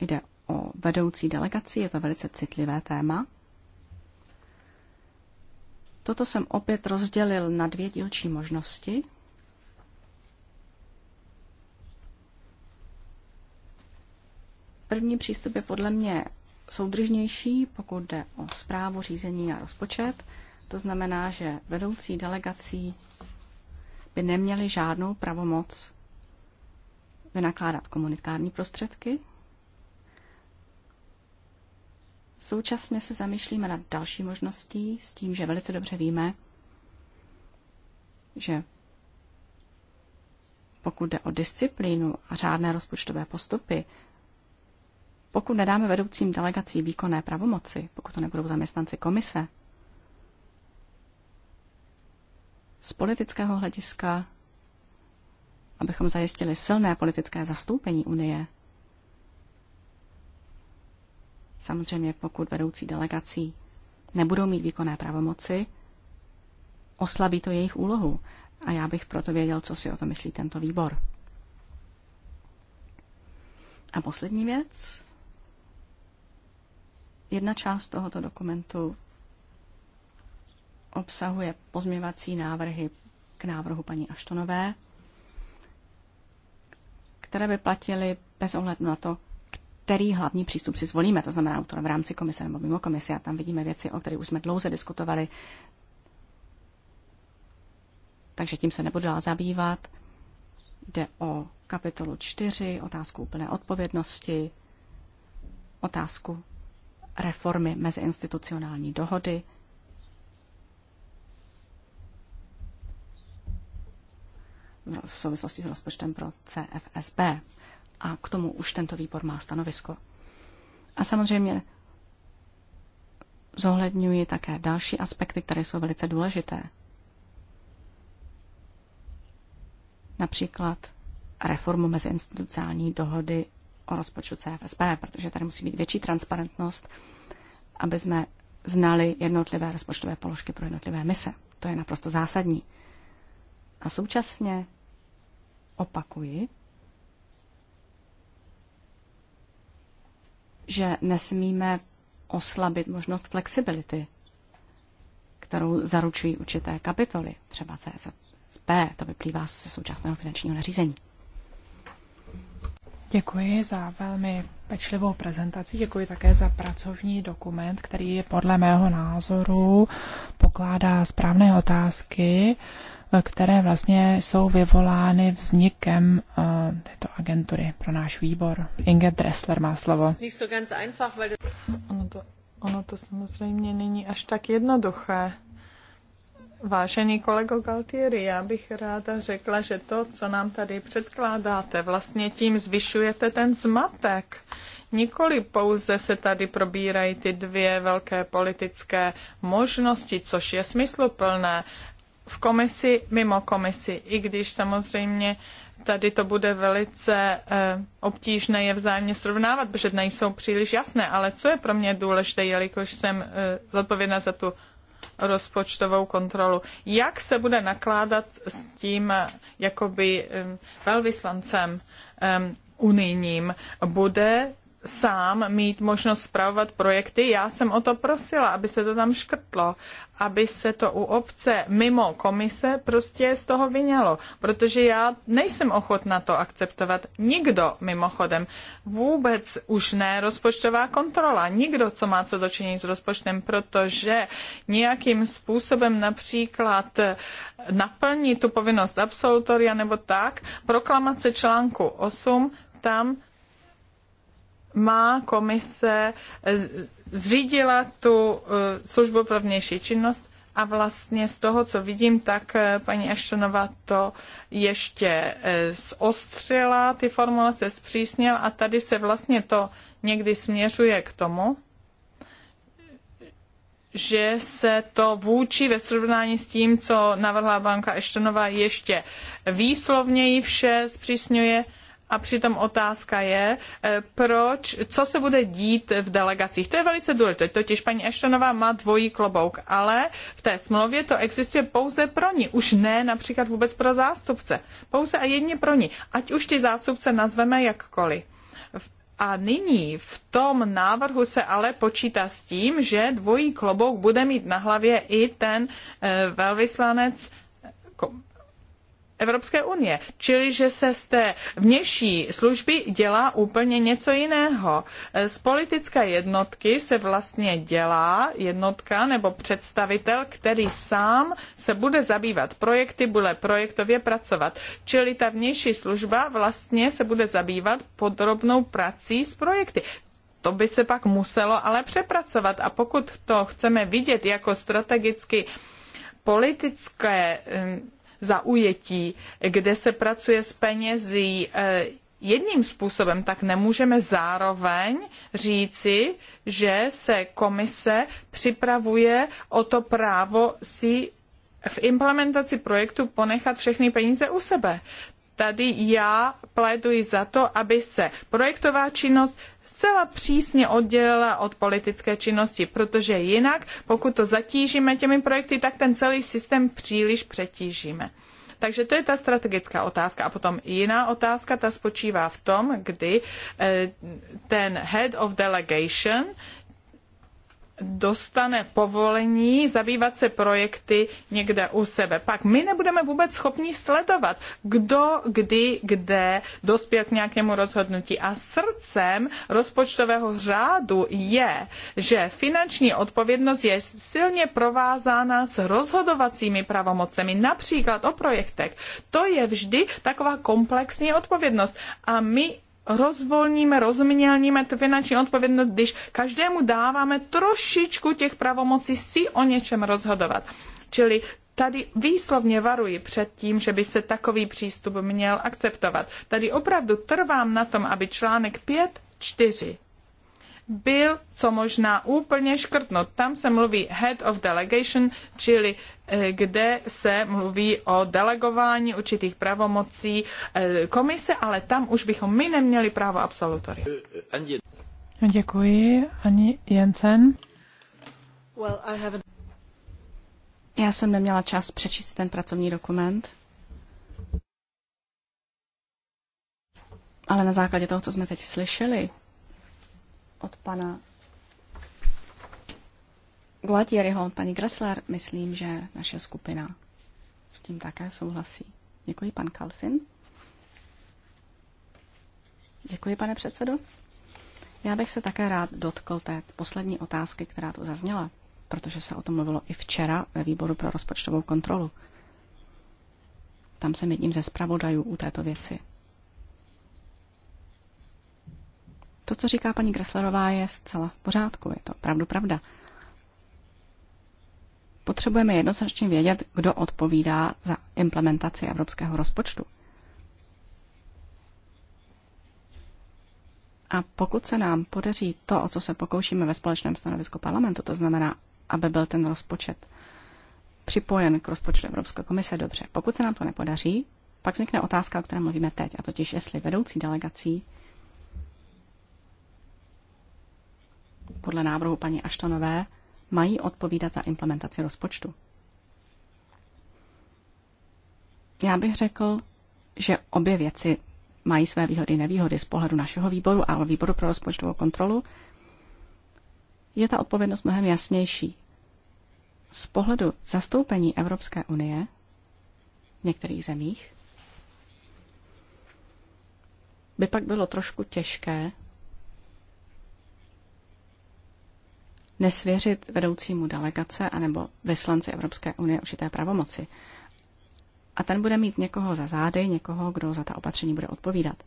Jde o vedoucí delegaci, je to velice citlivé téma. Toto jsem opět rozdělil na dvě dílčí možnosti, První přístup je podle mě soudržnější, pokud jde o zprávu, řízení a rozpočet. To znamená, že vedoucí delegací by neměli žádnou pravomoc vynakládat komunitární prostředky. Současně se zamýšlíme nad další možností s tím, že velice dobře víme, že pokud jde o disciplínu a řádné rozpočtové postupy, pokud nedáme vedoucím delegací výkonné pravomoci, pokud to nebudou zaměstnanci komise, z politického hlediska, abychom zajistili silné politické zastoupení Unie, samozřejmě pokud vedoucí delegací nebudou mít výkonné pravomoci, oslabí to jejich úlohu. A já bych proto věděl, co si o to myslí tento výbor. A poslední věc. Jedna část tohoto dokumentu obsahuje pozměvací návrhy k návrhu paní Aštonové, které by platily bez ohledu na to, který hlavní přístup si zvolíme, to znamená autora v rámci komise nebo mimo komise. A tam vidíme věci, o kterých už jsme dlouze diskutovali, takže tím se nebudu dál zabývat. Jde o kapitolu 4, otázku úplné odpovědnosti, otázku reformy meziinstitucionální dohody. v souvislosti s rozpočtem pro CFSB. A k tomu už tento výbor má stanovisko. A samozřejmě zohledňuji také další aspekty, které jsou velice důležité. Například reformu meziinstitucionální dohody o rozpočtu CFSP, protože tady musí být větší transparentnost, aby jsme znali jednotlivé rozpočtové položky pro jednotlivé mise. To je naprosto zásadní. A současně opakuji, že nesmíme oslabit možnost flexibility, kterou zaručují určité kapitoly, třeba CSP, to vyplývá z současného finančního nařízení. Děkuji za velmi pečlivou prezentaci. Děkuji také za pracovní dokument, který podle mého názoru pokládá správné otázky, které vlastně jsou vyvolány vznikem uh, této agentury pro náš výbor. Inge Dressler má slovo. Ono to, ono to samozřejmě není až tak jednoduché Vážený kolego Galtieri, já bych ráda řekla, že to, co nám tady předkládáte, vlastně tím zvyšujete ten zmatek. Nikoli pouze se tady probírají ty dvě velké politické možnosti, což je smysluplné v komisi, mimo komisi, i když samozřejmě tady to bude velice eh, obtížné je vzájemně srovnávat, protože nejsou příliš jasné, ale co je pro mě důležité, jelikož jsem eh, zodpovědná za tu rozpočtovou kontrolu. Jak se bude nakládat s tím eh, jakoby velvyslancem unijním? Bude sám mít možnost spravovat projekty. Já jsem o to prosila, aby se to tam škrtlo, aby se to u obce mimo komise prostě z toho vyňalo, protože já nejsem ochotna to akceptovat. Nikdo, mimochodem, vůbec už ne rozpočtová kontrola, nikdo, co má co dočinit s rozpočtem, protože nějakým způsobem například eh, naplní tu povinnost absolutoria nebo tak, proklamace článku 8, tam má komise, zřídila tu e, službu pro vnější činnost a vlastně z toho, co vidím, tak e, paní Ashtonová to ještě e, zostřila, ty formulace zpřísnila a tady se vlastně to někdy směřuje k tomu, že se to vůči ve srovnání s tím, co navrhla banka Eštonová, ještě výslovněji vše zpřísňuje a přitom otázka je, eh, proč, co se bude dít v delegacích. To je velice důležité, totiž paní Eštonová má dvojí klobouk, ale v té smlouvě to existuje pouze pro ní, už ne například vůbec pro zástupce. Pouze a jedně pro ní, ať už ty zástupce nazveme jakkoliv. A nyní v tom návrhu se ale počítá s tím, že dvojí klobouk bude mít na hlavě i ten eh, velvyslanec eh, Evropské unie. Čili, že se z té vnější služby dělá úplně něco jiného. Z politické jednotky se vlastně dělá jednotka nebo představitel, který sám se bude zabývat projekty, bude projektově pracovat. Čili ta vnější služba vlastně se bude zabývat podrobnou prací s projekty. To by se pak muselo ale přepracovat. A pokud to chceme vidět jako strategicky politické zaujetí, kde se pracuje s penězí eh, jedním způsobem, tak nemůžeme zároveň říci, že se komise připravuje o to právo si v implementaci projektu ponechat všechny peníze u sebe tady já pléduji za to, aby se projektová činnost zcela přísně oddělila od politické činnosti, protože jinak, pokud to zatížíme těmi projekty, tak ten celý systém příliš přetížíme. Takže to je ta strategická otázka. A potom jiná otázka, ta spočívá v tom, kdy eh, ten head of delegation dostane povolení zabývat se projekty někde u sebe. Pak my nebudeme vůbec schopni sledovat, kdo, kdy, kde dospěl k nějakému rozhodnutí. A srdcem rozpočtového řádu je, že finanční odpovědnost je silně provázána s rozhodovacími pravomocemi, například o projektech. To je vždy taková komplexní odpovědnost. A my rozvolníme, rozmělníme tu finanční odpovědnost, když každému dáváme trošičku těch pravomocí si o něčem rozhodovat. Čili Tady výslovně varuji před tím, že by se takový přístup měl akceptovat. Tady opravdu trvám na tom, aby článek 5, 4 byl co možná úplně škrtnut. Tam se mluví head of delegation, čili eh, kde se mluví o delegování určitých pravomocí eh, komise, ale tam už bychom my neměli právo absolutory. Děkuji. Ani Jensen. Well, I Já jsem neměla čas přečíst ten pracovní dokument. Ale na základě toho, co jsme teď slyšeli, od pana Guatieriho, od paní Gressler, myslím, že naše skupina s tím také souhlasí. Děkuji, pan Kalfin. Děkuji, pane předsedo. Já bych se také rád dotkl té poslední otázky, která tu zazněla, protože se o tom mluvilo i včera ve výboru pro rozpočtovou kontrolu. Tam jsem jedním ze zpravodajů u této věci. To, co říká paní Greslerová, je zcela v pořádku. Je to opravdu pravda. Potřebujeme jednoznačně vědět, kdo odpovídá za implementaci evropského rozpočtu. A pokud se nám podaří to, o co se pokoušíme ve společném stanovisku parlamentu, to znamená, aby byl ten rozpočet připojen k rozpočtu Evropské komise, dobře. Pokud se nám to nepodaří, pak vznikne otázka, o které mluvíme teď, a totiž jestli vedoucí delegací podle návrhu paní Aštonové mají odpovídat za implementaci rozpočtu. Já bych řekl, že obě věci mají své výhody i nevýhody z pohledu našeho výboru a výboru pro rozpočtovou kontrolu. Je ta odpovědnost mnohem jasnější. Z pohledu zastoupení Evropské unie v některých zemích by pak bylo trošku těžké nesvěřit vedoucímu delegace anebo vyslanci Evropské unie určité pravomoci. A ten bude mít někoho za zády, někoho, kdo za ta opatření bude odpovídat.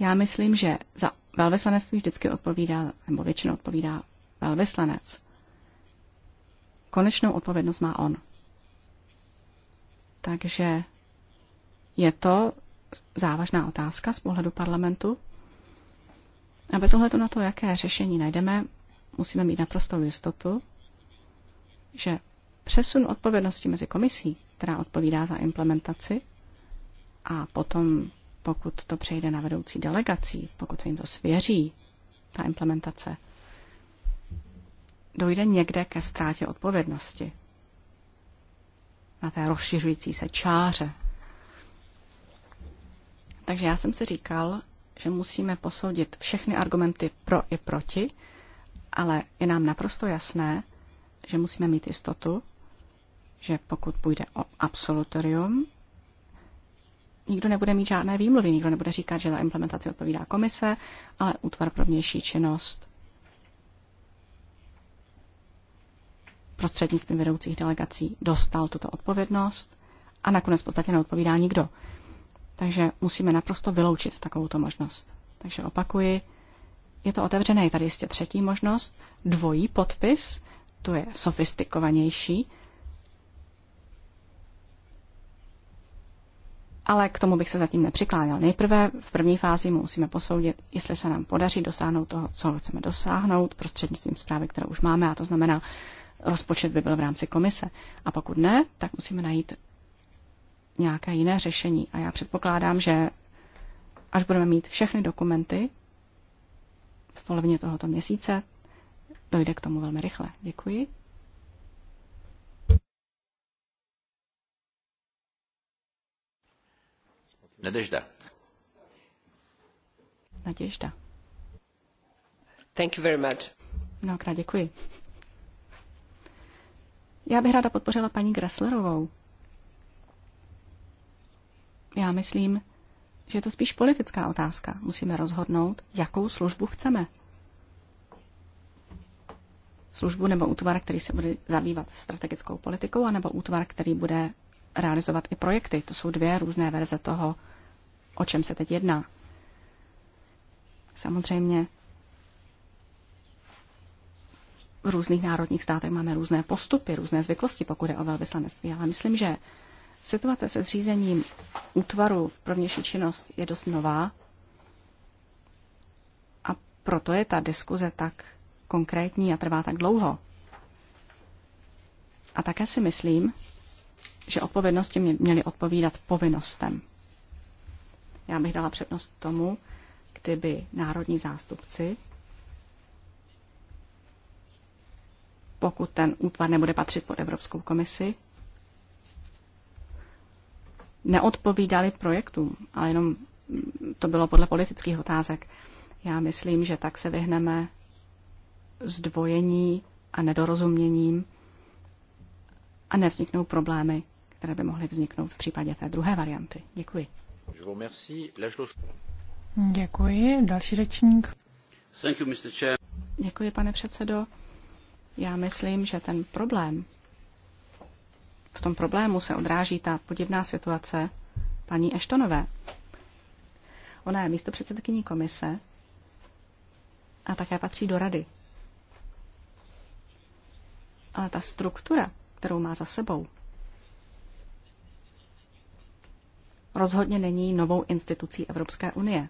Já myslím, že za velvyslanectví vždycky odpovídá, nebo většinou odpovídá velvyslanec. Konečnou odpovědnost má on. Takže je to, závažná otázka z pohledu parlamentu. A bez ohledu na to, jaké řešení najdeme, musíme mít naprostou jistotu, že přesun odpovědnosti mezi komisí, která odpovídá za implementaci, a potom, pokud to přejde na vedoucí delegací, pokud se jim to svěří, ta implementace, dojde někde ke ztrátě odpovědnosti na té rozšiřující se čáře takže já jsem si říkal, že musíme posoudit všechny argumenty pro i proti, ale je nám naprosto jasné, že musíme mít jistotu, že pokud půjde o absolutorium, nikdo nebude mít žádné výmluvy, nikdo nebude říkat, že za implementaci odpovídá komise, ale útvar pro vnější činnost prostřednictvím vedoucích delegací dostal tuto odpovědnost a nakonec v podstatě neodpovídá nikdo. Takže musíme naprosto vyloučit takovou možnost. Takže opakuji, je to otevřené, je tady jistě třetí možnost, dvojí podpis, to je sofistikovanější, ale k tomu bych se zatím nepřikláněl. Nejprve v první fázi musíme posoudit, jestli se nám podaří dosáhnout toho, co chceme dosáhnout prostřednictvím zprávy, kterou už máme, a to znamená, rozpočet by byl v rámci komise. A pokud ne, tak musíme najít nějaké jiné řešení. A já předpokládám, že až budeme mít všechny dokumenty v polovině tohoto měsíce, dojde k tomu velmi rychle. Děkuji. Nadežda. Nadežda. Thank you very much. Mnohokrát děkuji. Já bych ráda podpořila paní Gresslerovou. Já myslím, že je to spíš politická otázka. Musíme rozhodnout, jakou službu chceme. Službu nebo útvar, který se bude zabývat strategickou politikou, anebo útvar, který bude realizovat i projekty. To jsou dvě různé verze toho, o čem se teď jedná. Samozřejmě v různých národních státech máme různé postupy, různé zvyklosti, pokud je o velvyslanectví, ale myslím, že Situace se zřízením útvaru pro vnější činnost je dost nová a proto je ta diskuze tak konkrétní a trvá tak dlouho. A také si myslím, že odpovědnosti měly odpovídat povinnostem. Já bych dala přednost tomu, kdyby národní zástupci, pokud ten útvar nebude patřit pod Evropskou komisi, neodpovídali projektům, ale jenom to bylo podle politických otázek. Já myslím, že tak se vyhneme zdvojení a nedorozuměním a nevzniknou problémy, které by mohly vzniknout v případě té druhé varianty. Děkuji. Děkuji. Další řečník. Děkuji, pane předsedo. Já myslím, že ten problém v tom problému se odráží ta podivná situace paní Eštonové. Ona je místo předsedkyní komise a také patří do rady. Ale ta struktura, kterou má za sebou, rozhodně není novou institucí Evropské unie.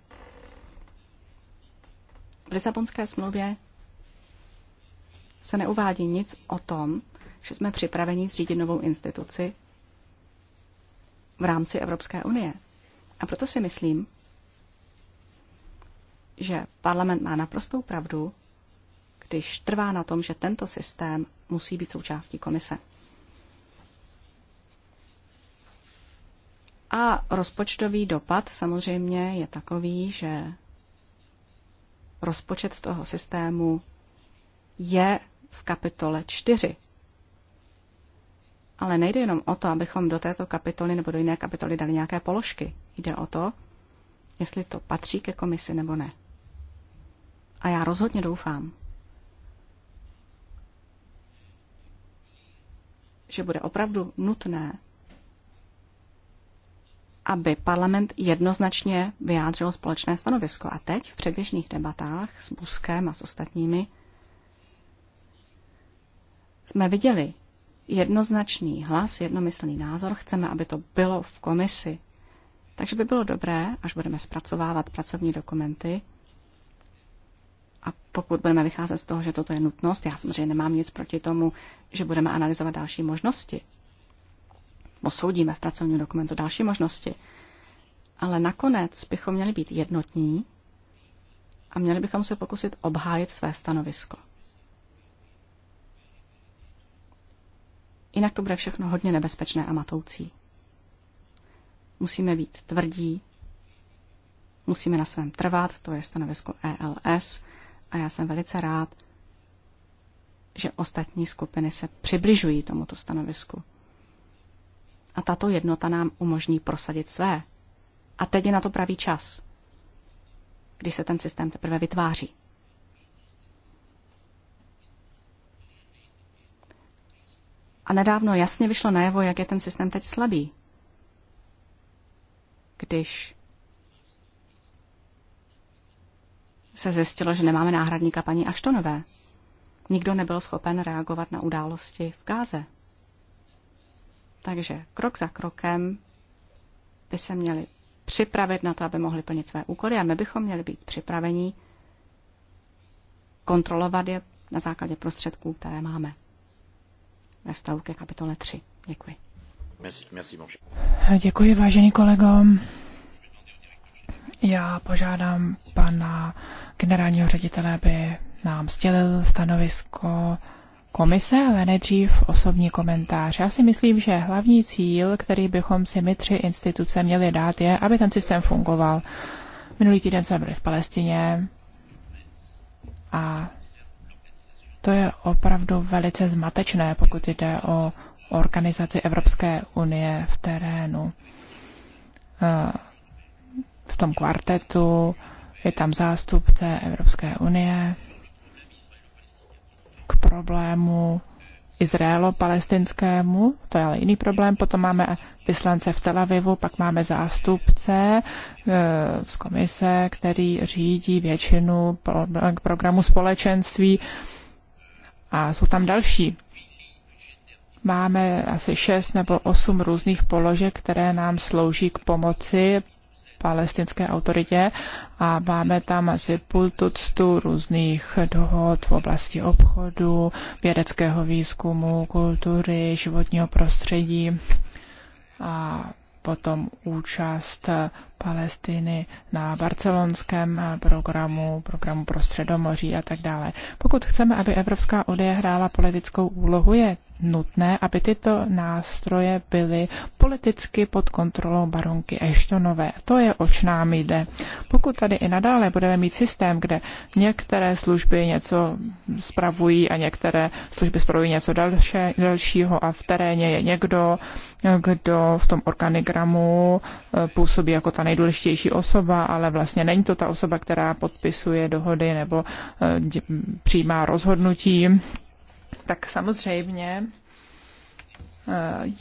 V Lisabonské smlouvě se neuvádí nic o tom, že jsme připraveni zřídit novou instituci v rámci Evropské unie. A proto si myslím, že parlament má naprostou pravdu, když trvá na tom, že tento systém musí být součástí komise. A rozpočtový dopad samozřejmě je takový, že rozpočet toho systému je v kapitole 4 ale nejde jenom o to, abychom do této kapitoly nebo do jiné kapitoly dali nějaké položky. Jde o to, jestli to patří ke komisi nebo ne. A já rozhodně doufám, že bude opravdu nutné, aby parlament jednoznačně vyjádřil společné stanovisko. A teď v předběžných debatách s Buskem a s ostatními jsme viděli, jednoznačný hlas, jednomyslný názor. Chceme, aby to bylo v komisi. Takže by bylo dobré, až budeme zpracovávat pracovní dokumenty, a pokud budeme vycházet z toho, že toto je nutnost, já samozřejmě nemám nic proti tomu, že budeme analyzovat další možnosti. Posoudíme v pracovním dokumentu další možnosti. Ale nakonec bychom měli být jednotní a měli bychom se pokusit obhájit své stanovisko. Jinak to bude všechno hodně nebezpečné a matoucí. Musíme být tvrdí, musíme na svém trvat, to je stanovisko ELS a já jsem velice rád, že ostatní skupiny se přibližují tomuto stanovisku. A tato jednota nám umožní prosadit své. A teď je na to pravý čas, když se ten systém teprve vytváří. A nedávno jasně vyšlo najevo, jak je ten systém teď slabý. Když se zjistilo, že nemáme náhradníka paní Aštonové. Nikdo nebyl schopen reagovat na události v Gáze. Takže krok za krokem by se měli připravit na to, aby mohli plnit své úkoly a my bychom měli být připraveni kontrolovat je na základě prostředků, které máme ve vztahu ke kapitole 3. Děkuji. Děkuji, vážený kolego. Já požádám pana generálního ředitele, aby nám sdělil stanovisko komise, ale nejdřív osobní komentář. Já si myslím, že hlavní cíl, který bychom si my tři instituce měli dát, je, aby ten systém fungoval. Minulý týden jsme byli v Palestině a to je opravdu velice zmatečné, pokud jde o organizaci Evropské unie v terénu. Eh, v tom kvartetu je tam zástupce Evropské unie k problému izraelo-palestinskému, to je ale jiný problém. Potom máme vyslance v Tel Avivu, pak máme zástupce eh, z komise, který řídí většinu programu společenství a jsou tam další. Máme asi šest nebo osm různých položek, které nám slouží k pomoci palestinské autoritě a máme tam asi půl tuctu různých dohod v oblasti obchodu, vědeckého výzkumu, kultury, životního prostředí a potom účast Palestiny na barcelonském programu, programu pro středomoří a tak dále. Pokud chceme, aby Evropská unie hrála politickou úlohu, je nutné, aby tyto nástroje byly politicky pod kontrolou baronky Eštonové. To je, oč nám jde. Pokud tady i nadále budeme mít systém, kde některé služby něco spravují a některé služby spravují něco dalše, dalšího a v teréně je někdo, kdo v tom organigramu eh, působí jako ta nejdůležitější osoba, ale vlastně není to ta osoba, která podpisuje dohody nebo eh, přijímá rozhodnutí, tak samozřejmě eh,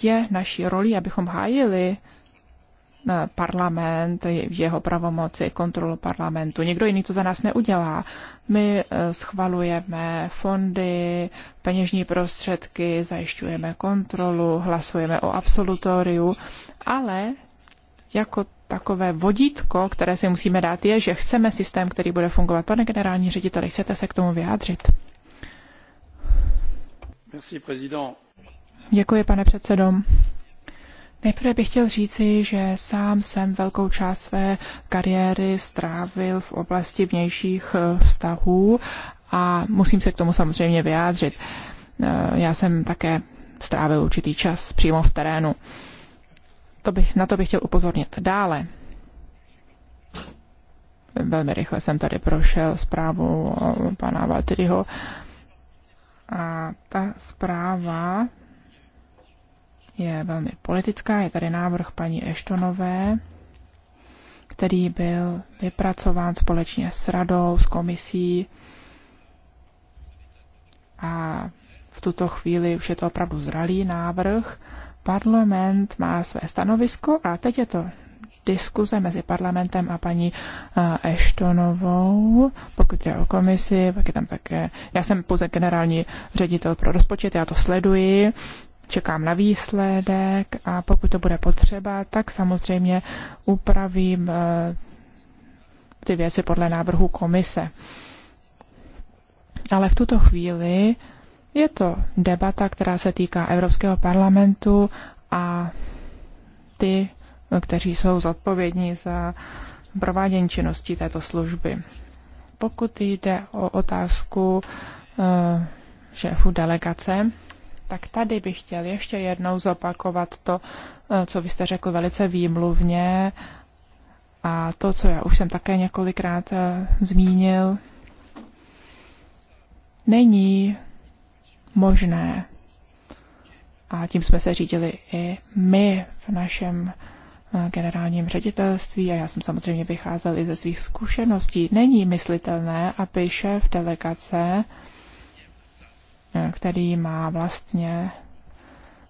je naší roli, abychom hájili eh, parlament, jeho pravomoci, kontrolu parlamentu. Někdo jiný to za nás neudělá. My eh, schvalujeme fondy, peněžní prostředky, zajišťujeme kontrolu, hlasujeme o absolutoriu, ale jako takové vodítko, které si musíme dát, je, že chceme systém, který bude fungovat. Pane generální řediteli, chcete se k tomu vyjádřit? Děkuji, pane předsedo. Nejprve bych chtěl říci, že sám jsem velkou část své kariéry strávil v oblasti vnějších eh, vztahů a musím se k tomu samozřejmě vyjádřit. Eh, já jsem také strávil určitý čas přímo v terénu. To bych, na to bych chtěl upozornit. Dále, velmi rychle jsem tady prošel zprávu pana Valtyryho. A ta zpráva je velmi politická. Je tady návrh paní Eštonové, který byl vypracován společně s radou, s komisí a v tuto chvíli už je to opravdu zralý návrh. Parlament má své stanovisko a teď je to diskuze mezi parlamentem a paní Eštonovou, pokud je o komisi, pak je tam také, já jsem pouze generální ředitel pro rozpočet, já to sleduji, čekám na výsledek a pokud to bude potřeba, tak samozřejmě upravím ty věci podle návrhu komise. Ale v tuto chvíli je to debata, která se týká Evropského parlamentu a ty kteří jsou zodpovědní za provádění činností této služby. Pokud jde o otázku eh, šéfu delegace, tak tady bych chtěl ještě jednou zopakovat to, eh, co vy jste řekl velice výmluvně a to, co já už jsem také několikrát eh, zmínil. Není možné, a tím jsme se řídili i my v našem Eh, generálním ředitelství a já jsem samozřejmě vycházel i ze svých zkušeností. Není myslitelné, aby šéf delegace, eh, který má vlastně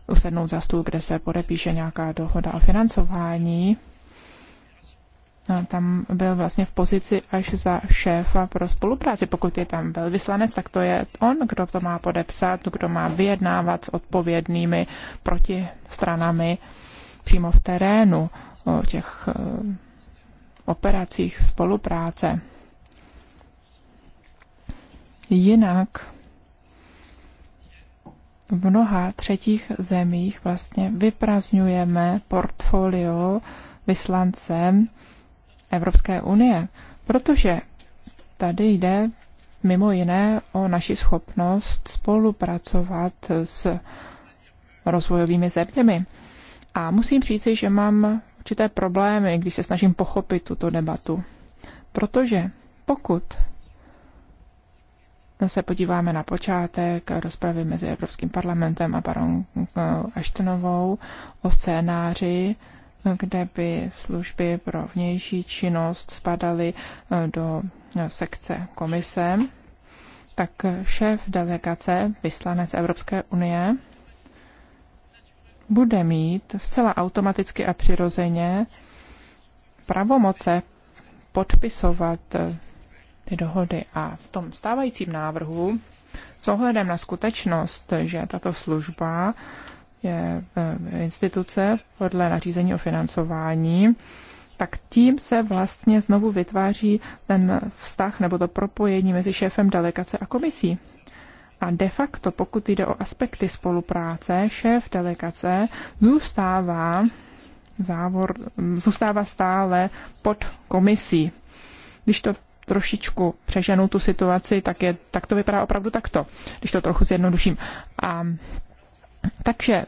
usednout za stůl, kde se podepíše nějaká dohoda o financování, tam byl vlastně v pozici až za šéfa pro spolupráci. Pokud je tam velvyslanec, tak to je on, kdo to má podepsat, kdo má vyjednávat s odpovědnými protistranami. stranami přímo v terénu, o těch eh, operacích spolupráce. Jinak v mnoha třetích zemích vlastně vyprazňujeme portfolio vyslancem Evropské unie, protože tady jde mimo jiné o naši schopnost spolupracovat s rozvojovými zeměmi. A musím říci, že mám určité problémy, když se snažím pochopit tuto debatu. Protože pokud se podíváme na počátek rozpravy mezi Evropským parlamentem a baron eh, Ashtonovou o scénáři, kde by služby pro vnější činnost spadaly eh, do eh, sekce komise, tak šéf delegace, vyslanec Evropské unie, bude mít zcela automaticky a přirozeně pravomoce podpisovat eh, ty dohody. A v tom stávajícím návrhu s ohledem na skutečnost, že tato služba je eh, instituce podle nařízení o financování, tak tím se vlastně znovu vytváří ten vztah nebo to propojení mezi šéfem delegace a komisí. A de facto, pokud jde o aspekty spolupráce, šéf delegace zůstává, závor, zůstává stále pod komisí. Když to trošičku přeženu tu situaci, tak, je, tak to vypadá opravdu takto, když to trochu zjednoduším. A, takže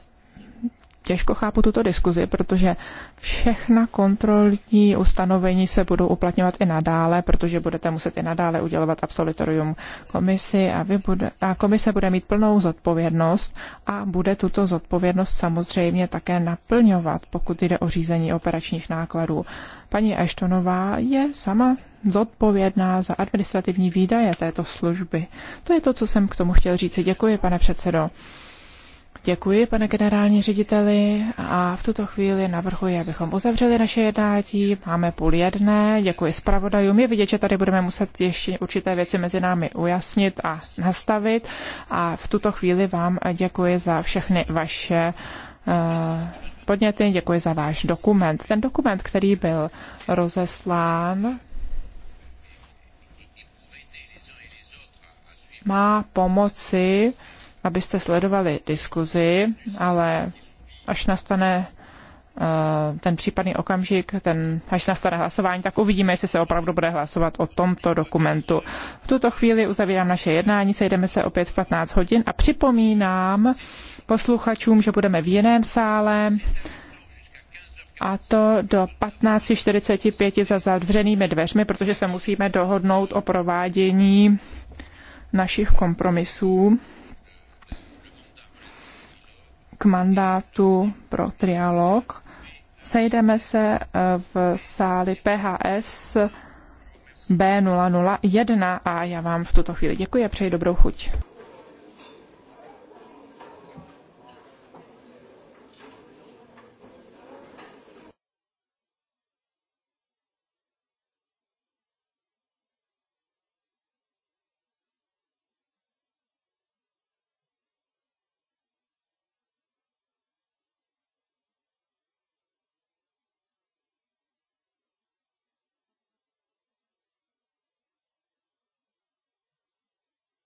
těžko chápu tuto diskuzi, protože všechna kontrolní ustanovení se budou uplatňovat i nadále, protože budete muset i nadále udělovat absolutorium komisi a, vy bude, a komise bude mít plnou zodpovědnost a bude tuto zodpovědnost samozřejmě také naplňovat, pokud jde o řízení operačních nákladů. Paní Eštonová je sama zodpovědná za administrativní výdaje této služby. To je to, co jsem k tomu chtěl říct. Děkuji, pane předsedo. Děkuji, pane generální řediteli, a v tuto chvíli navrhuji, abychom uzavřeli naše jednání. Máme půl jedné, děkuji zpravodajům. Je vidět, že tady budeme muset ještě určité věci mezi námi ujasnit a nastavit. A v tuto chvíli vám děkuji za všechny vaše eh, podněty, děkuji za váš dokument. Ten dokument, který byl rozeslán, má pomoci abyste sledovali diskuzi, ale až nastane eh, ten případný okamžik, ten, až nastane hlasování, tak uvidíme, jestli se opravdu bude hlasovat o tomto dokumentu. V tuto chvíli uzavírám naše jednání, sejdeme se opět v 15 hodin a připomínám posluchačům, že budeme v jiném sále a to do 15.45 za zavřenými dveřmi, protože se musíme dohodnout o provádění našich kompromisů k mandátu pro trialog. Sejdeme se eh, v sáli PHS B001 a já vám v tuto chvíli děkuji a přeji dobrou chuť.